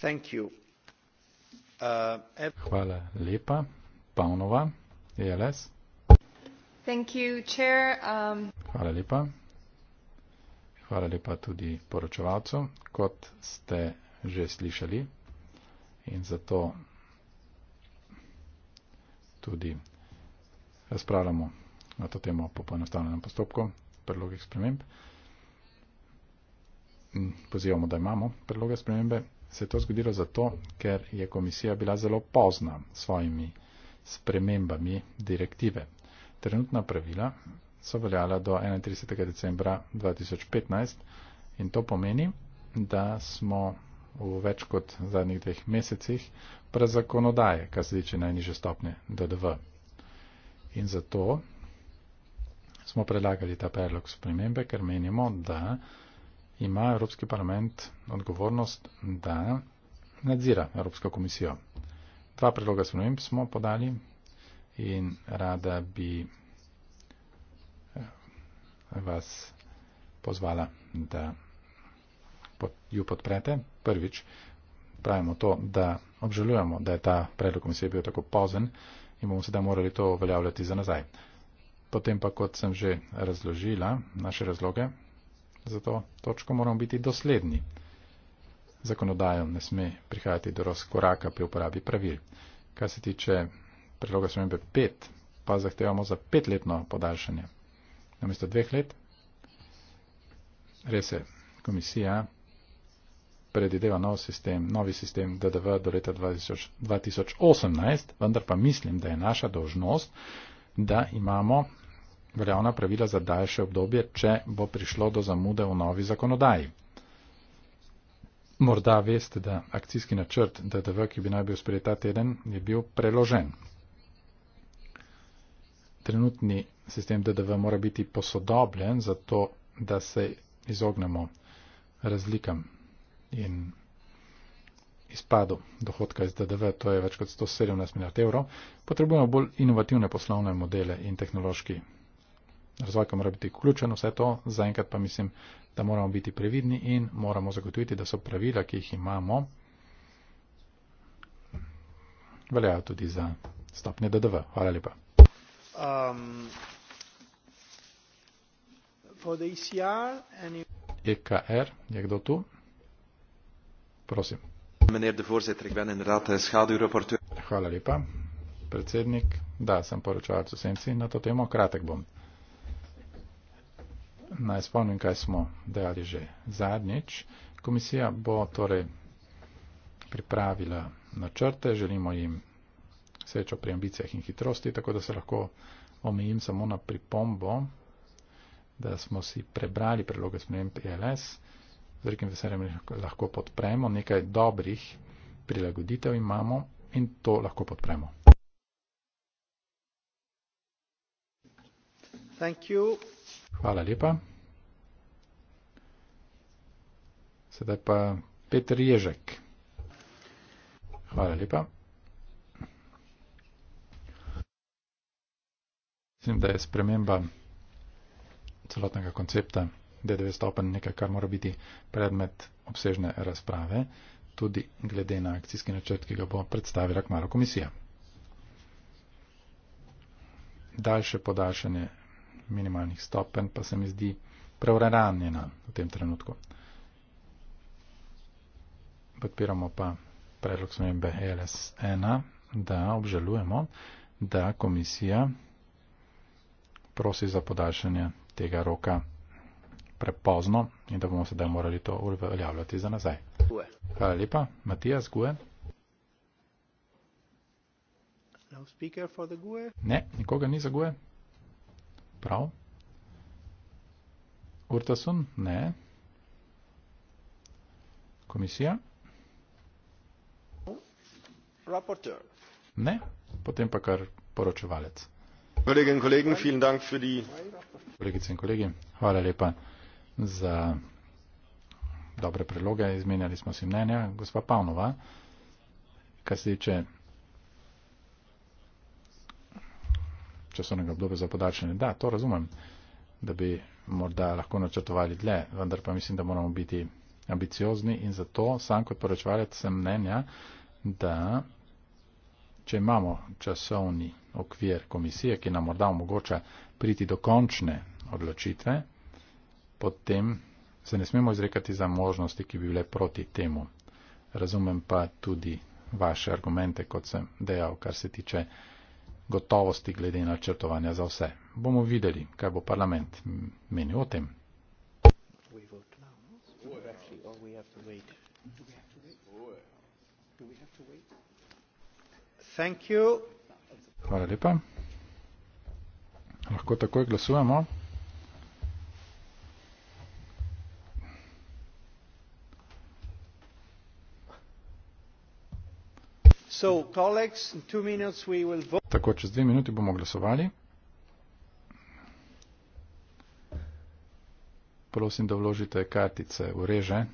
Thank you. Uh, Hvala lepa. Paunova, ELS. Thank you, chair. Um... Hvala lepa. Hvala lepa tudi poročevalcu. Kot ste že slišali in zato tudi razpravljamo na to temo po poenostavljenem postopku predlogih sprememb. Pozivamo, da imamo predloge spremembe se je to zgodilo zato, ker je komisija bila zelo pozna s svojimi spremembami direktive. Trenutna pravila so veljala do 31. decembra 2015 in to pomeni, da smo v več kot zadnjih dveh mesecih prezakonodaje, kar se tiče najniže stopnje DDV. In zato smo predlagali ta predlog spremembe, ker menimo, da ima Evropski parlament odgovornost, da nadzira Evropsko komisijo. Dva predloga sprememb smo podali in rada bi eh, vas pozvala, da ju podprete. Prvič pravimo to, da obžalujemo, da je ta predlog komisije bil tako pozen in bomo sedaj morali to uveljavljati za nazaj. Potem pa, kot sem že razložila naše razloge, Zato točko moramo biti dosledni. Zakonodajo ne sme prihajati do razkoraka pri uporabi pravil. Kar se tiče predloga SMB 5, pa zahtevamo za petletno podaljšanje. Namesto dveh let, res je, komisija predideva nov sistem, novi sistem DDV do leta 2018, vendar pa mislim, da je naša dožnost, da imamo veljavna pravila za daljše obdobje, če bo prišlo do zamude v novi zakonodaji. Morda veste, da akcijski načrt DDV, ki bi naj bil sprejet ta teden, je bil preložen. Trenutni sistem DDV mora biti posodobljen zato, da se izognemo razlikam in izpadu dohodka iz DDV, to je več kot 117 milijard evrov, potrebujemo bolj inovativne poslovne modele in tehnološki razvojka mora biti vključen, vse to, zaenkrat pa mislim, da moramo biti previdni in moramo zagotoviti, da so pravila, ki jih imamo, veljajo tudi za stopnje DDV. Hvala lepa. Um, ECR, e any... EKR, je kdo tu? Prosim. Meneer de voorzitter, ik ben inderdaad eh, schaduwrapporteur. Hvala lepa, predsednik. Da, sem poročevalec v senci na to temo, kratek bom naj spomnim, kaj smo dejali že zadnjič. Komisija bo torej pripravila načrte, želimo jim srečo pri ambicijah in hitrosti, tako da se lahko omejim samo na pripombo, da smo si prebrali predloge sprememb PLS, e z velikim veseljem lahko podpremo, nekaj dobrih prilagoditev imamo in to lahko podpremo. Thank you. Hvala lepa. Sedaj pa Petr Ježek. Hvala lepa. Mislim, da je sprememba celotnega koncepta DDV stopen nekaj, kar mora biti predmet obsežne razprave, tudi glede na akcijski načrt, ki ga bo predstavila kmalo komisija. Daljše podaljšanje minimalnih stopenj, pa se mi zdi preuranjena v tem trenutku. Podpiramo pa predlog smembe e LS1, da obžalujemo, da komisija prosi za podaljšanje tega roka prepozno in da bomo sedaj morali to uveljavljati za nazaj. Hvala lepa. Matija, zguje. No speaker for the GUE? Ne, nikoga ni za GUE. Prav. Urtasun? Ne. Komisija? Raporteur. Ne. Potem pa kar poročevalec. Kolegi in kolegi, vielen Dank für die... Kolegice in kolegi, hvala lepa za dobre predloge. Izmenjali smo si mnenja. Gospa Pavnova, kaj se tiče časovnega obdobja za podaljšanje. Da, to razumem, da bi morda lahko načrtovali dlje, vendar pa mislim, da moramo biti ambiciozni in zato sam kot poročevalec sem mnenja, da če imamo časovni okvir komisije, ki nam morda omogoča priti do končne odločitve, potem se ne smemo izrekati za možnosti, ki bi bile proti temu. Razumem pa tudi vaše argumente, kot sem dejal, kar se tiče gotovosti glede načrtovanja za vse. Bomo videli, kaj bo parlament menil o tem. Hvala lepa. Lahko takoj glasujemo. Tako, čez dve minuti bomo glasovali. Prosim, da vložite kartice v reže.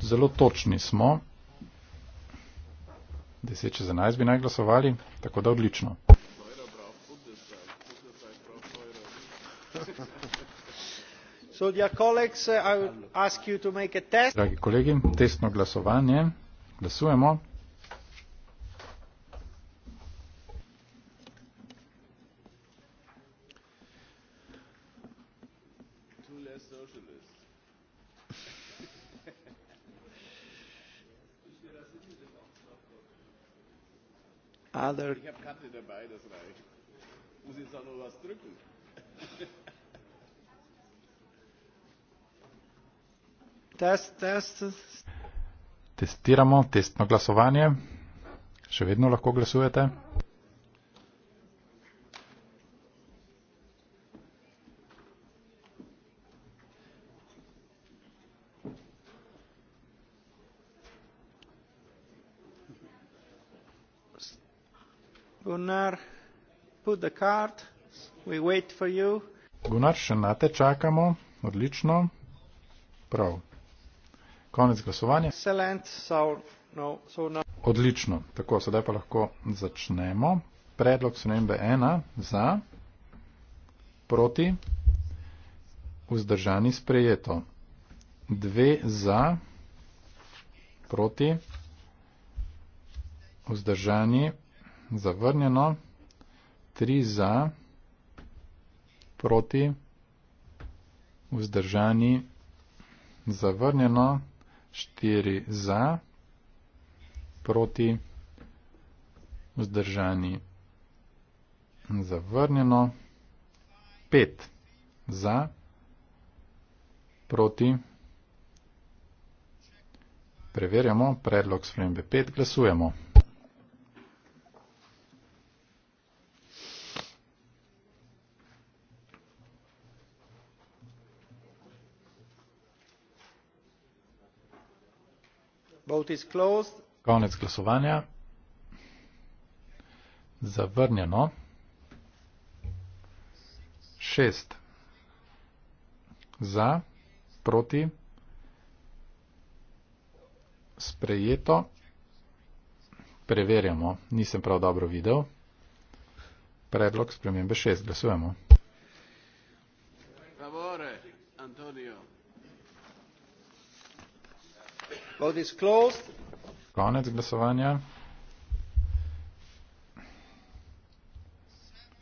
Zelo točni smo. 10 čez 11 bi naj glasovali, tako da odlično. So, colleagues, I ask you to make a test. Dragi kolegi, testno glasovanje. Glasujemo. other. Ich habe Karte dabei, das reicht. Ich muss jetzt auch noch was drücken. Test, test. Testiramo, testno glasovanje. Še vedno lahko glasujete. the card. We wait for you. Gunnar, še na te čakamo. Odlično. Prav. Konec glasovanja. Excellent. So, no, so no. Odlično. Tako, sedaj pa lahko začnemo. Predlog spremembe 1 za, proti, vzdržani sprejeto. 2 za, proti, vzdržani zavrnjeno. 3 za, proti, vzdržani, zavrnjeno, 4 za, proti, vzdržani, zavrnjeno, 5 za, proti, preverjamo, predlog spremembe 5, glasujemo. konec glasovanja zavrnjeno šest za proti sprejeto preverjamo nisem prav dobro videl predlog spremembe šest glasujemo Konec glasovanja.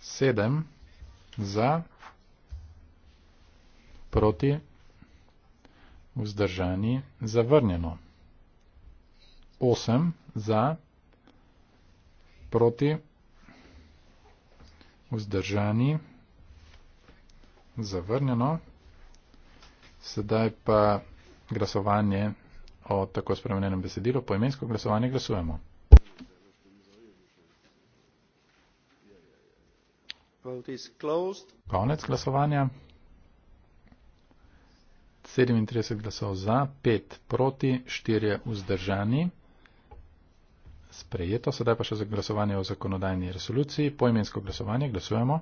Sedem za, proti, vzdržani, zavrnjeno. Osem za, proti, vzdržani, zavrnjeno. Sedaj pa glasovanje o tako spremenjenem besedilu. Po imensko glasovanje glasujemo. Konec glasovanja. 37 glasov za, 5 proti, 4 vzdržani. Sprejeto, sedaj pa še za glasovanje o zakonodajni resoluciji. Po imensko glasovanje glasujemo.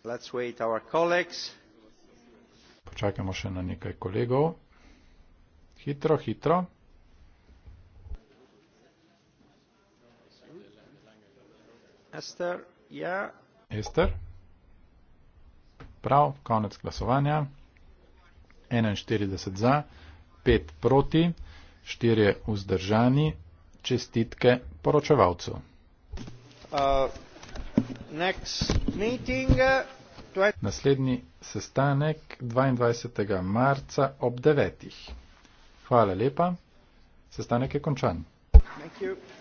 Let's wait our colleagues. Počakajmo še na nekaj kolegov. Hitro, hitro. Ester, ja. Ester. Prav, konec glasovanja. 41 za, 5 proti, 4 vzdržani. Čestitke poročevalcu. Uh. Naslednji sestanek 22. marca ob 9. Hvala lepa. Sestanek je končan. Thank you.